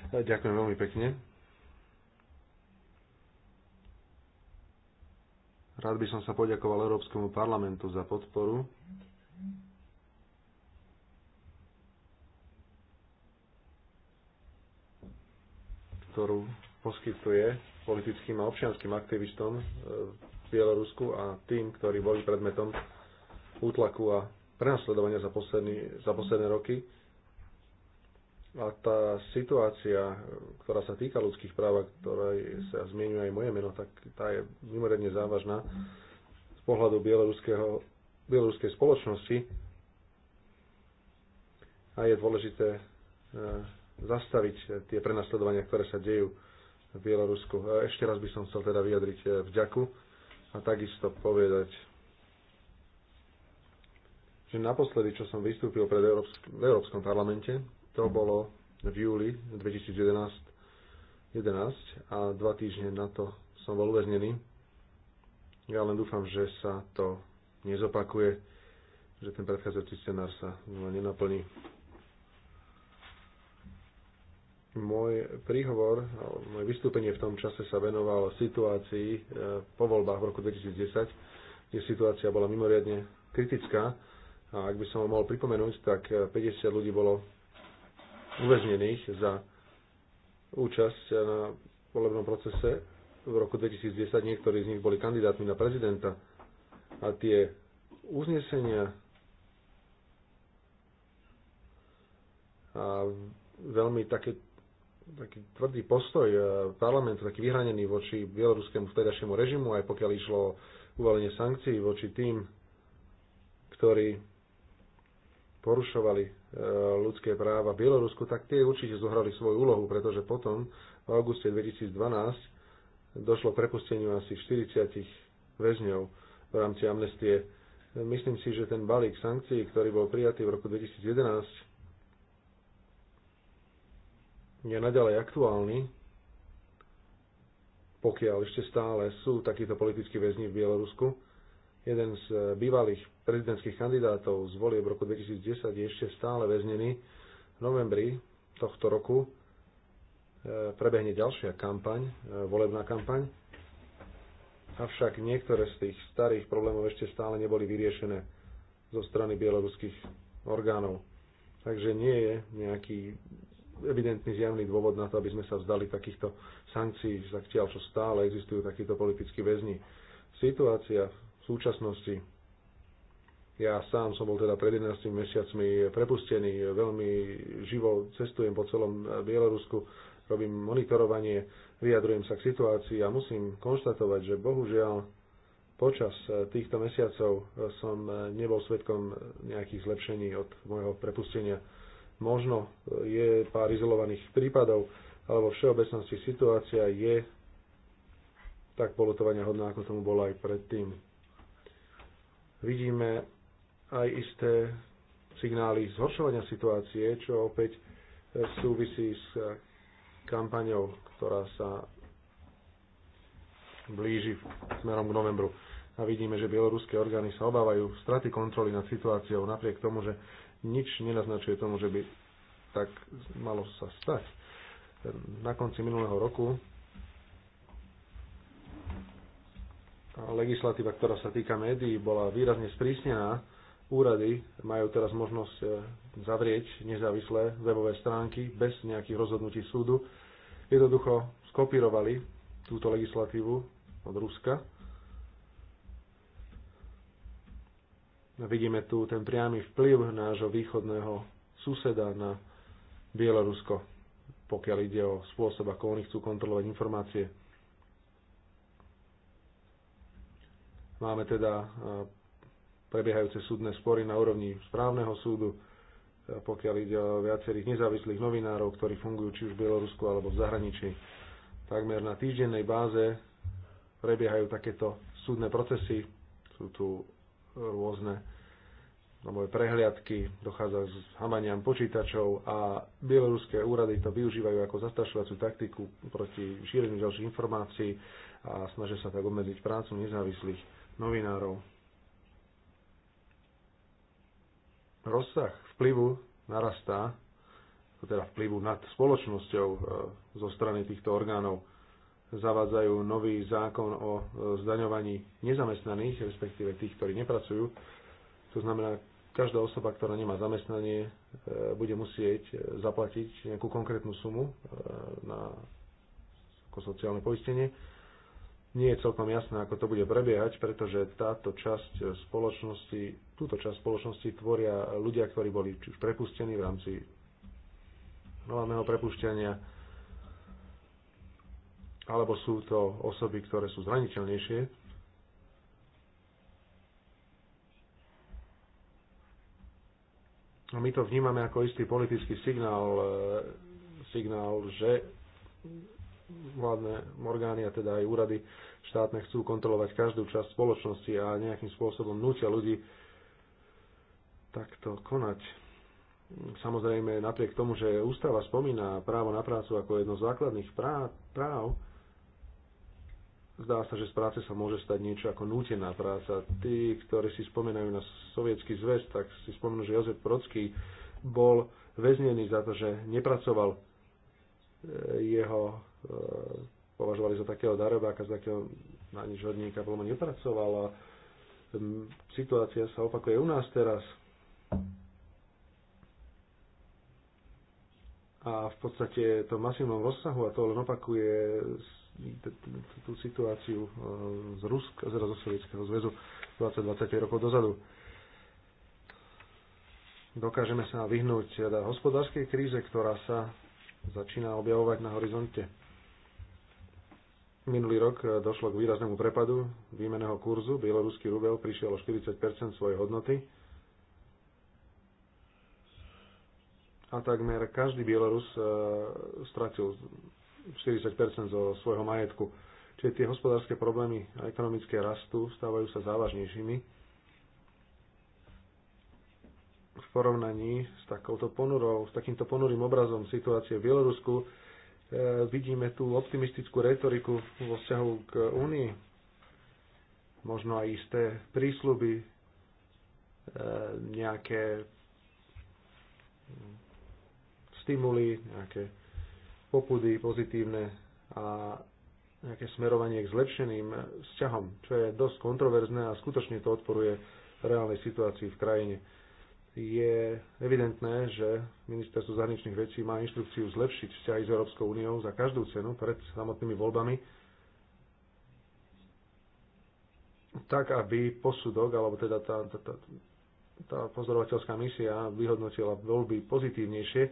S1: Ďakujem veľmi pekne. Rád by som sa poďakoval Európskemu parlamentu za podporu. ktorú poskytuje politickým a občianským aktivistom e, v Bielorusku a tým, ktorí boli predmetom útlaku a prenasledovania za, posledný, za posledné roky. A tá situácia, ktorá sa týka ľudských práv, ktorej sa zmienuje aj moje meno, tak tá je mimoriadne závažná z pohľadu bieloruskej spoločnosti a je dôležité e, zastaviť tie prenasledovania, ktoré sa dejú v Bielorusku. Ešte raz by som chcel teda vyjadriť e, vďaku a takisto povedať, že naposledy, čo som vystúpil pred Európsk- v Európskom parlamente, to bolo v júli 2011 11 a dva týždne na to som bol uväznený. Ja len dúfam, že sa to nezopakuje, že ten predchádzajúci scenár sa nenaplní. Môj príhovor, moje vystúpenie v tom čase sa venovalo situácii e, po voľbách v roku 2010, kde situácia bola mimoriadne kritická. A ak by som ho mohol pripomenúť, tak 50 e, ľudí bolo uväznených za účasť na volebnom procese v roku 2010. Niektorí z nich boli kandidátmi na prezidenta a tie uznesenia a veľmi také, taký tvrdý postoj e, parlamentu, taký vyhranený voči bieloruskému vtedajšiemu režimu, aj pokiaľ išlo o uvalenie sankcií voči tým, ktorí porušovali ľudské práva v Bielorusku, tak tie určite zohrali svoju úlohu, pretože potom v auguste 2012 došlo k prepusteniu asi 40 väzňov v rámci amnestie. Myslím si, že ten balík sankcií, ktorý bol prijatý v roku 2011, je naďalej aktuálny, pokiaľ ešte stále sú takíto politickí väzni v Bielorusku. Jeden z e, bývalých prezidentských kandidátov z volie v roku 2010 je ešte stále väznený. V novembri tohto roku e, prebehne ďalšia kampaň, e, volebná kampaň. Avšak niektoré z tých starých problémov ešte stále neboli vyriešené zo strany bieloruských orgánov. Takže nie je nejaký evidentný zjavný dôvod na to, aby sme sa vzdali takýchto sankcií, zatiaľ čo stále existujú takíto politickí väzni. Situácia v v súčasnosti. Ja sám som bol teda pred 11 mesiacmi prepustený, veľmi živo cestujem po celom Bielorusku, robím monitorovanie, vyjadrujem sa k situácii a musím konštatovať, že bohužiaľ počas týchto mesiacov som nebol svetkom nejakých zlepšení od môjho prepustenia. Možno je pár izolovaných prípadov, ale vo všeobecnosti situácia je tak polutovania hodná, ako tomu bola aj predtým. Vidíme aj isté signály zhoršovania situácie, čo opäť e, súvisí s e, kampaňou, ktorá sa blíži smerom k novembru. A vidíme, že bieloruské orgány sa obávajú straty kontroly nad situáciou, napriek tomu, že nič nenaznačuje tomu, že by tak malo sa stať. E, na konci minulého roku legislatíva, ktorá sa týka médií, bola výrazne sprísnená. Úrady majú teraz možnosť e, zavrieť nezávislé webové stránky bez nejakých rozhodnutí súdu. Jednoducho skopírovali túto legislatívu od Ruska. Vidíme tu ten priamy vplyv nášho východného suseda na Bielorusko, pokiaľ ide o spôsob, ako oni chcú kontrolovať informácie Máme teda e, prebiehajúce súdne spory na úrovni správneho súdu, e, pokiaľ ide o viacerých nezávislých novinárov, ktorí fungujú či už v Bielorusku alebo v zahraničí. Takmer na týždennej báze prebiehajú takéto súdne procesy, sú tu rôzne nové prehliadky, dochádza s hamaniam počítačov a bieloruské úrady to využívajú ako zastrašovaciu taktiku proti šíreniu ďalších informácií a snažia sa tak obmedziť prácu nezávislých novinárov. Rozsah vplyvu narastá, teda vplyvu nad spoločnosťou e, zo strany týchto orgánov. Zavádzajú nový zákon o e, zdaňovaní nezamestnaných, respektíve tých, ktorí nepracujú. To znamená, každá osoba, ktorá nemá zamestnanie, e, bude musieť zaplatiť nejakú konkrétnu sumu na sociálne poistenie nie je celkom jasné, ako to bude prebiehať, pretože táto časť spoločnosti, túto časť spoločnosti tvoria ľudia, ktorí boli či už prepustení v rámci hlavného prepušťania, alebo sú to osoby, ktoré sú zraniteľnejšie, A my to vnímame ako istý politický signál, signál, že vládne orgány a teda aj úrady štátne chcú kontrolovať každú časť spoločnosti a nejakým spôsobom nutia ľudí takto konať. Samozrejme, napriek tomu, že ústava spomína právo na prácu ako jedno z základných práv, práv zdá sa, že z práce sa môže stať niečo ako nútená práca. Tí, ktorí si spomínajú na sovietský zväz, tak si spomenú, že Jozef Procký bol väznený za to, že nepracoval. E, jeho E, považovali za takého darebáka, za takého na nič hodníka, veľmi nepracoval a situácia sa opakuje u nás teraz. A v podstate to masívnom rozsahu a to len opakuje tú situáciu e, z Rusk, z Sovietskeho zväzu 20-25 rokov dozadu. Dokážeme sa vyhnúť teda hospodárskej kríze, ktorá sa začína objavovať na horizonte. Minulý rok e, došlo k výraznému prepadu výmeného kurzu. Bieloruský rubel prišiel o 40 svojej hodnoty. A takmer každý Bielorus e, stratil 40 zo svojho majetku. Čiže tie hospodárske problémy a ekonomické rastu stávajú sa závažnejšími v porovnaní s, takouto ponurou, s takýmto ponurým obrazom situácie v Bielorusku E, vidíme tú optimistickú retoriku vo vzťahu k Únii, možno aj isté prísľuby, e, nejaké stimuly, nejaké popudy pozitívne a nejaké smerovanie k zlepšeným vzťahom, čo je dosť kontroverzné a skutočne to odporuje reálnej situácii v krajine je evidentné, že ministerstvo zahraničných vecí má inštrukciu zlepšiť vzťahy s Európskou úniou za každú cenu pred samotnými voľbami, tak aby posudok, alebo teda tá, tá, tá, tá pozorovateľská misia vyhodnotila voľby pozitívnejšie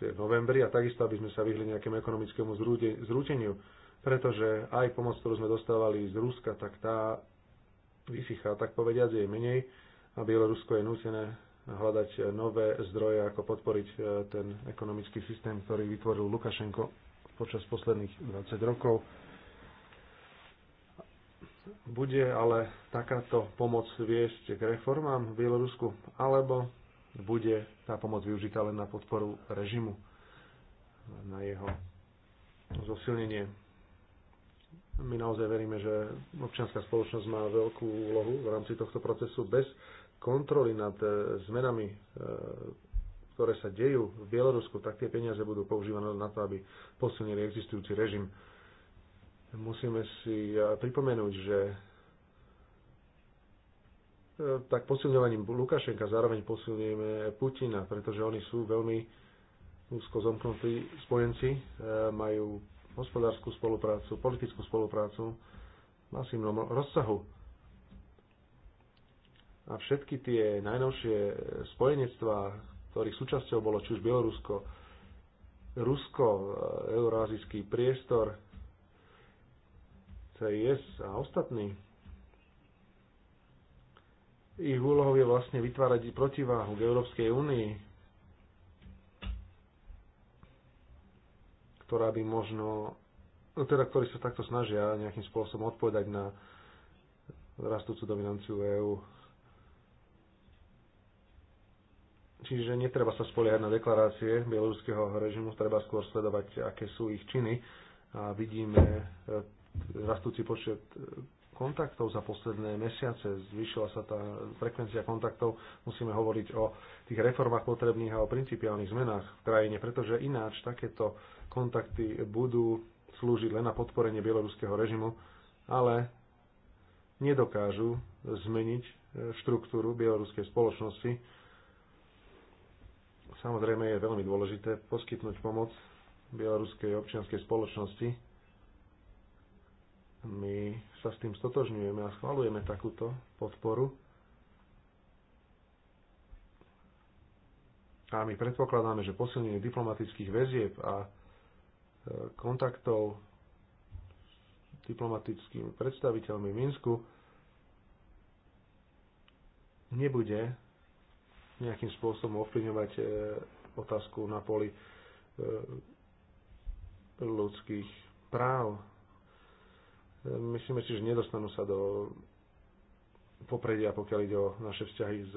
S1: v novembri a takisto, aby sme sa vyhli nejakému ekonomickému zrúteniu, pretože aj pomoc, ktorú sme dostávali z Ruska, tak tá vysychá, tak povediať, je menej a Bielorusko je nútené hľadať nové zdroje, ako podporiť e, ten ekonomický systém, ktorý vytvoril Lukašenko počas posledných 20 rokov. Bude ale takáto pomoc viesť k reformám v Bielorusku, alebo bude tá pomoc využitá len na podporu režimu, na jeho zosilnenie. My naozaj veríme, že občianská spoločnosť má veľkú úlohu v rámci tohto procesu. Bez kontroly nad e, zmenami, e, ktoré sa dejú v Bielorusku, tak tie peniaze budú používané na to, aby posunili existujúci režim. Musíme si pripomenúť, že e, tak posilňovaním Lukašenka zároveň posilňujeme Putina, pretože oni sú veľmi úzko zomknutí spojenci, majú hospodárskú spoluprácu, politickú spoluprácu v masívnom rozsahu a všetky tie najnovšie spojenectvá, ktorých súčasťou bolo či už Bielorusko, Rusko, e, eurázijský priestor, CIS a ostatní, ich úlohou je vlastne vytvárať protiváhu k Európskej únii, ktorá by možno, no teda ktorí sa takto snažia nejakým spôsobom odpovedať na rastúcu dominanciu EÚ Čiže netreba sa spoliehať na deklarácie bieloruského režimu, treba skôr sledovať, aké sú ich činy. A vidíme e, rastúci počet e, kontaktov za posledné mesiace, zvyšila sa tá frekvencia kontaktov, musíme hovoriť o tých reformách potrebných a o principiálnych zmenách v krajine, pretože ináč takéto kontakty budú slúžiť len na podporenie bieloruského režimu, ale nedokážu zmeniť e, štruktúru bieloruskej spoločnosti, Samozrejme je veľmi dôležité poskytnúť pomoc bieloruskej občianskej spoločnosti. My sa s tým stotožňujeme a schvalujeme takúto podporu. A my predpokladáme, že posilnenie diplomatických väzieb a e, kontaktov s diplomatickými predstaviteľmi v Minsku nebude nejakým spôsobom ovplyvňovať e, otázku na poli e, ľudských práv. E, myslíme si, že nedostanú sa do popredia, pokiaľ ide o naše vzťahy s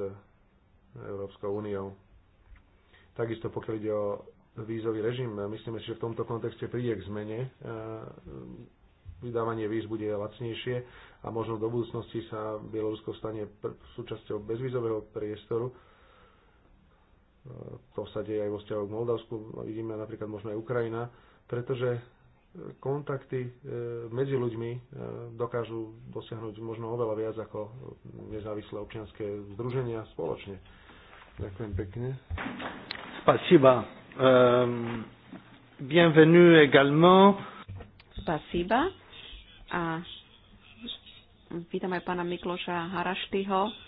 S1: Európskou úniou. Takisto pokiaľ ide o vízový režim, myslíme si, že v tomto kontexte príde k zmene. Vydávanie víz bude lacnejšie a možno do budúcnosti sa Bielorusko stane súčasťou bezvízového priestoru E, to sa deje aj vo vzťahu k Moldavsku, vidíme napríklad možno aj Ukrajina, pretože e, kontakty e, medzi ľuďmi dokážu dosiahnuť možno oveľa viac ako nezávislé občianské združenia spoločne.
S2: Ďakujem pekne. Spasiba. Um, bienvenue également.
S4: Spasiba. A vítam aj pána Mikloša Haraštyho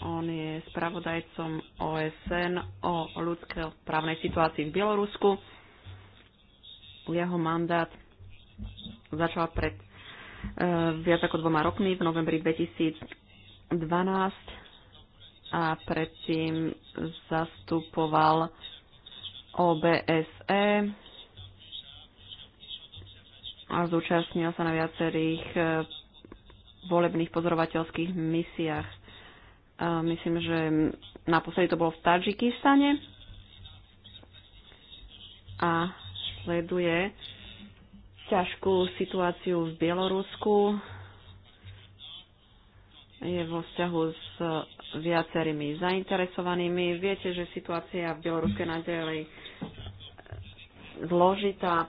S4: on je spravodajcom OSN o právnej situácii v Bielorusku. Jeho mandát začal pred e, viac ako dvoma rokmi, v novembri 2012 a predtým zastupoval OBSE a zúčastnil sa na viacerých e, volebných pozorovateľských misiách Myslím, že naposledy to bolo v Tadžikistane. A sleduje ťažkú situáciu v Bielorusku. Je vo vzťahu s viacerými zainteresovanými. Viete, že situácia v Bieloruskej je nadalej zložitá.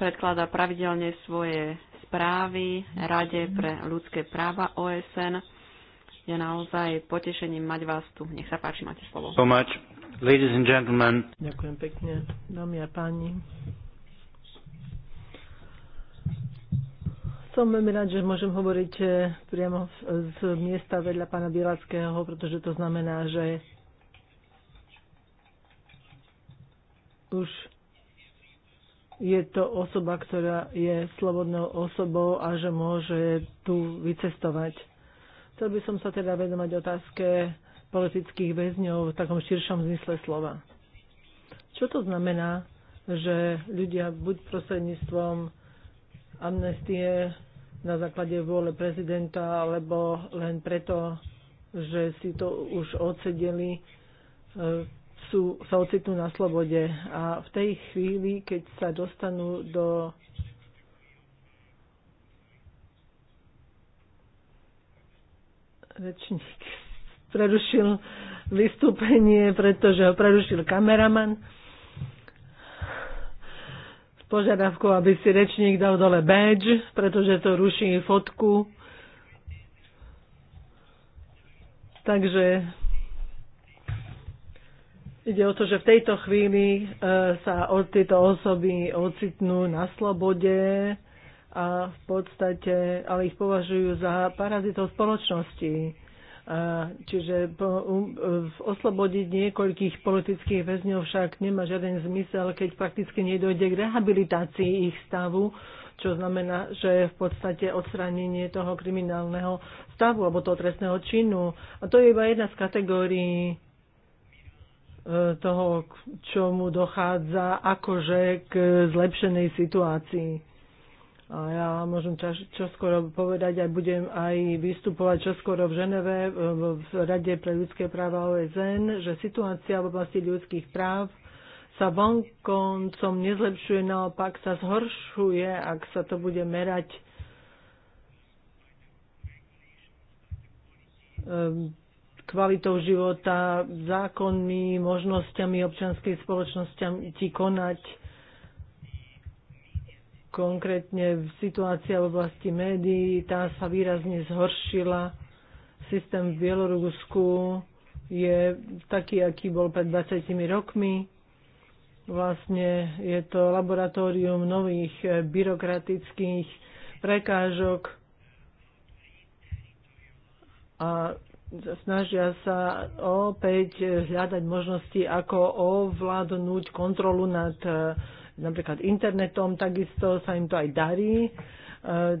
S4: Predkladá pravidelne svoje správy Rade pre ľudské práva OSN. Je naozaj potešením mať vás tu. Nech sa páči, máte
S2: slovo. So much. Ladies and gentlemen.
S3: Ďakujem pekne, dámy a páni. Som veľmi rád, že môžem hovoriť eh, priamo z miesta vedľa pána Bielackého, pretože to znamená, že už je to osoba, ktorá je slobodnou osobou a že môže tu vycestovať. Chcel by som sa teda vedomať otázke politických väzňov v takom širšom zmysle slova. Čo to znamená, že ľudia buď prostredníctvom amnestie na základe vôle prezidenta, alebo len preto, že si to už odsedeli, e, sú, sa ocitnú na slobode. A v tej chvíli, keď sa dostanú do rečník prerušil vystúpenie, pretože ho prerušil kameraman s požiadavkou, aby si rečník dal dole badge, pretože to ruší fotku. Takže Ide o to, že v tejto chvíli e, sa od tieto osoby ocitnú na slobode a v podstate, ale ich považujú za parazitov spoločnosti. E, čiže po, um, oslobodiť niekoľkých politických väzňov však nemá žiaden zmysel, keď prakticky nedojde k rehabilitácii ich stavu, čo znamená, že v podstate odstránenie toho kriminálneho stavu alebo toho trestného činu. A to je iba jedna z kategórií toho, k čomu dochádza, akože k zlepšenej situácii. A ja môžem čoskoro povedať, aj budem aj vystupovať čoskoro v Ženeve v Rade pre ľudské práva OSN, že situácia v oblasti ľudských práv sa vonkoncom nezlepšuje, naopak sa zhoršuje, ak sa to bude merať ehm, kvalitou života, zákonmi, možnosťami občianskej spoločnosti konať. Konkrétne situácia v oblasti médií, tá sa výrazne zhoršila. Systém v Bielorusku je taký, aký bol pred 20 rokmi. Vlastne je to laboratórium nových byrokratických prekážok a snažia sa opäť hľadať možnosti, ako ovládnuť kontrolu nad eh, napríklad internetom, takisto sa im to aj darí. Eh,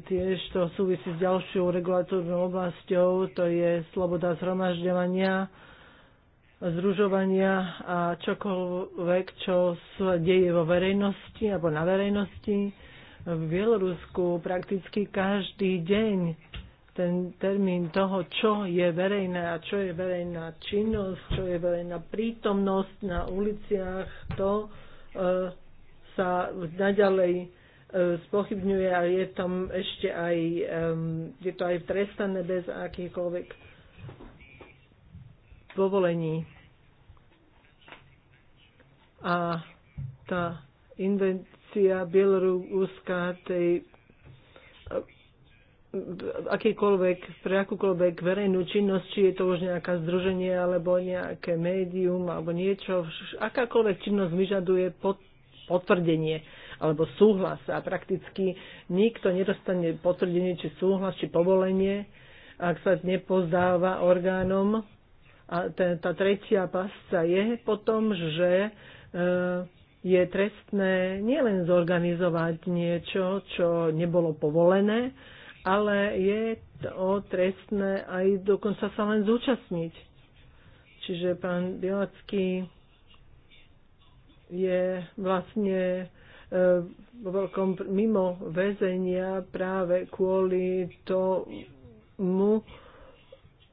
S3: tiež to súvisí s ďalšou regulatúrnou oblasťou, to je sloboda zhromažďovania, zružovania a čokoľvek, čo sa deje vo verejnosti alebo na verejnosti. V Bielorusku prakticky každý deň ten termín toho, čo je verejné a čo je verejná činnosť, čo je verejná prítomnosť na uliciach, to e, sa naďalej e, spochybňuje a je tam ešte aj, e, je to aj trestané bez akýchkoľvek povolení. A tá invencia Bieloruska tej akýkoľvek, pre akúkoľvek verejnú činnosť, či je to už nejaká združenie alebo nejaké médium alebo niečo, akákoľvek činnosť vyžaduje potvrdenie alebo súhlas a prakticky nikto nedostane potvrdenie či súhlas či povolenie, ak sa nepozdáva orgánom. A tá, tá tretia pasca je potom, že e, je trestné nielen zorganizovať niečo, čo nebolo povolené, ale je to trestné aj dokonca sa len zúčastniť. Čiže pán Bielacký je vlastne e, vo veľkom mimo väzenia práve kvôli tomu,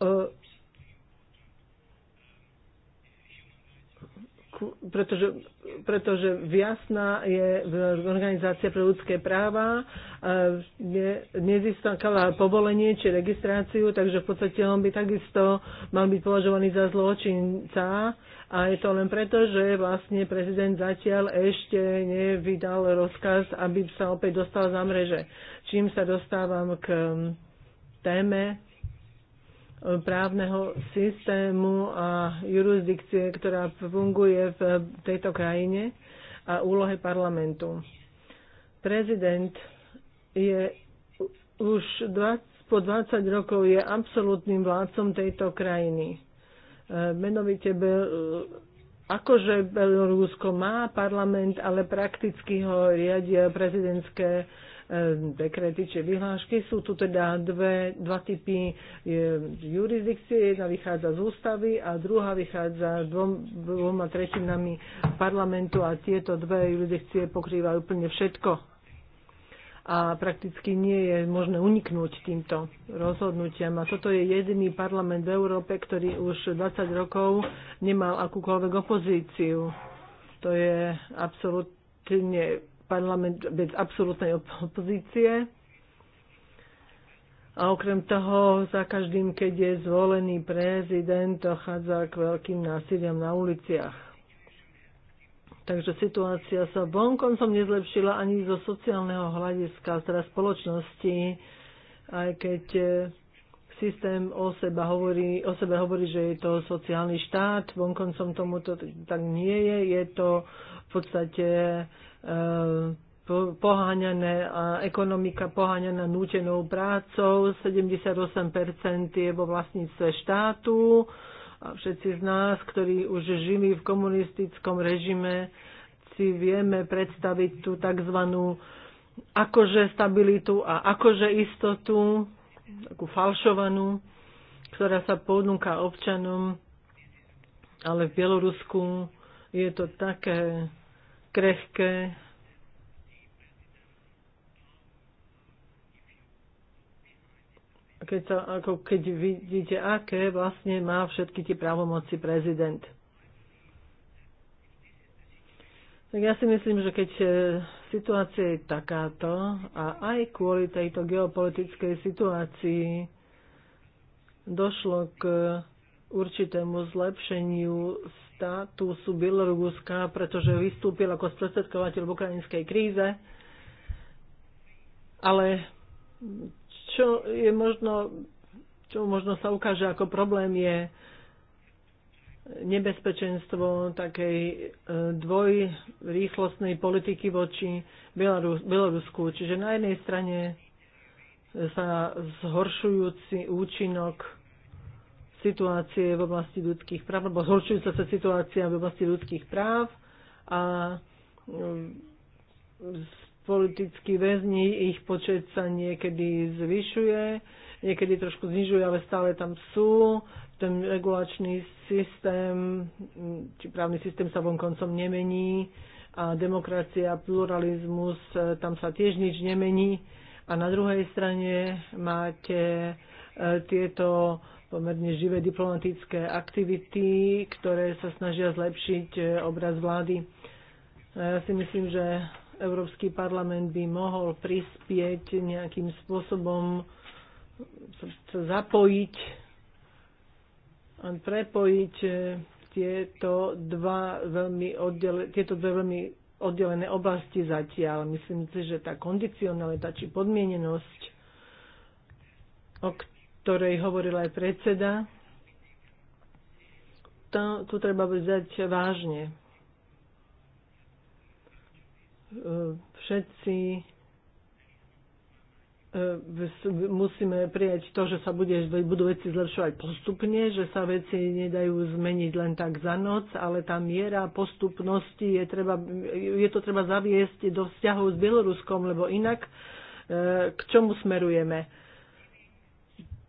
S3: e, pretože, pretože Viasna je organizácia pre ľudské práva, ne, nezískala povolenie či registráciu, takže v podstate on by takisto mal byť považovaný za zločinca a je to len preto, že vlastne prezident zatiaľ ešte nevydal rozkaz, aby sa opäť dostal za mreže. Čím sa dostávam k téme právneho systému a jurisdikcie, ktorá funguje v tejto krajine a úlohe parlamentu. Prezident je už 20, po 20 rokov je absolútnym vládcom tejto krajiny. E, menovite akože Belorúsko má parlament, ale prakticky ho riadia prezidentské Eh, dekrety či vyhlášky. Sú tu teda dve, dva typy eh, jurisdikcie. Jedna vychádza z ústavy a druhá vychádza dvom, dvoma tretinami parlamentu a tieto dve jurisdikcie pokrývajú úplne všetko a prakticky nie je možné uniknúť týmto rozhodnutiam. A toto je jediný parlament v Európe, ktorý už 20 rokov nemal akúkoľvek opozíciu. To je absolútne parlament bez absolútnej opozície. A okrem toho, za každým, keď je zvolený prezident, dochádza k veľkým násiliam na uliciach. Takže situácia sa vonkoncom nezlepšila ani zo sociálneho hľadiska, teda spoločnosti, aj keď e, systém o, seba hovorí, o sebe hovorí, že je to sociálny štát, vonkoncom tomu to tak nie je, je to v podstate Eh, poháňané a ekonomika poháňaná nútenou prácou, 78% je vo vlastníctve štátu a všetci z nás, ktorí už žili v komunistickom režime, si vieme predstaviť tú tzv. akože stabilitu a akože istotu, takú falšovanú, ktorá sa ponúka občanom, ale v Bielorusku je to také krehké. Keď, sa, ako keď vidíte, aké vlastne má všetky tie právomoci prezident. Tak ja si myslím, že keď e, situácia je takáto a aj kvôli tejto geopolitickej situácii došlo k určitému zlepšeniu štátusu Bieloruska, pretože vystúpil ako sprostredkovateľ v ukrajinskej kríze. Ale čo je možno, čo možno sa ukáže ako problém je nebezpečenstvo takej e, dvojrýchlostnej politiky voči Bielorusku. Čiže na jednej strane sa zhoršujúci účinok situácie v oblasti ľudských práv, alebo zhoršujúca sa situácia v oblasti ľudských práv a mm, politickí väzni, ich počet sa niekedy zvyšuje, niekedy trošku znižuje, ale stále tam sú. Ten regulačný systém, mm, či právny systém sa vonkoncom nemení a demokracia, pluralizmus, e, tam sa tiež nič nemení. A na druhej strane máte e, tieto pomerne živé diplomatické aktivity, ktoré sa snažia zlepšiť e, obraz vlády. E, ja si myslím, že Európsky parlament by mohol prispieť nejakým spôsobom sa zapojiť a prepojiť e, tieto, dva veľmi oddele, tieto dve veľmi oddelené oblasti zatiaľ. Myslím si, že tá kondicionalita či podmienenosť, o ktorej hovoril aj predseda, to tu treba vziať vážne. Všetci e, musíme prijať to, že sa bude, budú veci zlepšovať postupne, že sa veci nedajú zmeniť len tak za noc, ale tá miera postupnosti je, treba, je to treba zaviesť do vzťahov s Bieloruskom, lebo inak e, k čomu smerujeme?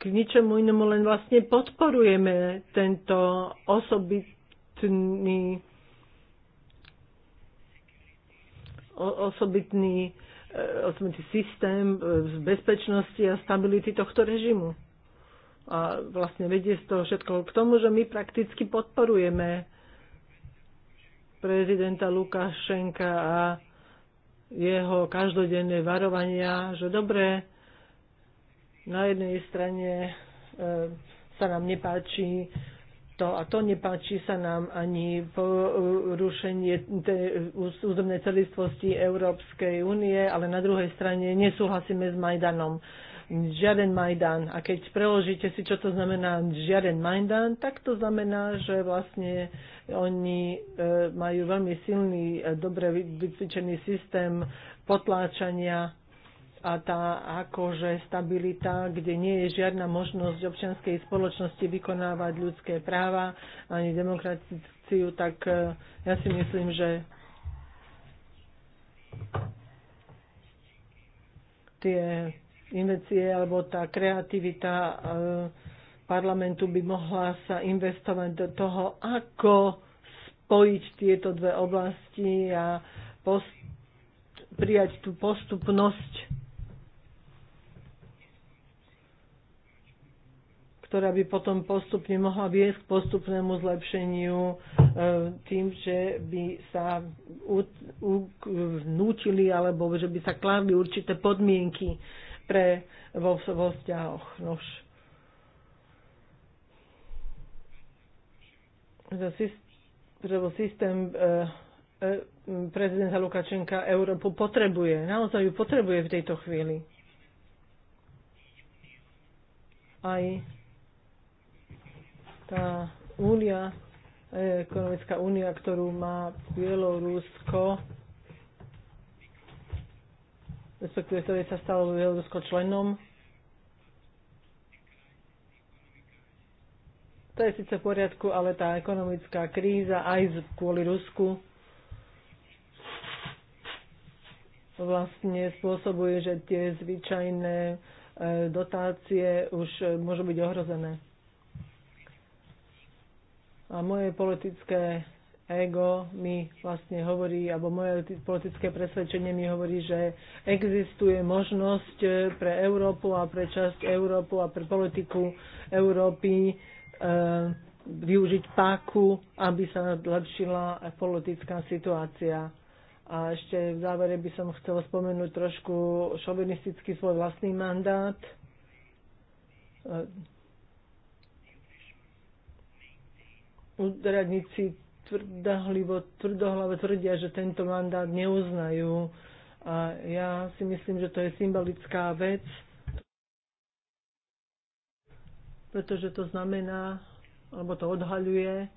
S3: k ničomu inému, len vlastne podporujeme tento osobitný osobitný, e, osobitný systém e, bezpečnosti a stability tohto režimu. A vlastne vedie z toho všetko k tomu, že my prakticky podporujeme prezidenta Lukašenka a jeho každodenné varovania, že dobre, na jednej strane e, sa nám nepáči to a to nepáči sa nám ani porušenie územnej celistvosti Európskej únie, ale na druhej strane nesúhlasíme s Majdanom. Žiaden Majdan. A keď preložíte si, čo to znamená žiaden Majdan, tak to znamená, že vlastne oni e, majú veľmi silný, e, dobre vycvičený systém potláčania a tá akože stabilita, kde nie je žiadna možnosť občianskej spoločnosti vykonávať ľudské práva ani demokraciu, tak e, ja si myslím, že tie invencie alebo tá kreativita e, parlamentu by mohla sa investovať do toho, ako spojiť tieto dve oblasti a post- prijať tú postupnosť ktorá by potom postupne mohla viesť k postupnému zlepšeniu e, tým, že by sa vnúčili alebo že by sa kladli určité podmienky pre, vo, vo vzťahoch. Nož. Za systém e, e, prezidenta Lukačenka Európu potrebuje. Naozaj ju potrebuje v tejto chvíli. Aj tá únia, ekonomická únia, ktorú má Bielorusko, respektíve ktoré sa stalo Bielorusko členom, to je síce v poriadku, ale tá ekonomická kríza aj kvôli Rusku vlastne spôsobuje, že tie zvyčajné e, dotácie už e, môžu byť ohrozené. A moje politické ego mi vlastne hovorí, alebo moje politické presvedčenie mi hovorí, že existuje možnosť e, pre Európu a pre časť Európu a pre politiku Európy e, využiť páku, aby sa zlepšila politická situácia. A ešte v závere by som chcela spomenúť trošku šovinistický svoj vlastný mandát. E, úradníci tvrdohlavo tvrdia, že tento mandát neuznajú. A ja si myslím, že to je symbolická vec, pretože to znamená, alebo to odhaľuje,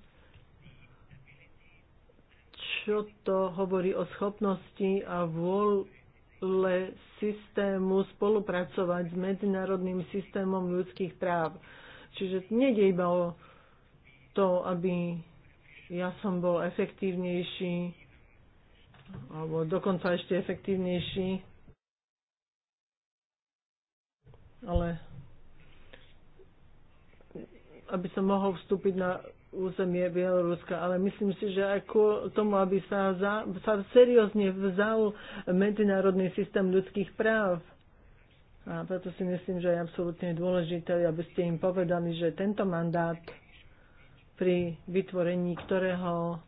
S3: čo to hovorí o schopnosti a vôle systému spolupracovať s medzinárodným systémom ľudských práv. Čiže nedej iba o to, aby ja som bol efektívnejší, alebo dokonca ešte efektívnejší. Ale aby som mohol vstúpiť na územie Bieloruska, ale myslím si, že ku tomu, aby sa, za, sa seriózne vzal medzinárodný systém ľudských práv. A preto si myslím, že je absolútne dôležité, aby ste im povedali, že tento mandát pri vytvorení ktorého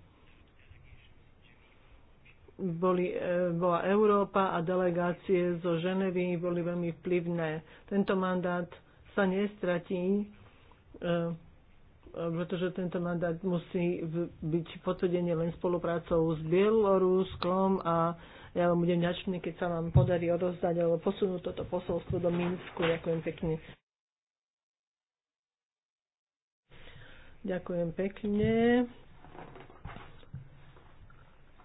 S3: boli, e, bola Európa a delegácie zo Ženevy boli veľmi vplyvné. Tento mandát sa nestratí, e, pretože tento mandát musí byť potvrdený len spoluprácou s Bieloruskom a ja vám budem ďačný, keď sa vám podarí odozdať alebo posunúť toto posolstvo do Minsku. Ďakujem pekne. Ďakujem pekne.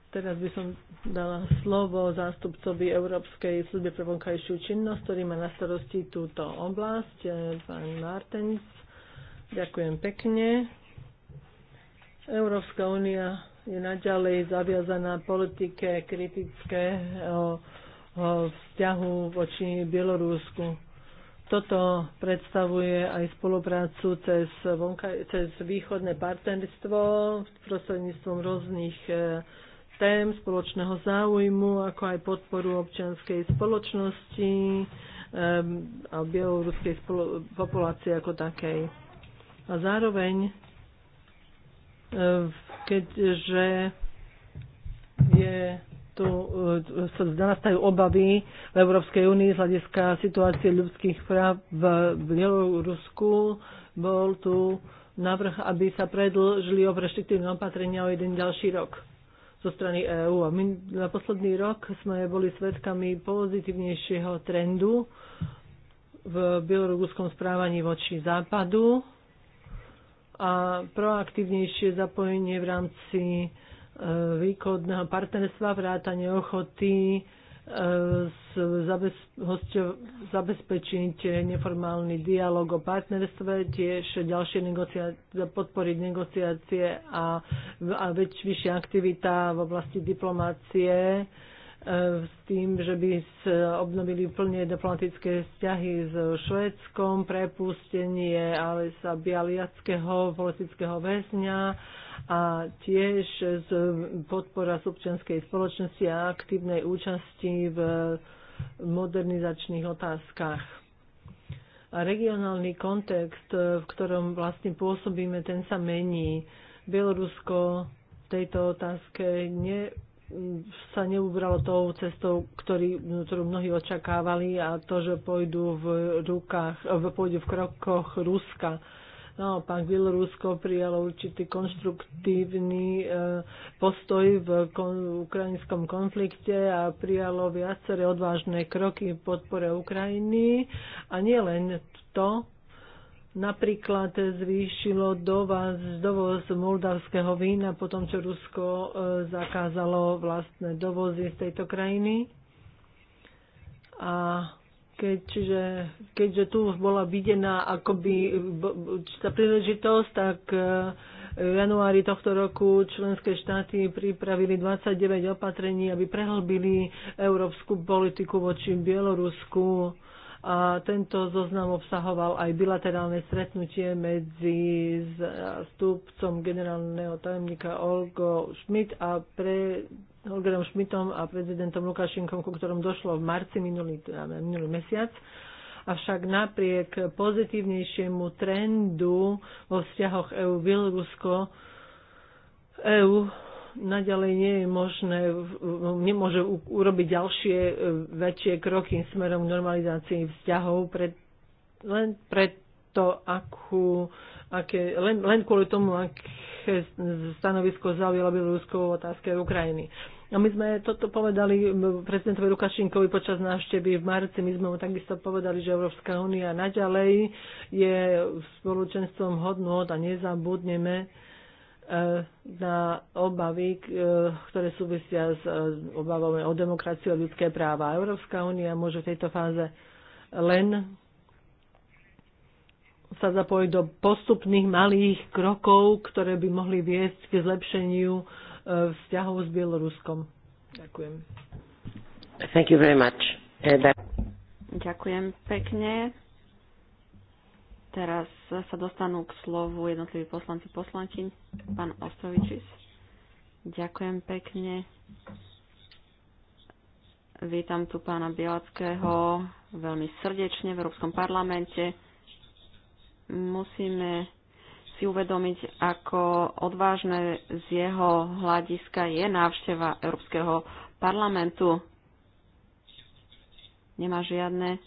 S3: Teraz by som dala slovo zástupcovi Európskej služby pre vonkajšiu činnosť, ktorý má na starosti túto oblasť, eh, pán Martens. Ďakujem pekne. Európska únia je naďalej zaviazaná politike kritického eh, vzťahu voči Bielorúsku. Toto predstavuje aj spoluprácu cez, vonka, cez východné partnerstvo prostredníctvom rôznych e, tém spoločného záujmu, ako aj podporu občianskej spoločnosti a bieloruskej populácie ako takej. A zároveň, e, keďže je tu eh, sa narastajú obavy v Európskej únii z hľadiska situácie ľudských práv v Bielorusku. Bol tu návrh, aby sa predlžili restriktívne opatrenia o jeden ďalší rok zo strany EÚ. A my na posledný rok sme boli svedkami pozitívnejšieho trendu v bieloruskom správaní voči západu a proaktívnejšie zapojenie v rámci východného partnerstva, vrátanie ochoty e, zabezpečiť neformálny dialog o partnerstve, tiež ďalšie negociácie, podporiť negociácie a, a aktivita v oblasti diplomácie e, s tým, že by sa obnovili plne diplomatické vzťahy so Švédskom, prepustenie Alisa Bialiackého politického väzňa, a tiež z podpora z občianskej spoločnosti a aktívnej účasti v modernizačných otázkach. A regionálny kontext, v ktorom vlastne pôsobíme, ten sa mení. Bielorusko v tejto otázke ne, sa neubralo tou cestou, ktorý, ktorú mnohí očakávali a to, že pôjdu v, rukách, pôjdu v krokoch Ruska No pán Bielorusko prijalo určitý konštruktívny eh, postoj v ukrajinskom konflikte a prijalo viaceré odvážne kroky v podpore Ukrajiny. A nie len to, napríklad zvýšilo dovoz, dovoz moldavského vína po tom, čo Rusko eh, zakázalo vlastné dovozy z tejto krajiny. A Keďže, keďže tu bola videná akoby tá príležitosť, tak e, v januári tohto roku členské štáty pripravili 29 opatrení, aby prehlbili európsku politiku voči Bielorusku. A tento zoznam obsahoval aj bilaterálne stretnutie medzi zástupcom e, generálneho tajomníka Olgo Schmidt a pre Holgerom Schmidtom a prezidentom Lukašenkom, ku ktorom došlo v marci minulý, teda minulý mesiac. Avšak napriek pozitívnejšiemu trendu vo vzťahoch EU-Bielorusko, EU naďalej nie je možné, nemôže urobiť ďalšie e, väčšie kroky smerom k normalizácii vzťahov, pred, len preto, akú, aké, len, len kvôli tomu, aké stanovisko zaujalo Bielorusko v otázke Ukrajiny. A my sme toto povedali prezidentovi Lukašinkovi počas návštevy v marci. My sme mu takisto povedali, že Európska únia naďalej je spoločenstvom hodnot a nezabudneme e, na obavy, e, ktoré súvisia s e, obavami o demokraciu a ľudské práva. Európska únia môže v tejto fáze len sa zapojiť do postupných malých krokov, ktoré by mohli viesť k zlepšeniu vzťahov s Bieloruskom.
S4: Ďakujem.
S2: Thank you very much. Eh,
S4: Ďakujem pekne. Teraz sa dostanú k slovu jednotliví poslanci poslanky. Pán Ostrovičis. Ďakujem pekne. Vítam tu pána Bielackého veľmi srdečne v Európskom parlamente. Musíme si uvedomiť, ako odvážne z jeho hľadiska je návšteva Európskeho parlamentu. Nemá žiadne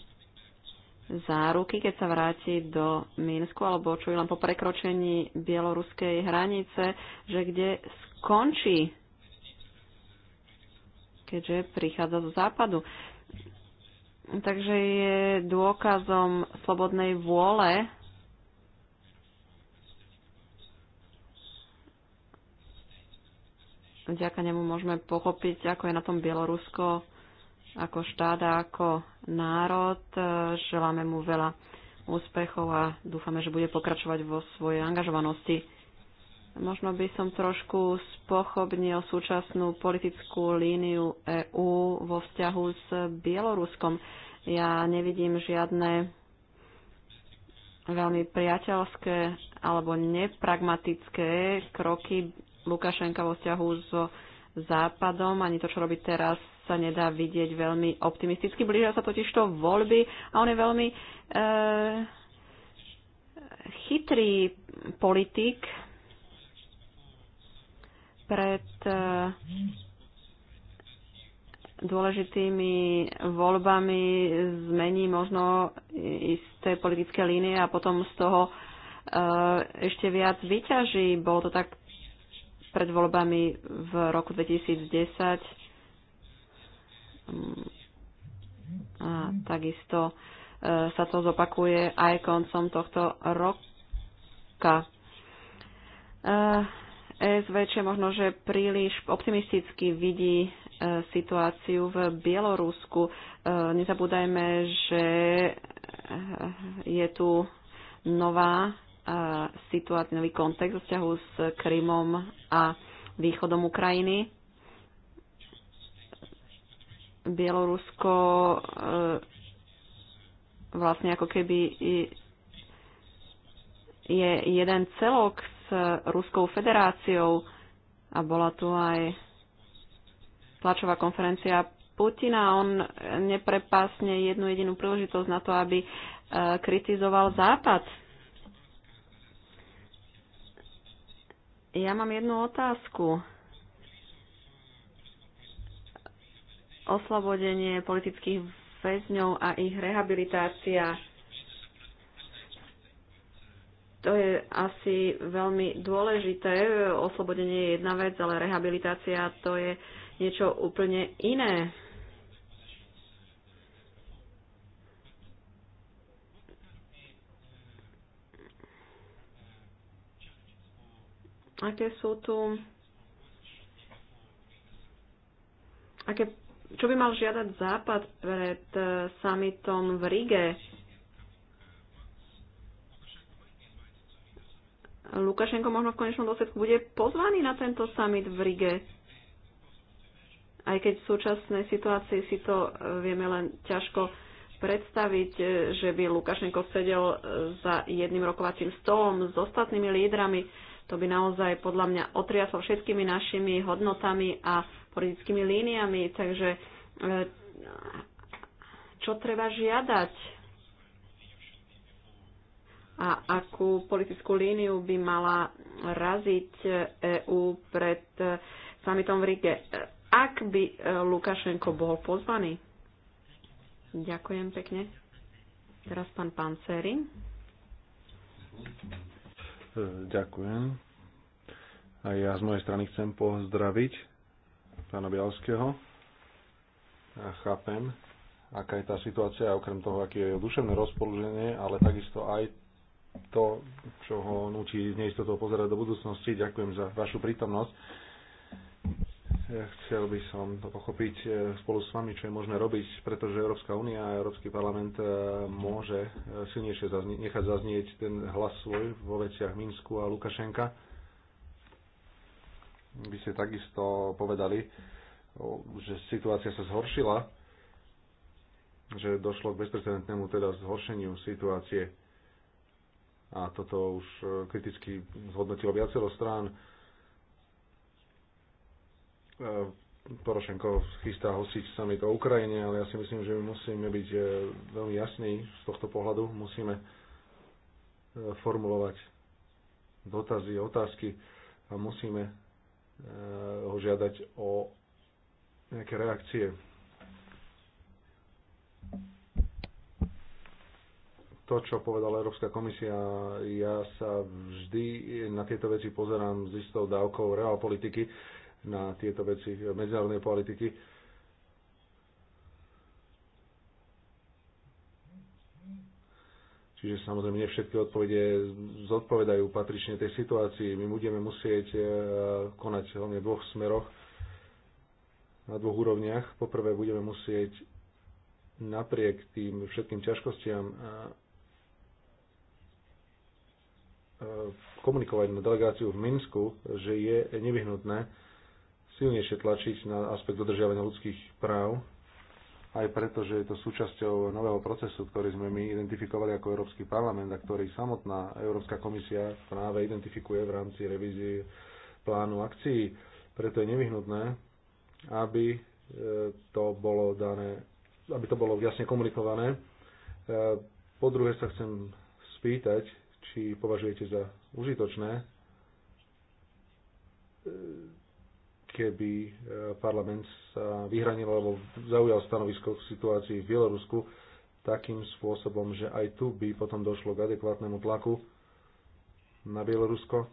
S4: záruky, keď sa vráti do Minsku alebo čo len po prekročení bieloruskej hranice, že kde skončí, keďže prichádza zo západu. Takže je dôkazom slobodnej vôle vďaka nemu môžeme pochopiť, ako je na tom Bielorusko ako štát a ako národ. Želáme mu veľa úspechov a dúfame, že bude pokračovať vo svojej angažovanosti. Možno by som trošku spochobnil súčasnú politickú líniu EÚ vo vzťahu s Bieloruskom. Ja nevidím žiadne veľmi priateľské alebo nepragmatické kroky Lukašenka vo vzťahu so Západom. Ani to, čo robí teraz, sa nedá vidieť veľmi optimisticky. Blížia sa totiž to voľby a on je veľmi e, chytrý politik pred e, dôležitými voľbami zmení možno isté politické línie a potom z toho e, ešte viac vyťaží. Bolo to tak pred voľbami v roku 2010 a takisto e, sa to zopakuje aj koncom tohto roka. ESVČ možno, že príliš optimisticky vidí e, situáciu v Bielorusku. E, nezabúdajme, že je tu nová situáciu, nový kontext v vzťahu s Krymom a východom Ukrajiny. Bielorusko e, vlastne ako keby je jeden celok s Ruskou federáciou a bola tu aj tlačová konferencia Putina. On neprepásne jednu jedinú príležitosť na to, aby e, kritizoval Západ Ja mám jednu otázku. Oslobodenie politických väzňov a ich rehabilitácia. To je asi veľmi dôležité. Oslobodenie je jedna vec, ale rehabilitácia to je niečo úplne iné. Aké sú tu... Aké, čo by mal žiadať Západ pred e, summitom v Rige? Lukašenko možno v konečnom dôsledku bude pozvaný na tento summit v Rige. Aj keď v súčasnej situácii si to e, vieme len ťažko predstaviť, e, že by Lukašenko sedel za jedným rokovacím stolom s ostatnými lídrami to by naozaj podľa mňa otriaslo všetkými našimi hodnotami a politickými líniami. Takže e, čo treba žiadať? a akú politickú líniu by mala raziť EÚ pred e, samitom v Ríke? ak by e, Lukašenko bol pozvaný. Ďakujem pekne. Teraz pán Panceri.
S1: Ďakujem. A ja z mojej strany chcem pozdraviť pána Bialského. Ja chápem, aká je tá situácia, okrem toho, aké je duševné rozpoloženie, ale takisto aj to, čo ho nutí z neistotou pozerať do budúcnosti. Ďakujem za vašu prítomnosť. Chcel by som to pochopiť e, spolu s vami, čo je možné robiť, pretože Európska únia a Európsky parlament e, môže e, silnejšie zaznie, nechať zaznieť ten hlas svoj vo veciach Minsku a Lukašenka. Vy ste takisto povedali, že situácia sa zhoršila, že došlo k bezprecedentnému teda zhoršeniu situácie a toto už kriticky zhodnotilo viacero strán E, Porošenko chystá hostiť summit o Ukrajine, ale ja si myslím, že my musíme byť e, veľmi jasní z tohto pohľadu. Musíme e, formulovať dotazy, otázky a musíme ho žiadať o nejaké reakcie. To, čo povedala Európska komisia, ja sa vždy na tieto veci pozerám s istou dávkou realpolitiky. politiky na tieto veci medzinárodnej politiky. Čiže samozrejme nie všetky odpovede zodpovedajú patrične tej situácii. My budeme musieť e, konať hlavne v dvoch smeroch, na dvoch úrovniach. Poprvé budeme musieť napriek tým všetkým ťažkostiam e, e, komunikovať na delegáciu v Minsku, že je nevyhnutné silnejšie tlačiť na aspekt dodržiavania ľudských práv, aj preto, že je to súčasťou nového procesu, ktorý sme my identifikovali ako Európsky parlament a ktorý samotná Európska komisia práve identifikuje v rámci revízie plánu akcií. Preto je nevyhnutné, aby e, to bolo dané, aby to bolo jasne komunikované. E, po druhé sa chcem spýtať, či považujete za užitočné e, keby e, parlament sa vyhranil alebo zaujal stanovisko k situácii v Bielorusku takým spôsobom, že aj tu by potom došlo k adekvátnemu tlaku na Bielorusko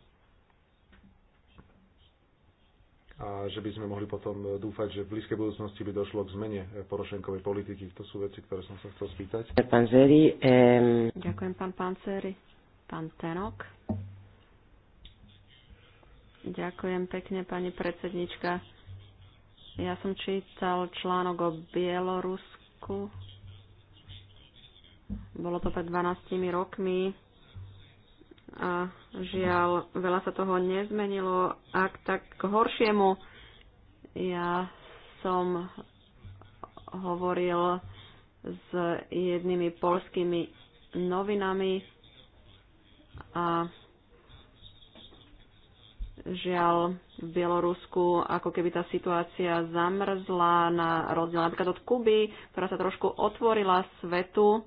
S1: a že by sme mohli potom dúfať, že v blízkej budúcnosti by došlo k zmene porošenkovej politiky. To sú veci, ktoré som sa chcel
S2: spýtať. Pán Zeri, um...
S4: Ďakujem, pán Panceri. Pán Tenok. Ďakujem pekne, pani predsednička. Ja som čítal článok o Bielorusku. Bolo to pred 12 rokmi a žiaľ, veľa sa toho nezmenilo, ak tak k horšiemu. Ja som hovoril s jednými polskými novinami a Žiaľ, v Bielorusku ako keby tá situácia zamrzla na rozdiel napríklad od Kuby, ktorá sa trošku otvorila svetu.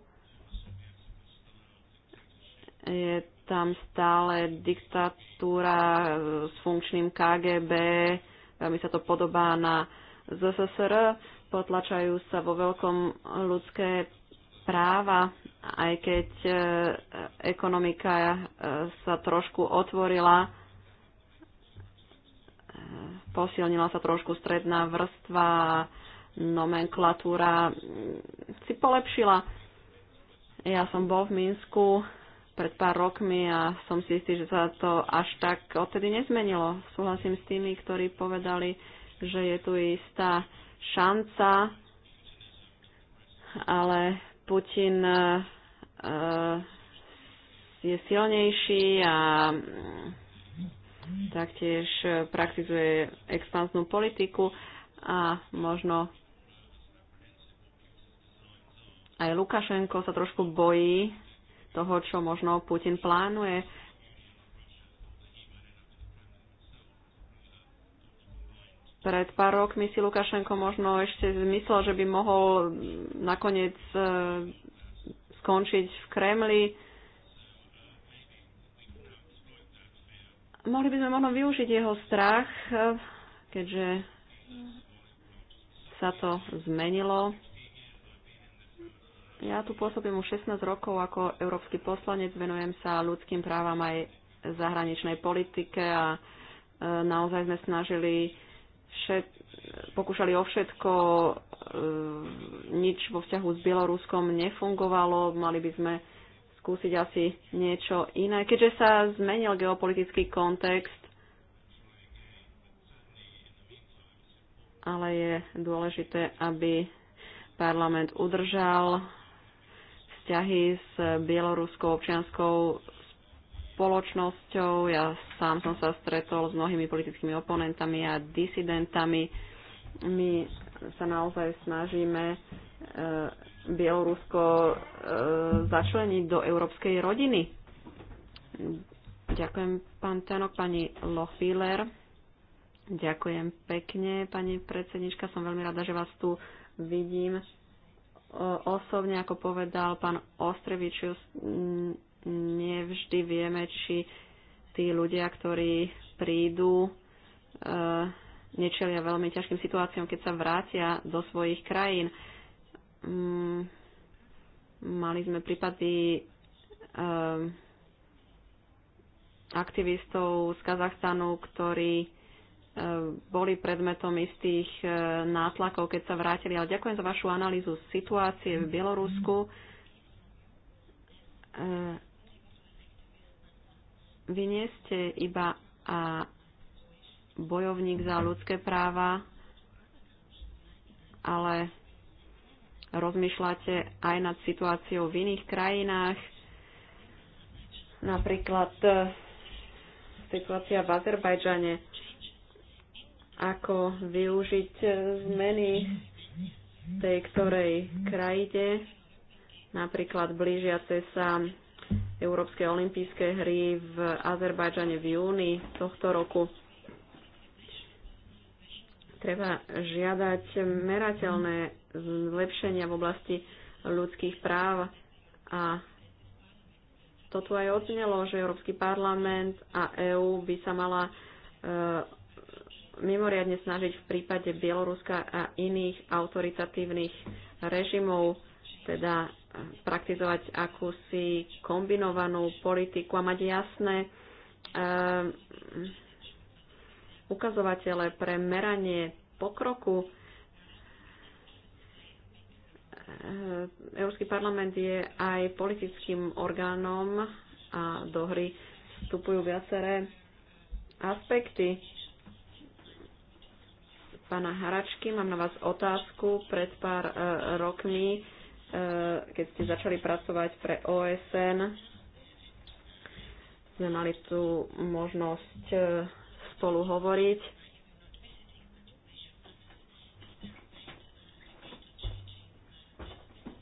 S4: Je tam stále diktatúra e, s funkčným KGB, veľmi sa to podobá na ZSSR, potlačajú sa vo veľkom ľudské práva, aj keď e, ekonomika e, sa trošku otvorila posilnila sa trošku stredná vrstva, nomenklatúra mm, si polepšila. Ja som bol v Minsku pred pár rokmi a som si istý, že sa to až tak odtedy nezmenilo. Súhlasím s tými, ktorí povedali, že je tu istá šanca, ale Putin e, e, je silnejší a mm, taktiež e, praktizuje expansnú politiku a možno aj Lukašenko sa trošku bojí toho, čo možno Putin plánuje. Pred pár rokmi si Lukašenko možno ešte zmyslel, že by mohol nakoniec e, skončiť v Kremli mohli by sme možno využiť jeho strach, keďže sa to zmenilo. Ja tu pôsobím už 16 rokov ako európsky poslanec, venujem sa ľudským právam aj zahraničnej politike a e, naozaj sme snažili všet, pokúšali o všetko, e, nič vo vzťahu s Bieloruskom nefungovalo, mali by sme skúsiť asi niečo iné. Keďže sa zmenil geopolitický kontext, ale je dôležité, aby parlament udržal vzťahy s bieloruskou občianskou spoločnosťou. Ja sám som sa stretol s mnohými politickými oponentami a disidentami. My sa naozaj snažíme e, Bielorusko e, začleniť do európskej rodiny. Ďakujem, pán Tenok, pani Lofiler. Ďakujem pekne, pani predsednička. Som veľmi rada, že vás tu vidím e, osobne, ako povedal pán Ostrevičius, nevždy vieme, či tí ľudia, ktorí prídu, e, nečelia veľmi ťažkým situáciám, keď sa vrátia do svojich krajín mm, mali sme prípady um, aktivistov z Kazachstanu, ktorí um, boli predmetom istých um, nátlakov, keď sa vrátili. Ale ďakujem za vašu analýzu situácie v Bielorusku. Um, vy nie ste iba a bojovník za ľudské práva, ale rozmýšľate aj nad situáciou v iných krajinách, napríklad e, situácia v Azerbajdžane, ako využiť e, zmeny tej ktorej krajine, napríklad blížiace sa Európske olympijské hry v Azerbajdžane v júni tohto roku. Treba žiadať merateľné zlepšenia v oblasti ľudských práv a to tu aj odznelo, že Európsky parlament a EÚ by sa mala e, mimoriadne snažiť v prípade Bieloruska a iných autoritatívnych režimov, teda e, praktizovať akúsi kombinovanú politiku a mať jasné e, ukazovatele pre meranie pokroku. Eh, Európsky parlament je aj politickým orgánom a do hry vstupujú viaceré aspekty. Pána Haračky, mám na vás otázku. Pred pár e, rokmi, e, keď ste začali pracovať pre OSN, sme mali tu možnosť e, spolu hovoriť.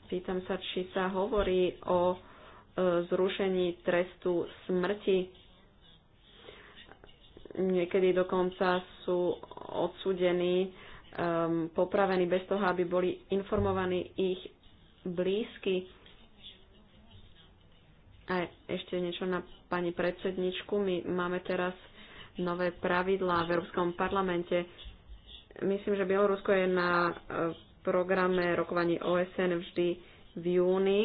S4: Pýtam sa, či sa hovorí o e, zrušení trestu smrti. Niekedy dokonca sú odsudení, um, popravení bez toho, aby boli informovaní ich blízky. A ešte niečo na pani predsedničku. My máme teraz nové pravidlá v Európskom parlamente. Myslím, že Bielorusko je na e, programe rokovaní OSN vždy v júni.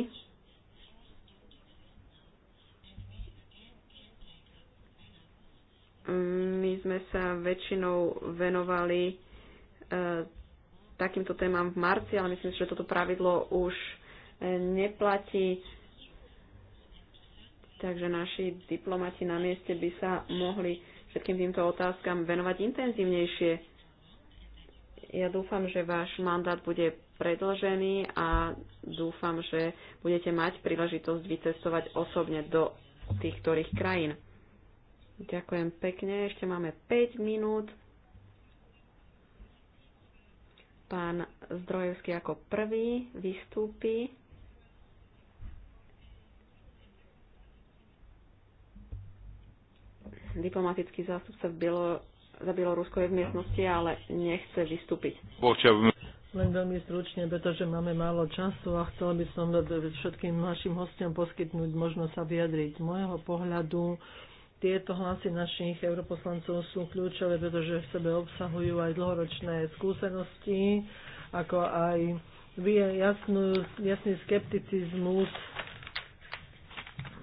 S4: My sme sa väčšinou venovali e, takýmto témam v marci, ale myslím že toto pravidlo už e, neplatí. Takže naši diplomati na mieste by sa mohli všetkým týmto otázkam venovať intenzívnejšie. Ja dúfam, že váš mandát bude predlžený a dúfam, že budete mať príležitosť vycestovať osobne do tých ktorých krajín. Ďakujem pekne, ešte máme 5 minút. Pán Zdrojevský ako prvý vystúpi.
S3: diplomatický zástupca Bielo, za Bielorusko je v miestnosti, ale nechce vystúpiť. Len veľmi stručne, pretože máme málo času a chcel by som všetkým našim hostiom poskytnúť možnosť sa vyjadriť. Z môjho pohľadu tieto hlasy našich europoslancov sú kľúčové, pretože v sebe obsahujú aj dlhoročné skúsenosti, ako aj jasnú, jasný skepticizmus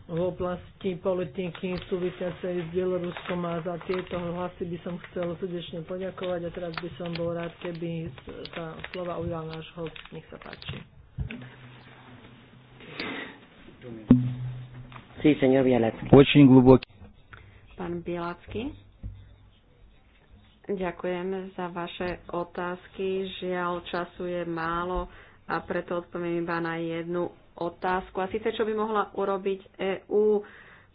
S3: v oblasti politiky súvisiacej s Bieloruskom a za tieto hlasy by som chcel srdečne poďakovať a teraz by som bol rád, keby sa slova ujal náš host. Nech sa páči.
S2: Sí, señor
S4: Pán Bielacký, Ďakujem za vaše otázky. Žiaľ, času je málo a preto odpoviem iba na jednu otázku, a síce čo by mohla urobiť EÚ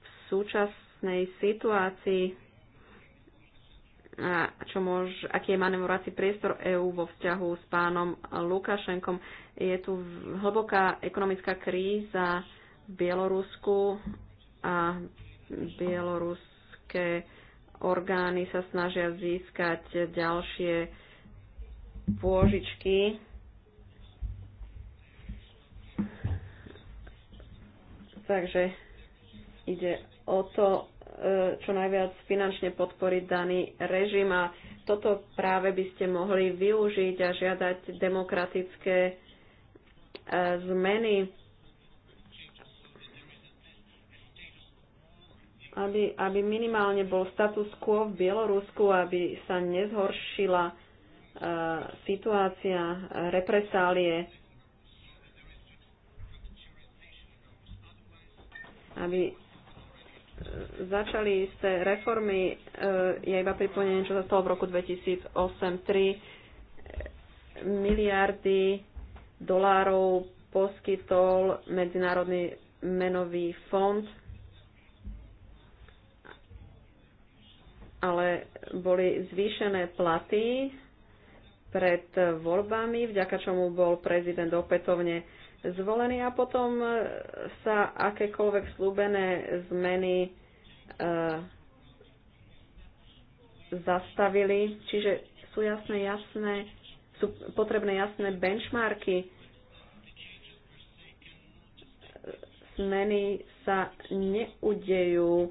S4: v súčasnej situácii, a čo môž, aký je manevrovací priestor EÚ vo vzťahu s pánom Lukašenkom. Je tu hlboká ekonomická kríza v Bielorusku a bieloruské orgány sa snažia získať ďalšie pôžičky Takže ide o to, e, čo najviac finančne podporiť daný režim a toto práve by ste mohli využiť a žiadať demokratické e, zmeny, aby, aby minimálne bol status quo v Bielorusku, aby sa nezhoršila e, situácia represálie aby e, začali isté reformy. E, ja iba pripomeniem, čo sa stalo v roku 2008. 3 miliardy dolárov poskytol Medzinárodný menový fond, ale boli zvýšené platy pred voľbami, vďaka čomu bol prezident opätovne zvolený a potom e, sa akékoľvek slúbené zmeny e, zastavili. Čiže sú jasné, jasné, sú potrebné jasné benchmarky. Zmeny sa neudejú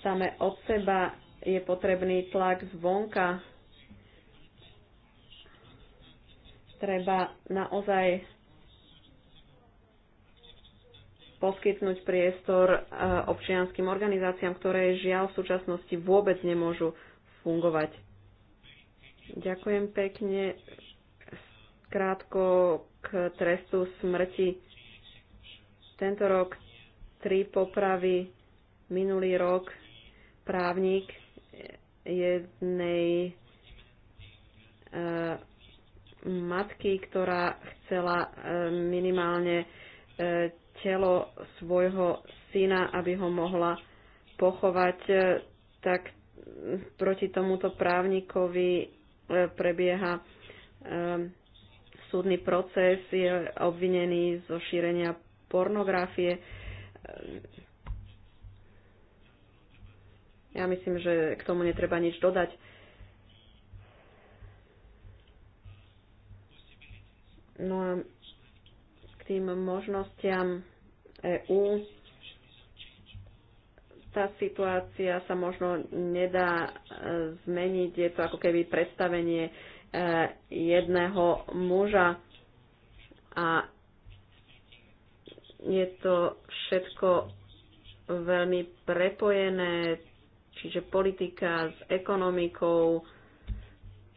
S4: same od seba. Je potrebný tlak zvonka. Treba naozaj poskytnúť priestor e, občianským organizáciám, ktoré žiaľ v súčasnosti vôbec nemôžu fungovať. Ďakujem pekne. Krátko k trestu smrti. Tento rok tri popravy, minulý rok právnik jednej e, matky, ktorá chcela e, minimálne telo svojho syna, aby ho mohla pochovať, e, tak proti tomuto právnikovi e, prebieha e, súdny proces, je obvinený zo šírenia pornografie. Ja myslím, že k tomu netreba nič dodať. No a tým možnostiam EÚ. Tá situácia sa možno nedá e, zmeniť. Je to ako keby predstavenie e, jedného muža a je to všetko veľmi prepojené, čiže politika s ekonomikou,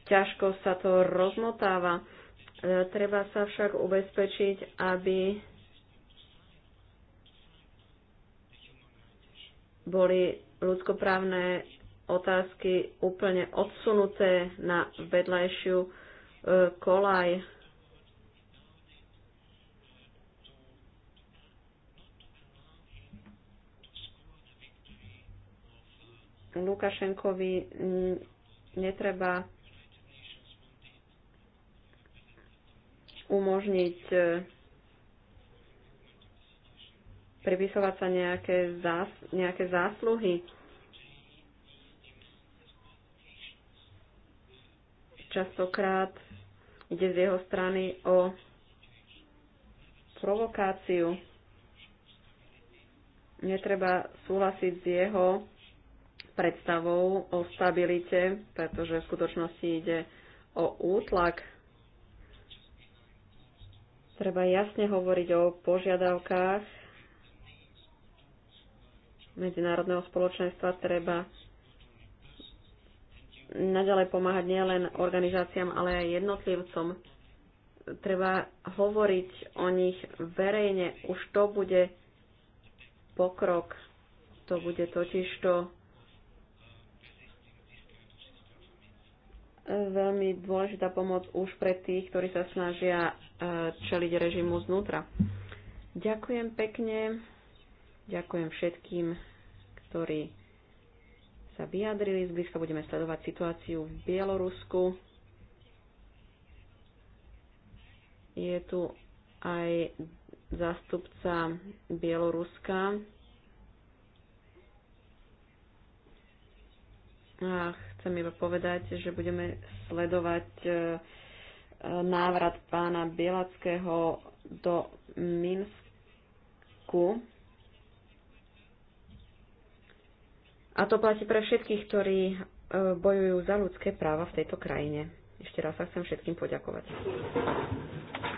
S4: ťažko sa to rozmotáva. E, treba sa však ubezpečiť, aby boli ľudskoprávne otázky úplne odsunuté na vedľajšiu e, kolaj. Lukašenkovi netreba umožniť e, pripisovať sa nejaké, zás, nejaké zásluhy. Častokrát ide z jeho strany o provokáciu. Netreba súhlasiť s jeho predstavou o stabilite, pretože v skutočnosti ide o útlak Treba jasne hovoriť o požiadavkách medzinárodného spoločenstva. Treba naďalej pomáhať nielen organizáciám, ale aj jednotlivcom. Treba hovoriť o nich verejne. Už to bude pokrok. To bude totiž to veľmi dôležitá pomoc už pre tých, ktorí sa snažia e, čeliť režimu znútra. Ďakujem pekne, ďakujem všetkým, ktorí sa vyjadrili. Zblízka budeme sledovať situáciu v Bielorusku. Je tu aj zástupca Bieloruska, A chcem iba povedať, že budeme sledovať e, e, návrat pána Bielackého do Minsku. A to platí pre všetkých, ktorí e, bojujú za ľudské práva v tejto krajine. Ešte raz sa chcem všetkým poďakovať.